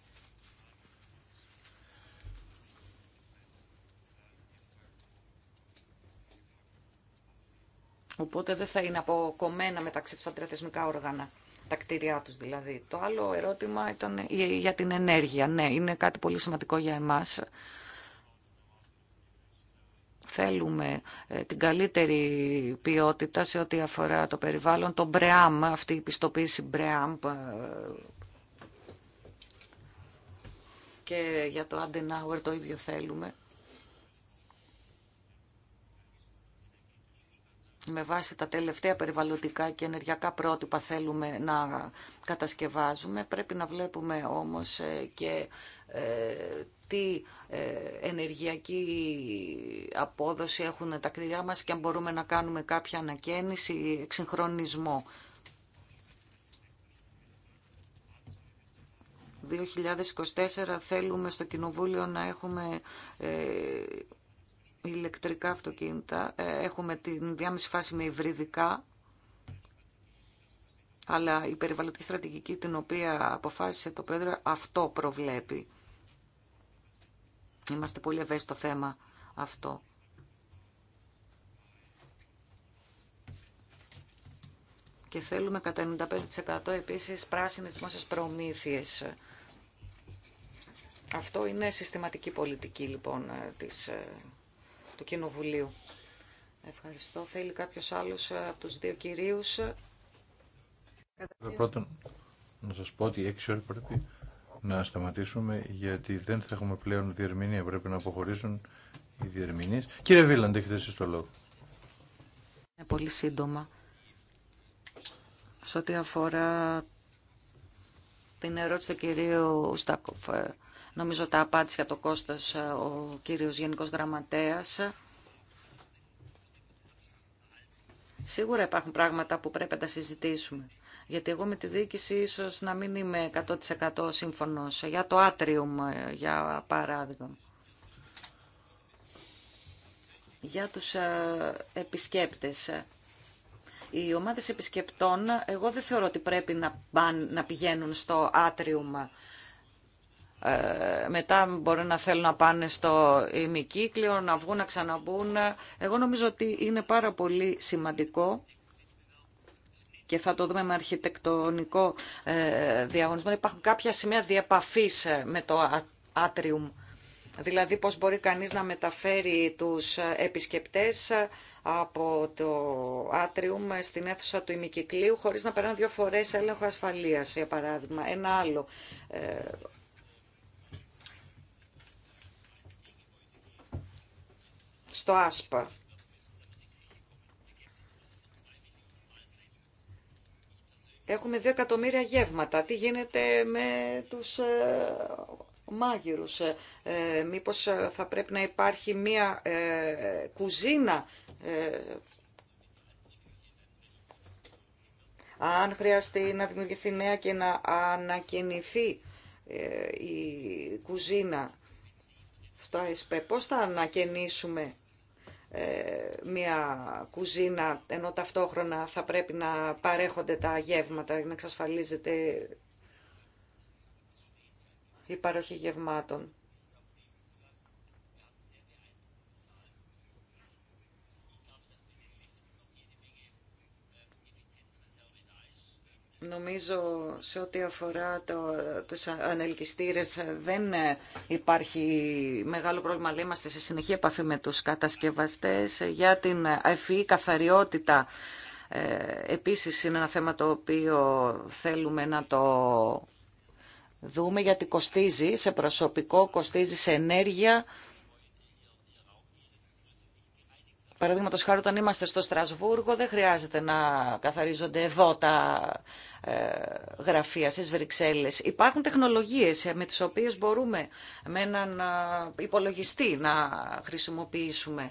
Οπότε δεν θα είναι αποκομμένα μεταξύ τους τα όργανα, τα κτίρια τους δηλαδή. Το άλλο ερώτημα ήταν για την ενέργεια. Ναι, είναι κάτι πολύ σημαντικό για εμάς. Θέλουμε ε, την καλύτερη ποιότητα σε ό,τι αφορά το περιβάλλον, το BREAM, αυτή η πιστοποίηση BREAM ε, και για το Adenauer το ίδιο θέλουμε. με βάση τα τελευταία περιβαλλοντικά και ενεργειακά πρότυπα θέλουμε να κατασκευάζουμε. Πρέπει να βλέπουμε όμως ε, και τι ε, ενεργειακή απόδοση έχουν τα κτίρια μας και αν μπορούμε να κάνουμε κάποια ανακαίνιση ή εξυγχρονισμό. 2024 θέλουμε στο Κοινοβούλιο να έχουμε ε, ηλεκτρικά αυτοκίνητα. Ε, έχουμε την διάμεση φάση με υβριδικά αλλά η περιβαλλοντική στρατηγική την οποία αποφάσισε το Πρόεδρο αυτό προβλέπει. Είμαστε πολύ ευαίσθητο θέμα αυτό. Και θέλουμε κατά 95% επίσης πράσινες δημόσιες προμήθειες. Αυτό είναι συστηματική πολιτική λοιπόν ε, της, ε, του Κοινοβουλίου. Ευχαριστώ. Θέλει κάποιος άλλος ε, από τους δύο κυρίους. Πρώτον, να σας πω ότι έξι ώρες πρέπει να σταματήσουμε γιατί δεν θα έχουμε πλέον διερμηνία. Πρέπει να αποχωρήσουν οι διερμηνείς. Κύριε Βίλαντ, έχετε εσείς το λόγο. Είναι πολύ σύντομα. Σε ό,τι αφορά την ερώτηση του κυρίου Στάκοφ, ε, νομίζω τα απάντησε για το κόστος ε, ο κύριος Γενικός Γραμματέας. Σίγουρα υπάρχουν πράγματα που πρέπει να τα συζητήσουμε γιατί εγώ με τη διοίκηση ίσως να μην είμαι 100% σύμφωνος για το άτριουμ, για παράδειγμα. Για τους ε, επισκέπτες. Οι ομάδες επισκεπτών, εγώ δεν θεωρώ ότι πρέπει να, να πηγαίνουν στο άτριουμ. Ε, μετά μπορεί να θέλουν να πάνε στο ημικύκλιο, να βγουν, να ξαναμπούν. Εγώ νομίζω ότι είναι πάρα πολύ σημαντικό και θα το δούμε με αρχιτεκτονικό ε, διαγωνισμό. Υπάρχουν κάποια σημεία διαπαφής ε, με το άτριουμ. Δηλαδή πώς μπορεί κανείς να μεταφέρει τους ε, επισκεπτές από το άτριουμ στην αίθουσα του ημικυκλίου χωρίς να περνάνε δύο φορές έλεγχο ασφαλείας, για παράδειγμα. Ένα άλλο. στο άσπα Έχουμε δύο εκατομμύρια γεύματα. Τι γίνεται με τους ε, μάγειρους. Ε, ε μήπως ε, θα πρέπει να υπάρχει μία κουζίνα. αν χρειαστεί να δημιουργηθεί νέα και να ανακαινηθεί η κουζίνα στο ΑΕΣΠΕ, πώς θα ανακαινήσουμε ε, μια κουζίνα, ενώ ταυτόχρονα θα πρέπει να παρέχονται τα γεύματα, να εξασφαλίζεται η παροχή γευμάτων. Νομίζω σε ό,τι αφορά το, τους ανελκυστήρες δεν υπάρχει μεγάλο πρόβλημα, αλλά είμαστε σε συνεχή επαφή με τους κατασκευαστές για την ευφυή καθαριότητα. Ε, επίσης είναι ένα θέμα το οποίο θέλουμε να το δούμε γιατί κοστίζει σε προσωπικό, κοστίζει σε ενέργεια Παραδείγματο χάρη, όταν είμαστε στο Στρασβούργο, δεν χρειάζεται να καθαρίζονται εδώ τα ε, γραφεία στι Βρυξέλλε. Υπάρχουν τεχνολογίε ε, με τι οποίε μπορούμε με έναν υπολογιστή να χρησιμοποιήσουμε.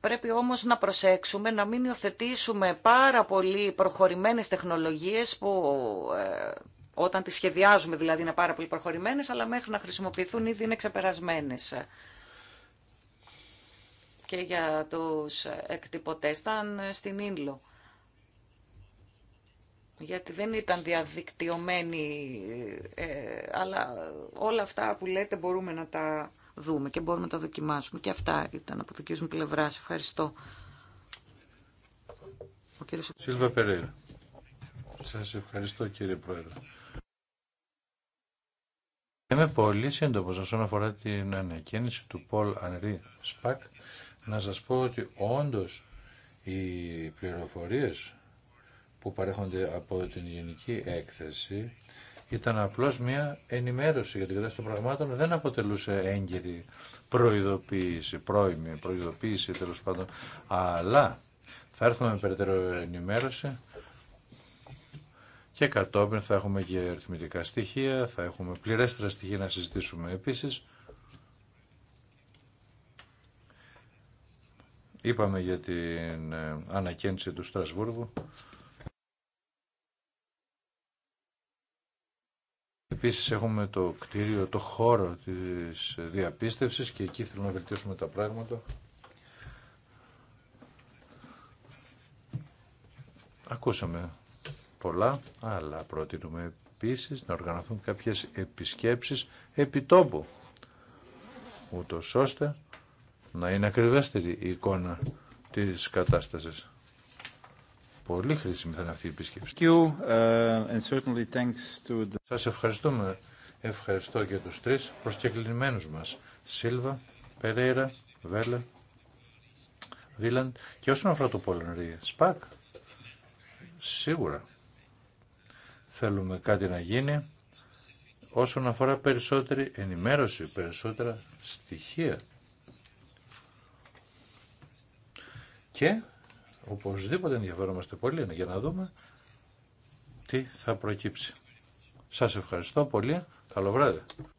Πρέπει όμως να προσέξουμε να μην υιοθετήσουμε πάρα πολύ προχωρημένες τεχνολογίες που ε, όταν τις σχεδιάζουμε δηλαδή είναι πάρα πολύ προχωρημένες, αλλά μέχρι να χρησιμοποιηθούν ήδη είναι ξεπερασμένες. Και για τους εκτυπωτές ήταν στην Ίνλο. Γιατί δεν ήταν διαδικτυωμένοι, ε, αλλά όλα αυτά που λέτε μπορούμε να τα δούμε και μπορούμε να τα δοκιμάσουμε. Και αυτά ήταν από δική μου πλευρά. ευχαριστώ. Ο κύριος... Σας ευχαριστώ κύριε Πρόεδρε. Είμαι πολύ σύντομο όσον αφορά την ανακαίνιση του Πολ Ανρί Σπακ. Να σας πω ότι όντως οι πληροφορίες που παρέχονται από την Γενική Έκθεση ήταν απλώς μια ενημέρωση για την κατάσταση των πραγμάτων, δεν αποτελούσε έγκαιρη προειδοποίηση, πρώιμη προειδοποίηση τέλος πάντων, αλλά θα έρθουμε με περαιτέρω ενημέρωση και κατόπιν θα έχουμε και αριθμητικά στοιχεία, θα έχουμε πληρέστερα στοιχεία να συζητήσουμε επίσης. Είπαμε για την ε, ανακαίνιση του Στρασβούργου. Επίσης έχουμε το κτίριο, το χώρο της διαπίστευσης και εκεί θέλουμε να βελτιώσουμε τα πράγματα. Ακούσαμε πολλά, αλλά προτείνουμε επίση να οργανωθούν κάποιες επισκέψεις επιτόπου, ούτω ώστε να είναι ακριβέστερη η εικόνα τη κατάσταση. Πολύ χρήσιμη θα είναι αυτή η επίσκεψη. Uh, Σα ευχαριστούμε. Ευχαριστώ και τους τρεις προσκεκλημένους μας. Σίλβα, Περέιρα, Βέλε, Βίλαντ και όσον αφορά το Πολωνρή, ΣΠΑΚ, σίγουρα θέλουμε κάτι να γίνει όσον αφορά περισσότερη ενημέρωση, περισσότερα στοιχεία. Και οπωσδήποτε ενδιαφέρομαστε πολύ για να δούμε τι θα προκύψει. Σας ευχαριστώ πολύ. Καλό βράδυ.